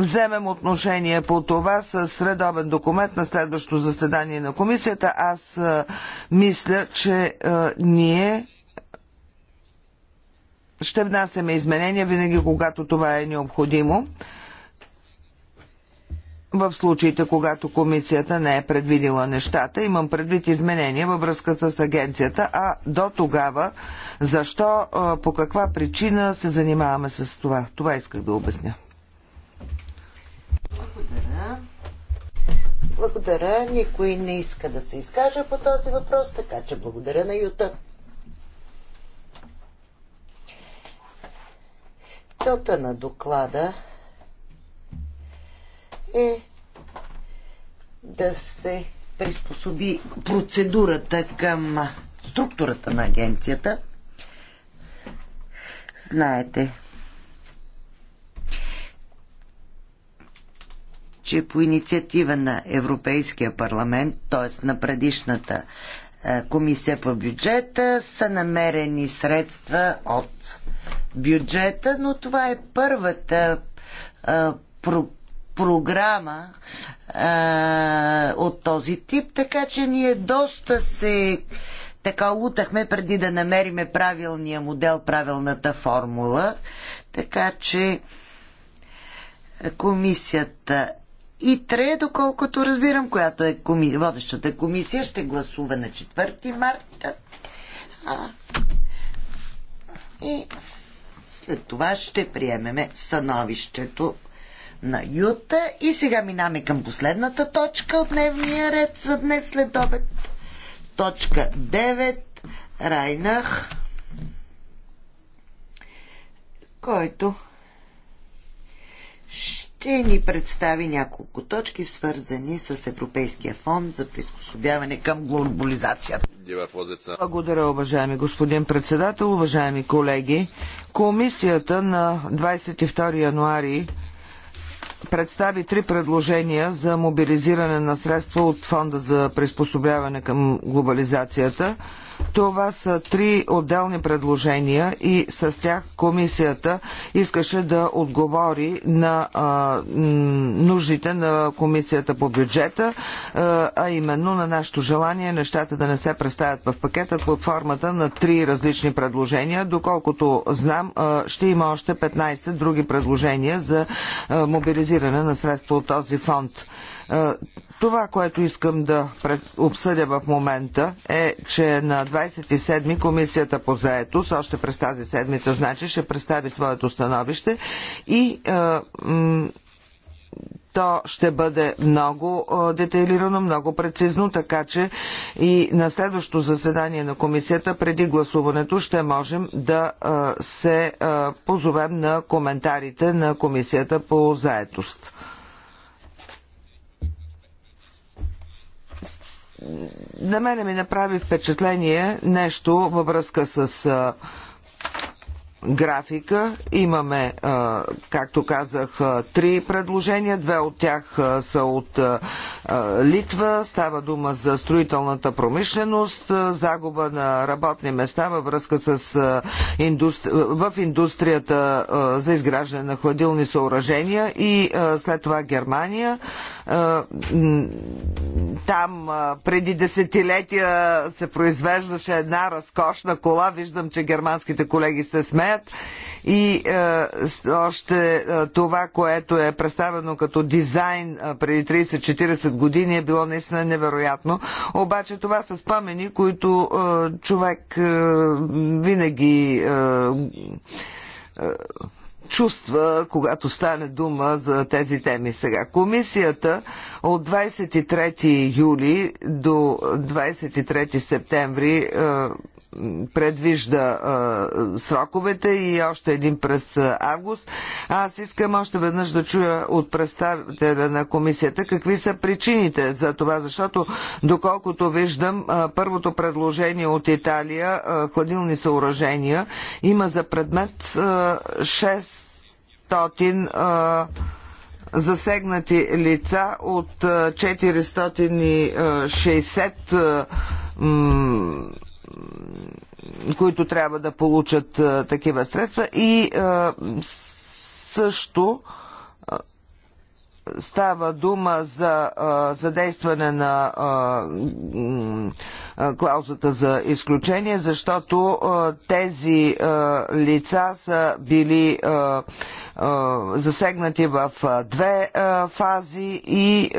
B: вземем отношение по това с редовен документ на следващото заседание на комисията. Аз е, мисля, че е, ние ще внасяме изменения винаги, когато това е необходимо. В случаите, когато комисията не е предвидила нещата, имам предвид изменения във връзка с агенцията, а до тогава защо, е, по каква причина се занимаваме с това. Това исках да обясня.
C: Благодаря. Благодаря. Никой не иска да се изкаже по този въпрос, така че благодаря на Юта. Целта на доклада е да се приспособи процедурата към структурата на агенцията. Знаете, че по инициатива на Европейския парламент, т.е. на предишната е, комисия по бюджета, са намерени средства от бюджета, но това е първата а, е, про, програма а, е, от този тип, така че ние доста се така лутахме преди да намериме правилния модел, правилната формула, така че комисията и ИТРЕ, доколкото разбирам, която е коми... водещата комисия, ще гласува на 4 марта. А... И след това ще приемеме становището на Юта. И сега минаме към последната точка от дневния ред за днес след обед. Точка 9. Райнах, който ще тя ни представи няколко
B: точки, свързани с Европейския фонд за приспособяване към глобализацията. Благодаря, уважаеми господин председател, уважаеми колеги. Комисията на 22 януари представи три предложения за мобилизиране на средства от Фонда за приспособяване към глобализацията – това са три отделни предложения и с тях комисията искаше да отговори на а, нуждите на комисията по бюджета, а именно на нашето желание нещата да не се представят в пакета под формата на три различни предложения. Доколкото знам, ще има още 15 други предложения за мобилизиране на средства от този фонд. Е, това, което искам да обсъдя в момента е, че на 27-ми комисията по заетост, още през тази седмица, значи, ще представи своето становище и е, то ще бъде много е, детайлирано, много прецизно, така че и на следващото заседание на комисията преди гласуването ще можем да се позовем на коментарите на комисията по заетост. на мене ми направи впечатление нещо във връзка с графика. Имаме, както казах, три предложения. Две от тях са от Литва. Става дума за строителната промишленост, загуба на работни места във връзка с индустри... в индустрията за изграждане на хладилни съоръжения и след това Германия. Там преди десетилетия се произвеждаше една разкошна кола. Виждам, че германските колеги се сме знаят. И е, още е, това, което е представено като дизайн е, преди 30-40 години е било наистина невероятно. Обаче това са спомени, които е, човек е, винаги. Е, е, чувства, когато стане дума за тези теми сега. Комисията от 23 юли до 23 септември е, предвижда а, сроковете и още един през август. Аз искам още веднъж да чуя от представителя на комисията какви са причините за това, защото доколкото виждам а, първото предложение от Италия а, хладилни съоръжения има за предмет 600 засегнати лица от 460 които трябва да получат такива средства и също става дума за задействане на клаузата за изключение, защото тези лица са били засегнати в две фази и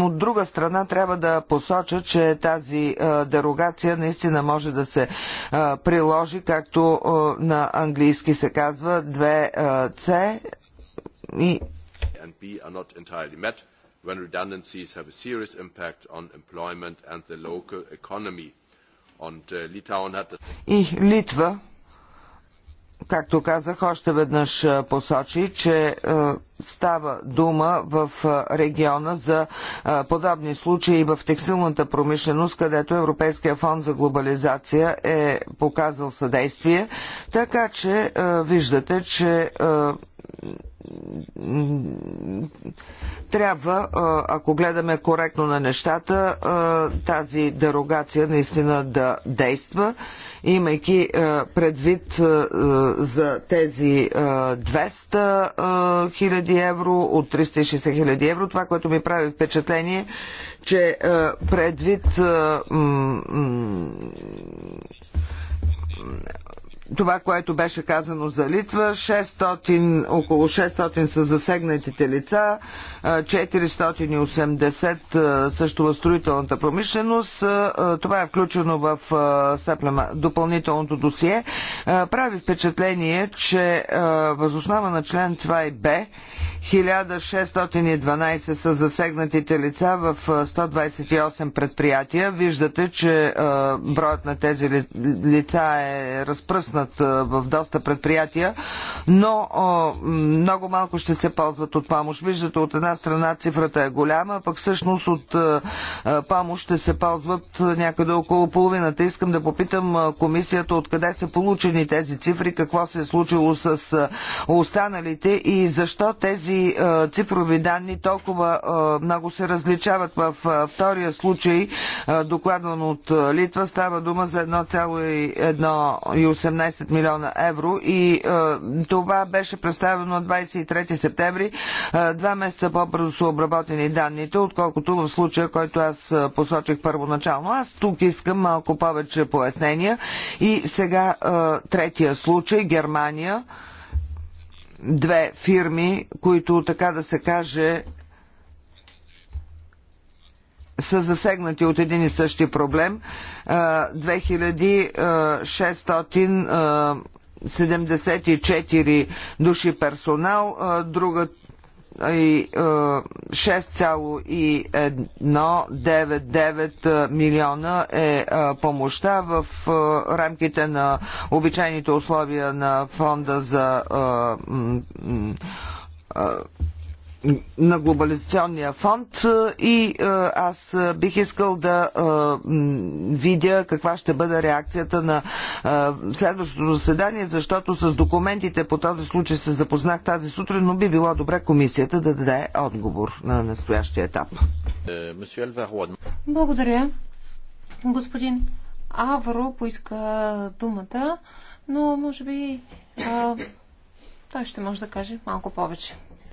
B: от друга страна трябва да посоча, че тази дерогация наистина може да се приложи, както на английски се казва 2C и
A: and B are not entirely met when redundancies have a serious impact on employment and the local economy. And, äh, Litauen hat
B: И Литва, както казах, още веднъж посочи, че е, става дума в региона за е, подобни случаи в текстилната промишленост, където Европейския фонд за глобализация е показал съдействие. Така че е, виждате, че е, трябва, ако гледаме коректно на нещата, тази дерогация наистина да действа, имайки предвид за тези 200 хиляди евро от 360 хиляди евро. Това, което ми прави впечатление, че предвид това, което беше казано за Литва, 600, около 600 са засегнатите лица, 480 също в строителната промишленост. Това е включено в допълнителното досие. Прави впечатление, че възоснова на член 2 Б 1612 са засегнатите лица в 128 предприятия. Виждате, че броят на тези лица е разпръснат в доста предприятия, но много малко ще се ползват от помощ. Виждате от една страна цифрата е голяма, пък всъщност от е, е, помощ ще се ползват е, някъде около половината. Искам да попитам комисията откъде са получени тези цифри, какво се е случило с останалите и защо тези цифрови данни толкова много се различават. В втория случай, докладван от Литва, става дума за 1,18 милиона евро и това беше представено на 23 септември, два месеца по по-бързо са обработени данните, отколкото в случая, който аз посочих първоначално. Аз тук искам малко повече пояснения. И сега третия случай Германия. Две фирми, които така да се каже са засегнати от един и същи проблем. 2674 души персонал, другата 6,199 милиона е помощта в рамките на обичайните условия на фонда за на глобализационния фонд е, и е, аз е, бих искал да видя каква ще бъде реакцията на следващото заседание, защото с документите по този случай се запознах тази сутрин, но би било добре комисията да даде отговор на настоящия етап.
A: Благодаря. Господин Авро поиска думата, но може би а, той ще може да каже малко повече.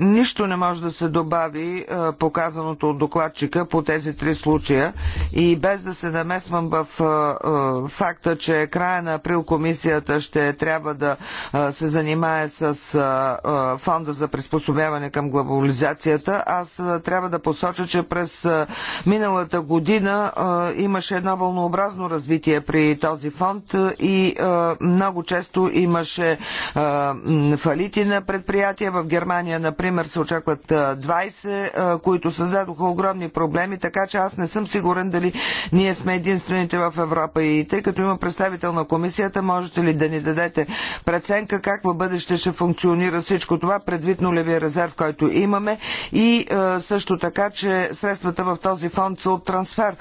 B: Нищо не може да се добави е, показаното от докладчика по тези три случая и без да се намесвам в е, е, факта, че края на април комисията ще трябва да се занимае с фонда за приспособяване към глобализацията, аз трябва да посоча, че през миналата година имаше едно вълнообразно развитие при този фонд и много често имаше фалити на предприятия в Германия, например например, се очакват 20, които създадоха огромни проблеми, така че аз не съм сигурен дали ние сме единствените в Европа. И тъй като има представител на комисията, можете ли да ни дадете преценка как в бъдеще ще функционира всичко това, предвид нулевия резерв, който имаме и също така, че средствата в този фонд са от трансфер.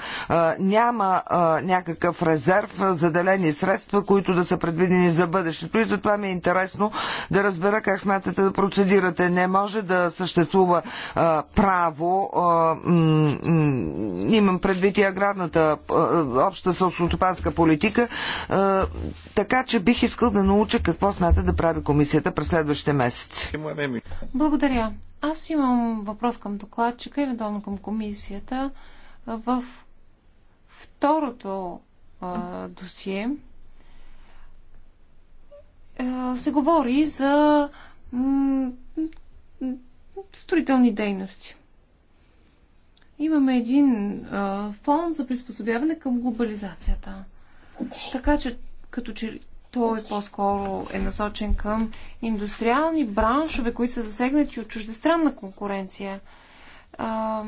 B: Няма някакъв резерв, заделени средства, които да са предвидени за бъдещето и затова ми е интересно да разбера как смятате да процедирате. Не може може да съществува а, право, а, имам предвид и аграрната а, обща сълсотопанска политика, а, така че бих искал да науча какво смята да прави комисията през следващите месеци.
A: Благодаря. Аз имам въпрос към докладчика, евентуално към комисията. В второто а, досие а, се говори за строителни дейности. Имаме един а, фон за приспособяване към глобализацията. Така че, като че той е по-скоро е насочен към индустриални браншове, които са засегнати от чуждестранна конкуренция. А,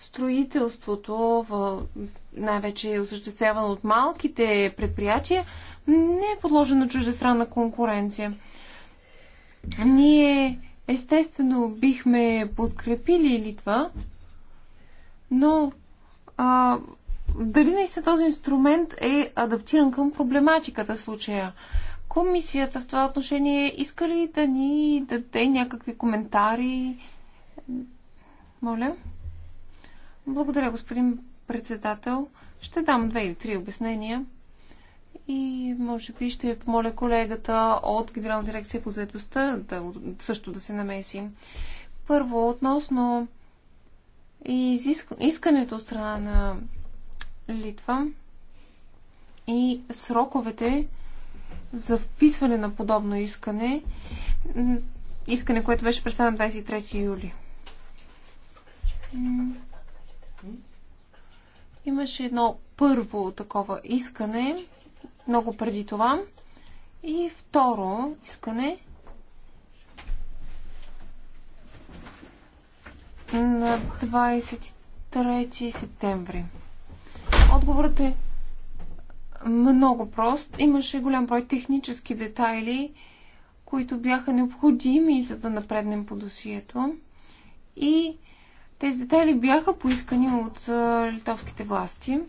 A: строителството, най-вече е осъществявано от малките предприятия, не е подложено на чуждестранна конкуренция. Ние Естествено, бихме подкрепили това, но а, дали наистина този инструмент е адаптиран към проблематиката в случая? Комисията в това отношение иска ли да ни даде някакви коментари? Моля. Благодаря, господин председател. Ще дам две или три обяснения. И може би ще помоля колегата от Генерална дирекция по заедостта да, също да се намеси. Първо, относно изиск... искането от страна на Литва и сроковете за вписване на подобно искане, искане, което беше представено 23 юли. Имаше едно първо такова искане много преди това. И второ искане на 23 септември. Отговорът е много прост. Имаше голям брой технически детайли, които бяха необходими, за да напреднем по досието. И тези детайли бяха поискани от литовските власти.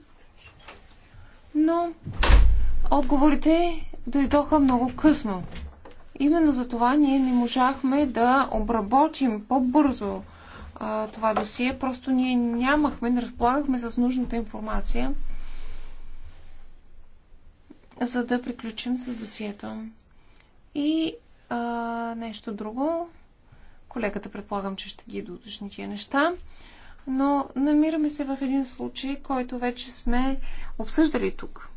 A: Но отговорите дойдоха много късно. Именно за това ние не можахме да обработим по-бързо това досие. Просто ние нямахме, не разполагахме с нужната информация, за да приключим с досието. И а, нещо друго. Колегата предполагам, че ще ги доточни тия неща. Но намираме се в един случай, който вече сме обсъждали тук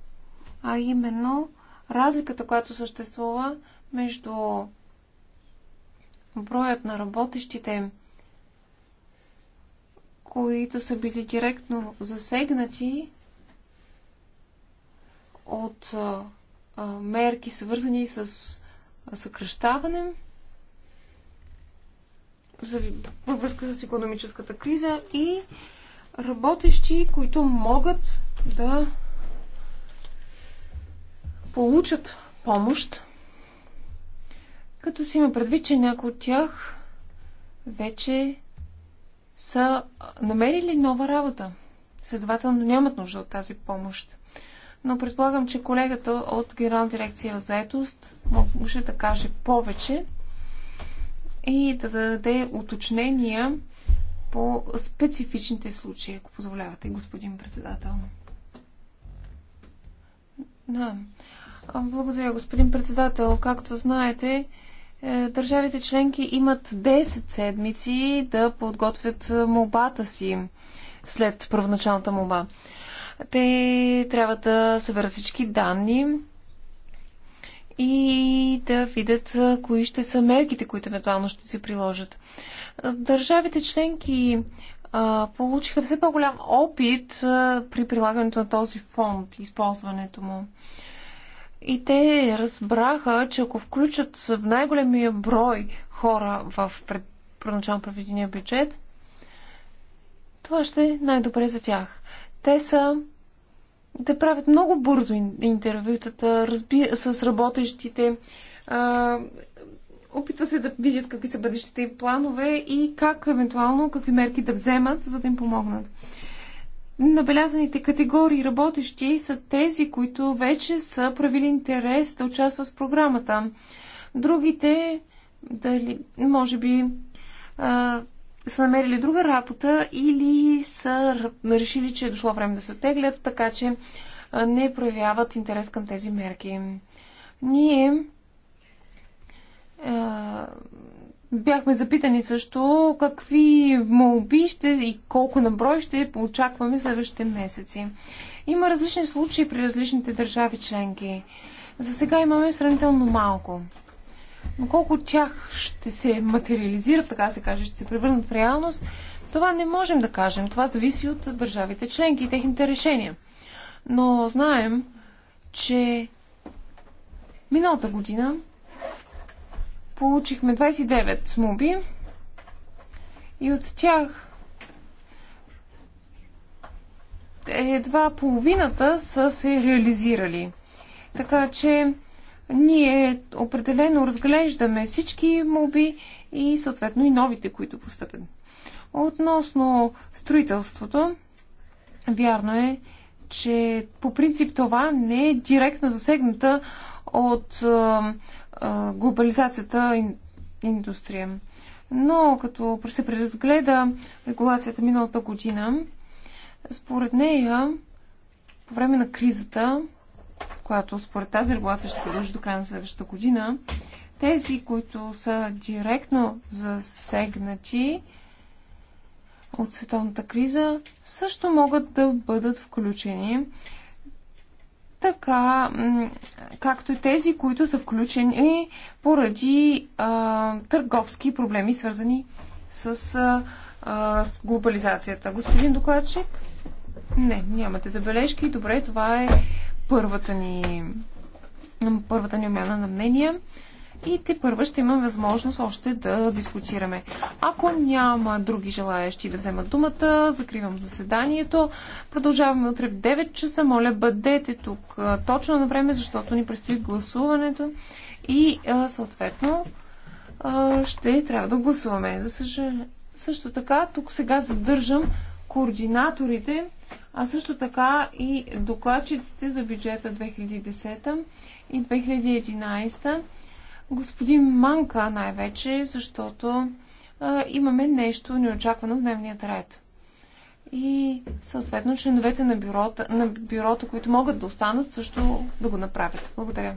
A: а именно разликата, която съществува между броят на работещите, които са били директно засегнати от мерки, свързани с съкръщаване във връзка с економическата криза и работещи, които могат да получат помощ, като си има предвид, че някои от тях вече са намерили нова работа. Следователно нямат нужда от тази помощ. Но предполагам, че колегата от Генерална дирекция за заетост може да каже повече и да даде уточнения по специфичните случаи, ако позволявате, господин председател. Да. Благодаря, господин председател. Както знаете, е, държавите членки имат 10 седмици да подготвят е, молбата си след първоначалната молба. Те трябва да съберат всички данни и да видят е, кои ще са мерките, които евентуално ще се приложат. Държавите членки получиха все по-голям опит при прилагането на този фонд, използването му. И те разбраха, че ако включат най-големия брой хора в пред... първоначално предвидения бюджет, това ще е най-добре за тях. Те са те правят много бързо интервютата разби... с работещите. А, опитва се да видят какви са бъдещите им планове и как евентуално какви мерки да вземат, за да им помогнат набелязаните категории работещи са тези, които вече са правили интерес да участват в програмата. Другите, дали, може би, а, са намерили друга работа или са решили, че е дошло време да се оттеглят, така че не проявяват интерес към тези мерки. Ние а, Бяхме запитани също какви молби ще и колко наброй ще очакваме следващите месеци. Има различни случаи при различните държави членки. За сега имаме сравнително малко. Но колко от тях ще се материализират, така се каже, ще се превърнат в реалност, това не можем да кажем. Това зависи от държавите членки и техните решения. Но знаем, че миналата година получихме 29 моби и от тях едва половината са се реализирали. Така че ние определено разглеждаме всички моби и съответно и новите, които постъпят. Относно строителството, вярно е, че по принцип това не е директно засегната от глобализацията индустрия. Но като се преразгледа регулацията миналата година, според нея, по време на кризата, която според тази регулация ще продължи до края на следващата година, тези, които са директно засегнати от световната криза, също могат да бъдат включени така както и тези, които са включени поради а, търговски проблеми, свързани с, а, с глобализацията. Господин докладчик? Не, нямате забележки. Добре, това е първата ни, първата ни умяна на мнения и те първа ще имаме възможност още да дискутираме. Ако няма други желаящи да вземат думата, закривам заседанието. Продължаваме утре в 9 часа. Моля, бъдете тук точно на време, защото ни предстои гласуването и съответно ще трябва да гласуваме. За съжаление. Също така, тук сега задържам координаторите, а също така и докладчиците за бюджета 2010 и 2011 господин Манка най-вече, защото а, имаме нещо неочаквано в дневният ред. И съответно членовете на бюрото, на бюрото, които могат да останат, също да го направят. Благодаря.